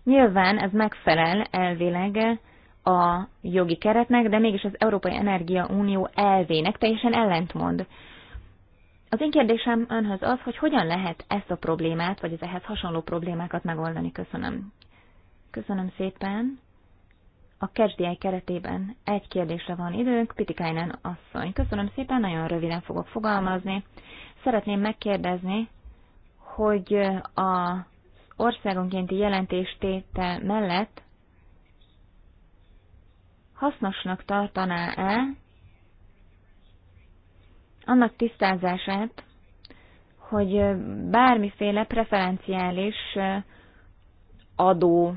Nyilván ez megfelel elvileg a jogi keretnek, de mégis az Európai Energia Unió elvének teljesen ellentmond. Az én kérdésem önhöz az, hogy hogyan lehet ezt a problémát, vagy az ehhez hasonló problémákat megoldani. Köszönöm. Köszönöm szépen. A KSDI keretében egy kérdésre van időnk, Pitikainen asszony. Köszönöm szépen, nagyon röviden fogok fogalmazni. Szeretném megkérdezni, hogy a országonkénti jelentéstéte mellett hasznosnak tartaná-e annak tisztázását, hogy bármiféle preferenciális adó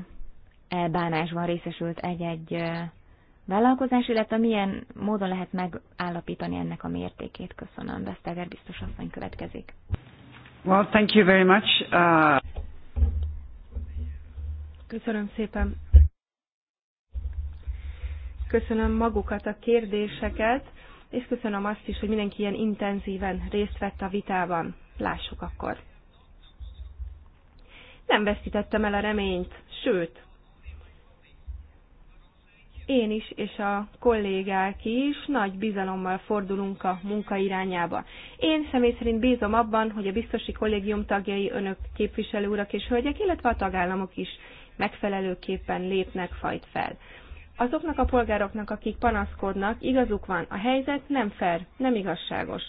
elbánásban részesült egy-egy vállalkozás, illetve milyen módon lehet megállapítani ennek a mértékét. Köszönöm. Veszteger biztos asszony következik. Well, thank you very much. Uh... Köszönöm szépen. Köszönöm magukat a kérdéseket, és köszönöm azt is, hogy mindenki ilyen intenzíven részt vett a vitában. Lássuk akkor. Nem veszítettem el a reményt, sőt, én is és a kollégák is nagy bizalommal fordulunk a munka irányába. Én személy szerint bízom abban, hogy a biztosi kollégium tagjai önök képviselő urak és hölgyek, illetve a tagállamok is megfelelőképpen lépnek fajt fel. Azoknak a polgároknak, akik panaszkodnak, igazuk van, a helyzet nem fair, nem igazságos.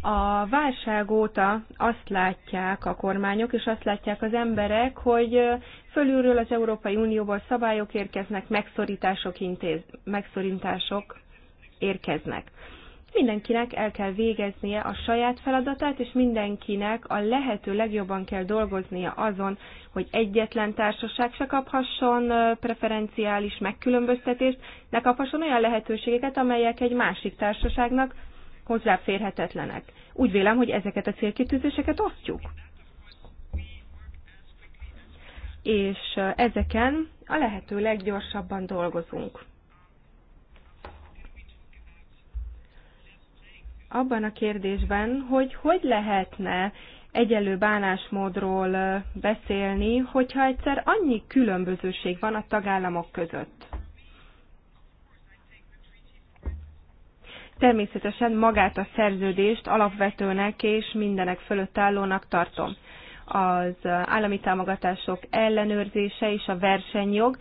A válság óta azt látják a kormányok, és azt látják az emberek, hogy fölülről az Európai Unióból szabályok érkeznek, megszorítások, intéz, megszorítások érkeznek. Mindenkinek el kell végeznie a saját feladatát, és mindenkinek a lehető legjobban kell dolgoznia azon, hogy egyetlen társaság se kaphasson preferenciális megkülönböztetést, ne kaphasson olyan lehetőségeket, amelyek egy másik társaságnak hozzáférhetetlenek. Úgy vélem, hogy ezeket a célkitűzéseket osztjuk. És ezeken a lehető leggyorsabban dolgozunk. Abban a kérdésben, hogy hogy lehetne egyenlő bánásmódról beszélni, hogyha egyszer annyi különbözőség van a tagállamok között. Természetesen magát a szerződést alapvetőnek és mindenek fölött állónak tartom. Az állami támogatások ellenőrzése és a versenyjog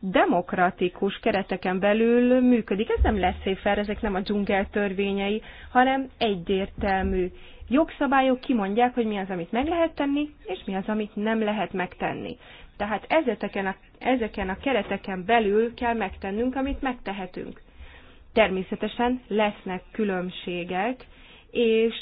demokratikus kereteken belül működik. Ez nem lesz fel, ezek nem a dzsungel törvényei, hanem egyértelmű jogszabályok kimondják, hogy mi az, amit meg lehet tenni, és mi az, amit nem lehet megtenni. Tehát ezeken a, ezeken a kereteken belül kell megtennünk, amit megtehetünk. Természetesen lesznek különbségek, és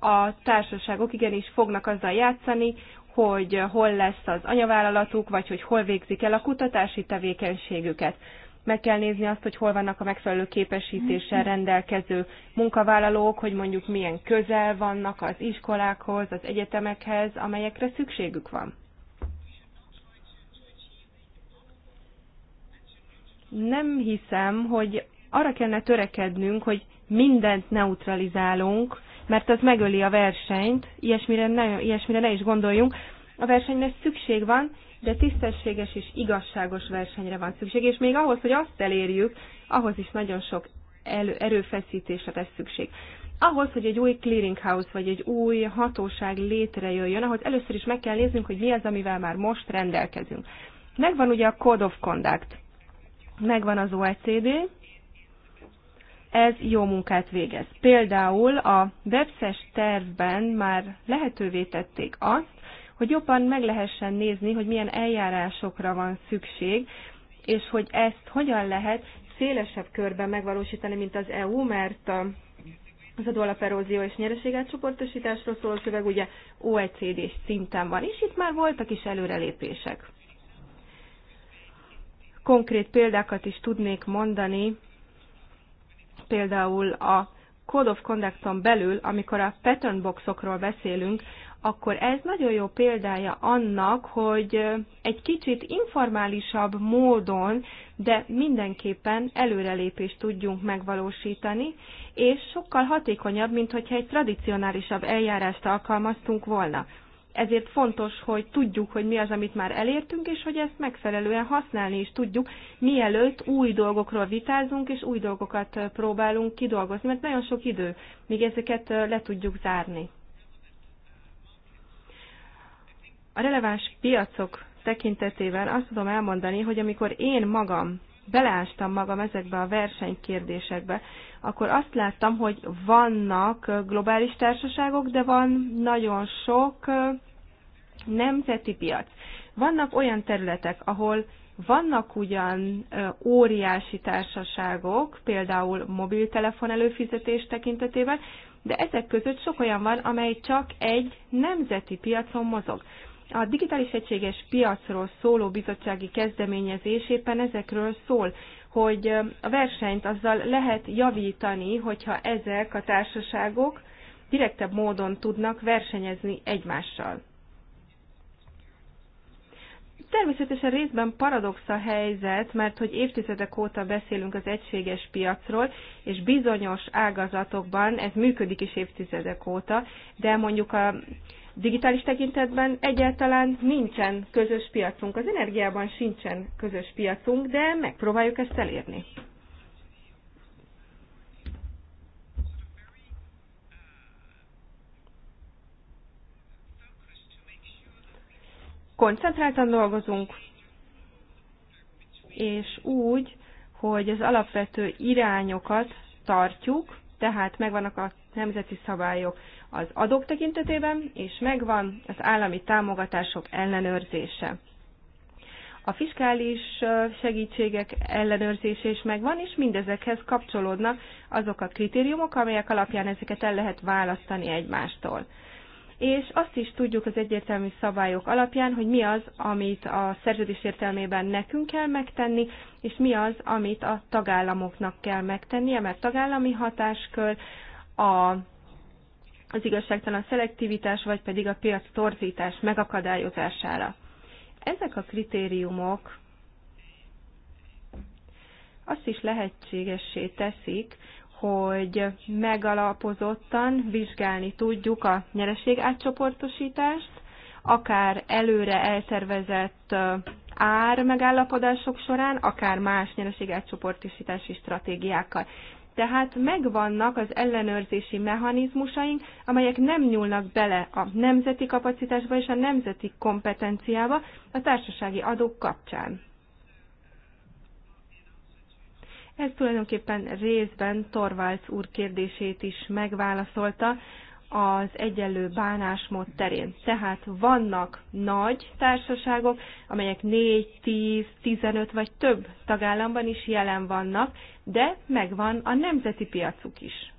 a társaságok igenis fognak azzal játszani, hogy hol lesz az anyavállalatuk, vagy hogy hol végzik el a kutatási tevékenységüket. Meg kell nézni azt, hogy hol vannak a megfelelő képesítéssel rendelkező munkavállalók, hogy mondjuk milyen közel vannak az iskolákhoz, az egyetemekhez, amelyekre szükségük van. Nem hiszem, hogy arra kellene törekednünk, hogy mindent neutralizálunk, mert az megöli a versenyt, ilyesmire ne, ilyesmire ne is gondoljunk. A versenynek szükség van, de tisztességes és igazságos versenyre van szükség, és még ahhoz, hogy azt elérjük, ahhoz is nagyon sok elő, erőfeszítésre tesz szükség. Ahhoz, hogy egy új clearinghouse vagy egy új hatóság létrejöjjön, ahhoz először is meg kell néznünk, hogy mi az, amivel már most rendelkezünk. Megvan ugye a Code of Conduct, megvan az OECD, ez jó munkát végez. Például a webszes tervben már lehetővé tették azt, hogy jobban meg lehessen nézni, hogy milyen eljárásokra van szükség, és hogy ezt hogyan lehet szélesebb körben megvalósítani, mint az EU, mert az adóalaperózió és nyereségátcsoportosításról szóló szöveg ugye OECD szinten van, és itt már voltak is előrelépések. Konkrét példákat is tudnék mondani például a Code of Conduct-on belül, amikor a pattern boxokról beszélünk, akkor ez nagyon jó példája annak, hogy egy kicsit informálisabb módon, de mindenképpen előrelépést tudjunk megvalósítani, és sokkal hatékonyabb, mint hogyha egy tradicionálisabb eljárást alkalmaztunk volna ezért fontos, hogy tudjuk, hogy mi az, amit már elértünk, és hogy ezt megfelelően használni is tudjuk, mielőtt új dolgokról vitázunk, és új dolgokat próbálunk kidolgozni, mert nagyon sok idő, míg ezeket le tudjuk zárni. A releváns piacok tekintetében azt tudom elmondani, hogy amikor én magam beleástam magam ezekbe a versenykérdésekbe, akkor azt láttam, hogy vannak globális társaságok, de van nagyon sok nemzeti piac. Vannak olyan területek, ahol vannak ugyan óriási társaságok, például mobiltelefon előfizetés tekintetében, de ezek között sok olyan van, amely csak egy nemzeti piacon mozog. A digitális egységes piacról szóló bizottsági kezdeményezés éppen ezekről szól, hogy a versenyt azzal lehet javítani, hogyha ezek a társaságok direktebb módon tudnak versenyezni egymással. Természetesen részben paradox a helyzet, mert hogy évtizedek óta beszélünk az egységes piacról, és bizonyos ágazatokban ez működik is évtizedek óta, de mondjuk a digitális tekintetben egyáltalán nincsen közös piacunk. Az energiában sincsen közös piacunk, de megpróbáljuk ezt elérni. koncentráltan dolgozunk, és úgy, hogy az alapvető irányokat tartjuk, tehát megvannak a nemzeti szabályok az adók tekintetében, és megvan az állami támogatások ellenőrzése. A fiskális segítségek ellenőrzése is megvan, és mindezekhez kapcsolódnak azok a kritériumok, amelyek alapján ezeket el lehet választani egymástól és azt is tudjuk az egyértelmű szabályok alapján, hogy mi az, amit a szerződés értelmében nekünk kell megtenni, és mi az, amit a tagállamoknak kell megtennie, mert tagállami hatáskör a az igazságtalan szelektivitás, vagy pedig a piac torzítás megakadályozására. Ezek a kritériumok azt is lehetségessé teszik, hogy megalapozottan vizsgálni tudjuk a nyereség átcsoportosítást, akár előre eltervezett ár megállapodások során, akár más nyereség átcsoportosítási stratégiákkal. Tehát megvannak az ellenőrzési mechanizmusaink, amelyek nem nyúlnak bele a nemzeti kapacitásba és a nemzeti kompetenciába a társasági adók kapcsán. Ez tulajdonképpen részben Torvalds úr kérdését is megválaszolta az egyenlő bánásmód terén. Tehát vannak nagy társaságok, amelyek 4, 10, 15 vagy több tagállamban is jelen vannak, de megvan a nemzeti piacuk is.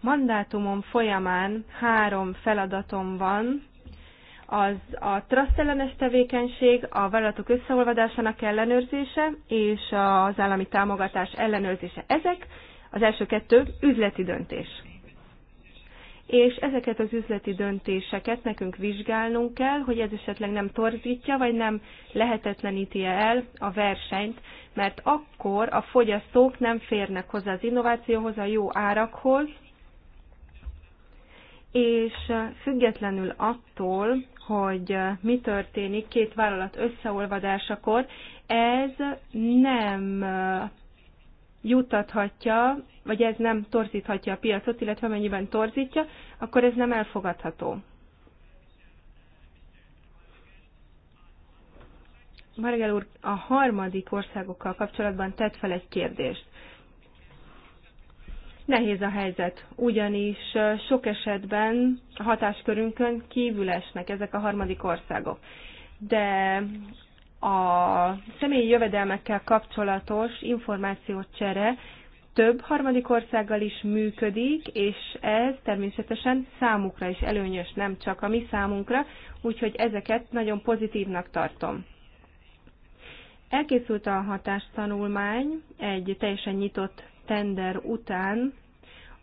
Mandátumom folyamán három feladatom van, az a trasztellenes tevékenység, a vállalatok összeolvadásának ellenőrzése és az állami támogatás ellenőrzése. Ezek az első kettő üzleti döntés. És ezeket az üzleti döntéseket nekünk vizsgálnunk kell, hogy ez esetleg nem torzítja, vagy nem lehetetleníti el a versenyt, mert akkor a fogyasztók nem férnek hozzá az innovációhoz, a jó árakhoz, és függetlenül attól, hogy mi történik két vállalat összeolvadásakor, ez nem juttathatja, vagy ez nem torzíthatja a piacot, illetve mennyiben torzítja, akkor ez nem elfogadható. Margel úr a harmadik országokkal kapcsolatban tett fel egy kérdést. Nehéz a helyzet, ugyanis sok esetben a hatáskörünkön kívül esnek ezek a harmadik országok. De a személyi jövedelmekkel kapcsolatos információcsere több harmadik országgal is működik, és ez természetesen számukra is előnyös, nem csak a mi számunkra, úgyhogy ezeket nagyon pozitívnak tartom. Elkészült a hatástanulmány egy teljesen nyitott tender után,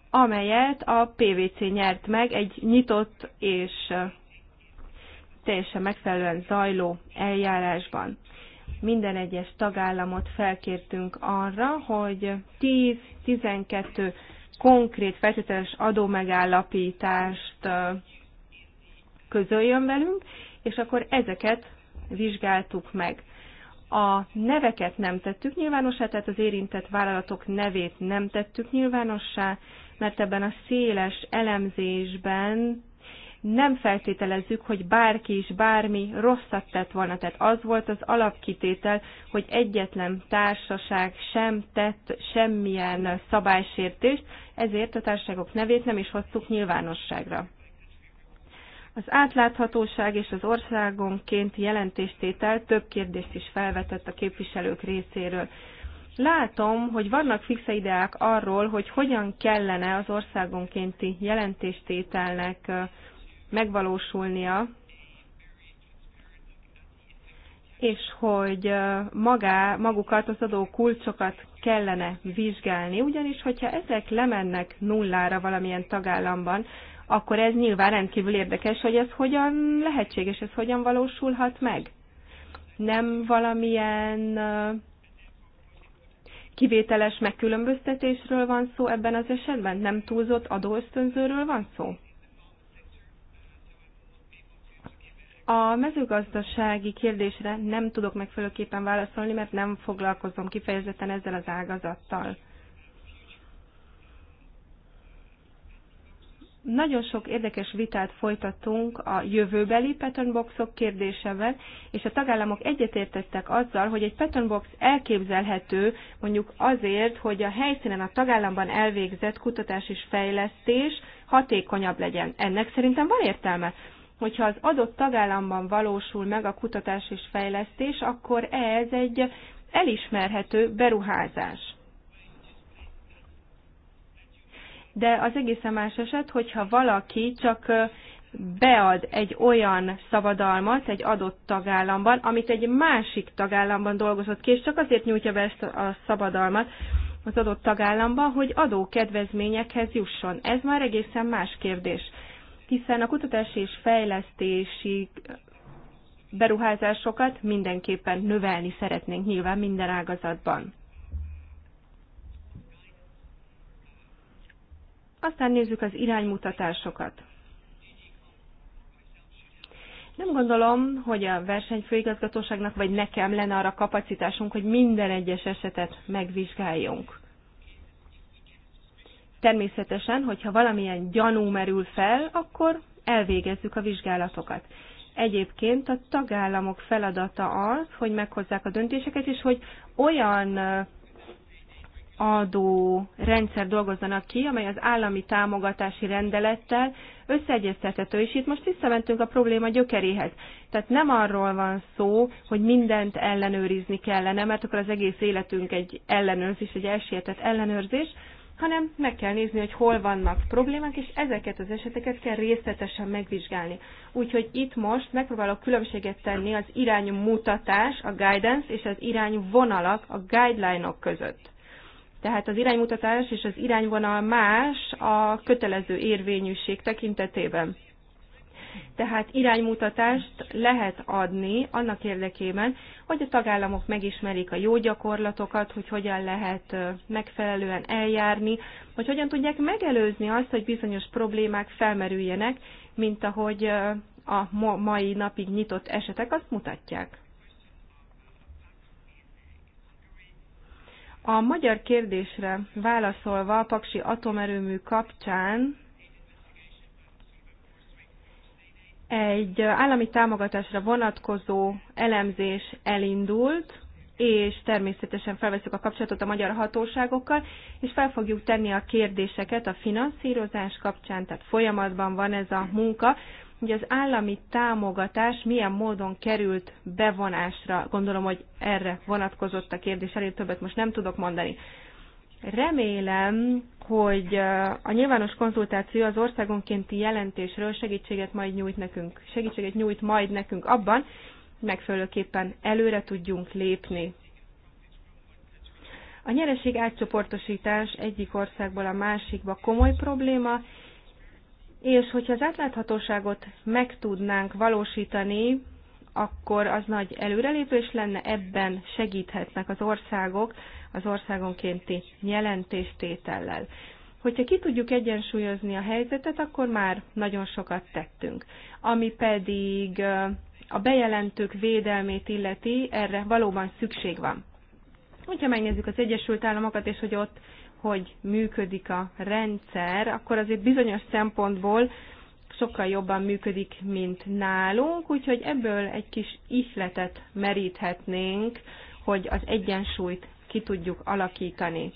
amelyet a PVC nyert meg egy nyitott és teljesen megfelelően zajló eljárásban. Minden egyes tagállamot felkértünk arra, hogy 10-12 konkrét feltételes adómegállapítást közöljön velünk, és akkor ezeket vizsgáltuk meg a neveket nem tettük nyilvánossá, tehát az érintett vállalatok nevét nem tettük nyilvánossá, mert ebben a széles elemzésben nem feltételezzük, hogy bárki is bármi rosszat tett volna. Tehát az volt az alapkitétel, hogy egyetlen társaság sem tett semmilyen szabálysértést, ezért a társaságok nevét nem is hoztuk nyilvánosságra. Az átláthatóság és az országonként jelentéstétel több kérdést is felvetett a képviselők részéről. Látom, hogy vannak fix ideák arról, hogy hogyan kellene az országonkénti jelentéstételnek megvalósulnia, és hogy magá, magukat, az adó kulcsokat kellene vizsgálni, ugyanis hogyha ezek lemennek nullára valamilyen tagállamban, akkor ez nyilván rendkívül érdekes, hogy ez hogyan lehetséges, ez hogyan valósulhat meg. Nem valamilyen kivételes megkülönböztetésről van szó ebben az esetben? Nem túlzott adóösztönzőről van szó? A mezőgazdasági kérdésre nem tudok megfelelőképpen válaszolni, mert nem foglalkozom kifejezetten ezzel az ágazattal. nagyon sok érdekes vitát folytattunk a jövőbeli patternboxok kérdésével, kérdésevel, és a tagállamok egyetértettek azzal, hogy egy patternbox elképzelhető mondjuk azért, hogy a helyszínen a tagállamban elvégzett kutatás és fejlesztés hatékonyabb legyen. Ennek szerintem van értelme. Hogyha az adott tagállamban valósul meg a kutatás és fejlesztés, akkor ez egy elismerhető beruházás. de az egészen más eset, hogyha valaki csak bead egy olyan szabadalmat egy adott tagállamban, amit egy másik tagállamban dolgozott ki, és csak azért nyújtja be ezt a szabadalmat az adott tagállamban, hogy adó kedvezményekhez jusson. Ez már egészen más kérdés, hiszen a kutatási és fejlesztési beruházásokat mindenképpen növelni szeretnénk nyilván minden ágazatban. Aztán nézzük az iránymutatásokat. Nem gondolom, hogy a versenyfőigazgatóságnak vagy nekem lenne arra kapacitásunk, hogy minden egyes esetet megvizsgáljunk. Természetesen, hogyha valamilyen gyanú merül fel, akkor elvégezzük a vizsgálatokat. Egyébként a tagállamok feladata az, hogy meghozzák a döntéseket, és hogy olyan adó rendszer dolgozzanak ki, amely az állami támogatási rendelettel összeegyeztethető, és itt most visszamentünk a probléma gyökeréhez. Tehát nem arról van szó, hogy mindent ellenőrizni kellene, mert akkor az egész életünk egy ellenőrzés, egy elsietett ellenőrzés, hanem meg kell nézni, hogy hol vannak problémák, és ezeket az eseteket kell részletesen megvizsgálni. Úgyhogy itt most megpróbálok különbséget tenni az iránymutatás, a guidance és az irányvonalak, a guideline-ok -ok között. Tehát az iránymutatás és az irányvonal más a kötelező érvényűség tekintetében. Tehát iránymutatást lehet adni annak érdekében, hogy a tagállamok megismerik a jó gyakorlatokat, hogy hogyan lehet megfelelően eljárni, hogy hogyan tudják megelőzni azt, hogy bizonyos problémák felmerüljenek, mint ahogy a mai napig nyitott esetek azt mutatják. A magyar kérdésre válaszolva a Paksi atomerőmű kapcsán egy állami támogatásra vonatkozó elemzés elindult, és természetesen felveszük a kapcsolatot a magyar hatóságokkal, és fel fogjuk tenni a kérdéseket a finanszírozás kapcsán, tehát folyamatban van ez a munka, hogy az állami támogatás milyen módon került bevonásra. Gondolom, hogy erre vonatkozott a kérdés, elég többet most nem tudok mondani. Remélem, hogy a nyilvános konzultáció az országonkénti jelentésről segítséget majd nyújt nekünk, segítséget nyújt majd nekünk abban, megfelelőképpen előre tudjunk lépni. A nyereség átcsoportosítás egyik országból a másikba komoly probléma, és hogyha az átláthatóságot meg tudnánk valósítani, akkor az nagy előrelépés lenne, ebben segíthetnek az országok az országonkénti jelentéstétellel. Hogyha ki tudjuk egyensúlyozni a helyzetet, akkor már nagyon sokat tettünk. Ami pedig a bejelentők védelmét illeti, erre valóban szükség van. Hogyha megnézzük az Egyesült Államokat, és hogy ott hogy működik a rendszer, akkor azért bizonyos szempontból sokkal jobban működik, mint nálunk, úgyhogy ebből egy kis ihletet meríthetnénk, hogy az egyensúlyt ki tudjuk alakítani.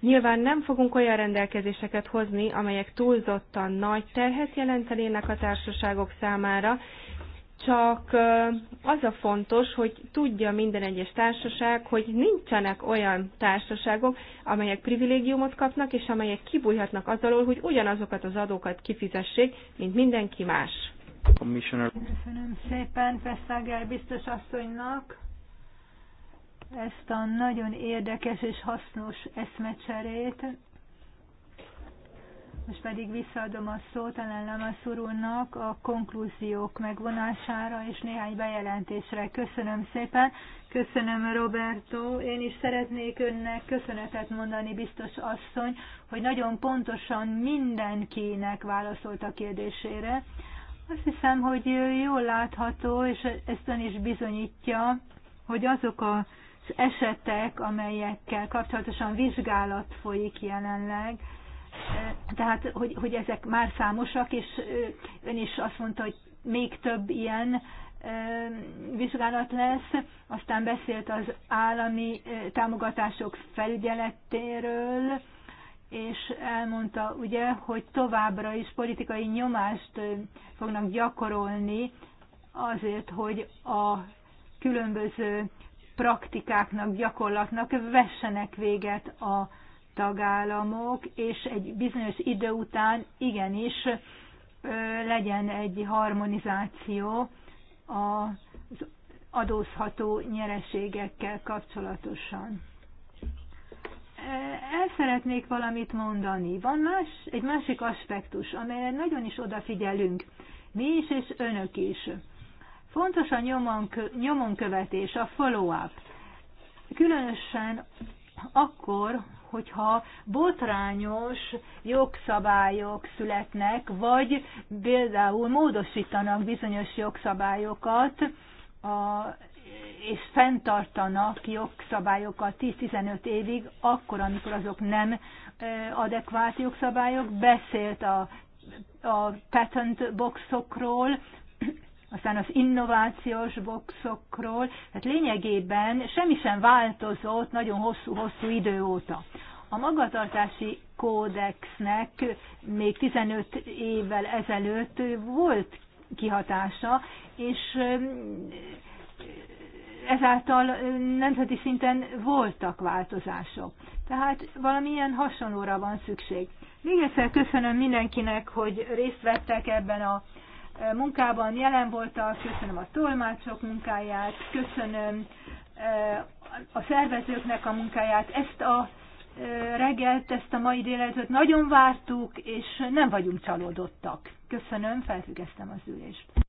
Nyilván nem fogunk olyan rendelkezéseket hozni, amelyek túlzottan nagy terhet jelentenének a társaságok számára, csak az a fontos, hogy tudja minden egyes társaság, hogy nincsenek olyan társaságok, amelyek privilégiumot kapnak, és amelyek kibújhatnak az alól, hogy ugyanazokat az adókat kifizessék, mint mindenki más. Köszönöm szépen Vesztágel biztos asszonynak ezt a nagyon érdekes és hasznos eszmecserét. Most pedig visszaadom a szót a Lamaszur a konklúziók megvonására és néhány bejelentésre. Köszönöm szépen. Köszönöm, Roberto. Én is szeretnék önnek köszönetet mondani, biztos asszony, hogy nagyon pontosan mindenkinek válaszolt a kérdésére. Azt hiszem, hogy jól látható, és ezt ön is bizonyítja, hogy azok az esetek, amelyekkel kapcsolatosan vizsgálat folyik jelenleg, tehát, hogy, hogy ezek már számosak, és ön is azt mondta, hogy még több ilyen vizsgálat lesz, aztán beszélt az állami támogatások felügyeletéről, és elmondta ugye, hogy továbbra is politikai nyomást fognak gyakorolni azért, hogy a különböző praktikáknak, gyakorlatnak vessenek véget a tagállamok, és egy bizonyos idő után igenis legyen egy harmonizáció az adózható nyereségekkel kapcsolatosan. El szeretnék valamit mondani. Van más, egy másik aspektus, amelyre nagyon is odafigyelünk, mi is és önök is. Fontos a nyomon, nyomon követés, a follow-up. Különösen akkor, hogyha botrányos jogszabályok születnek, vagy például módosítanak bizonyos jogszabályokat, a, és fenntartanak jogszabályokat 10-15 évig, akkor, amikor azok nem e, adekvát jogszabályok. Beszélt a, a patent boxokról, aztán az innovációs boxokról, tehát lényegében semmi sem változott nagyon hosszú-hosszú idő óta. A magatartási kódexnek még 15 évvel ezelőtt volt kihatása, és ezáltal nemzeti szinten voltak változások. Tehát valamilyen hasonlóra van szükség. Még egyszer köszönöm mindenkinek, hogy részt vettek ebben a munkában jelen voltak, köszönöm a tolmácsok munkáját, köszönöm eh, a szervezőknek a munkáját. Ezt a eh, reggelt, ezt a mai délelőtt nagyon vártuk, és nem vagyunk csalódottak. Köszönöm, felfüggesztem az ülést.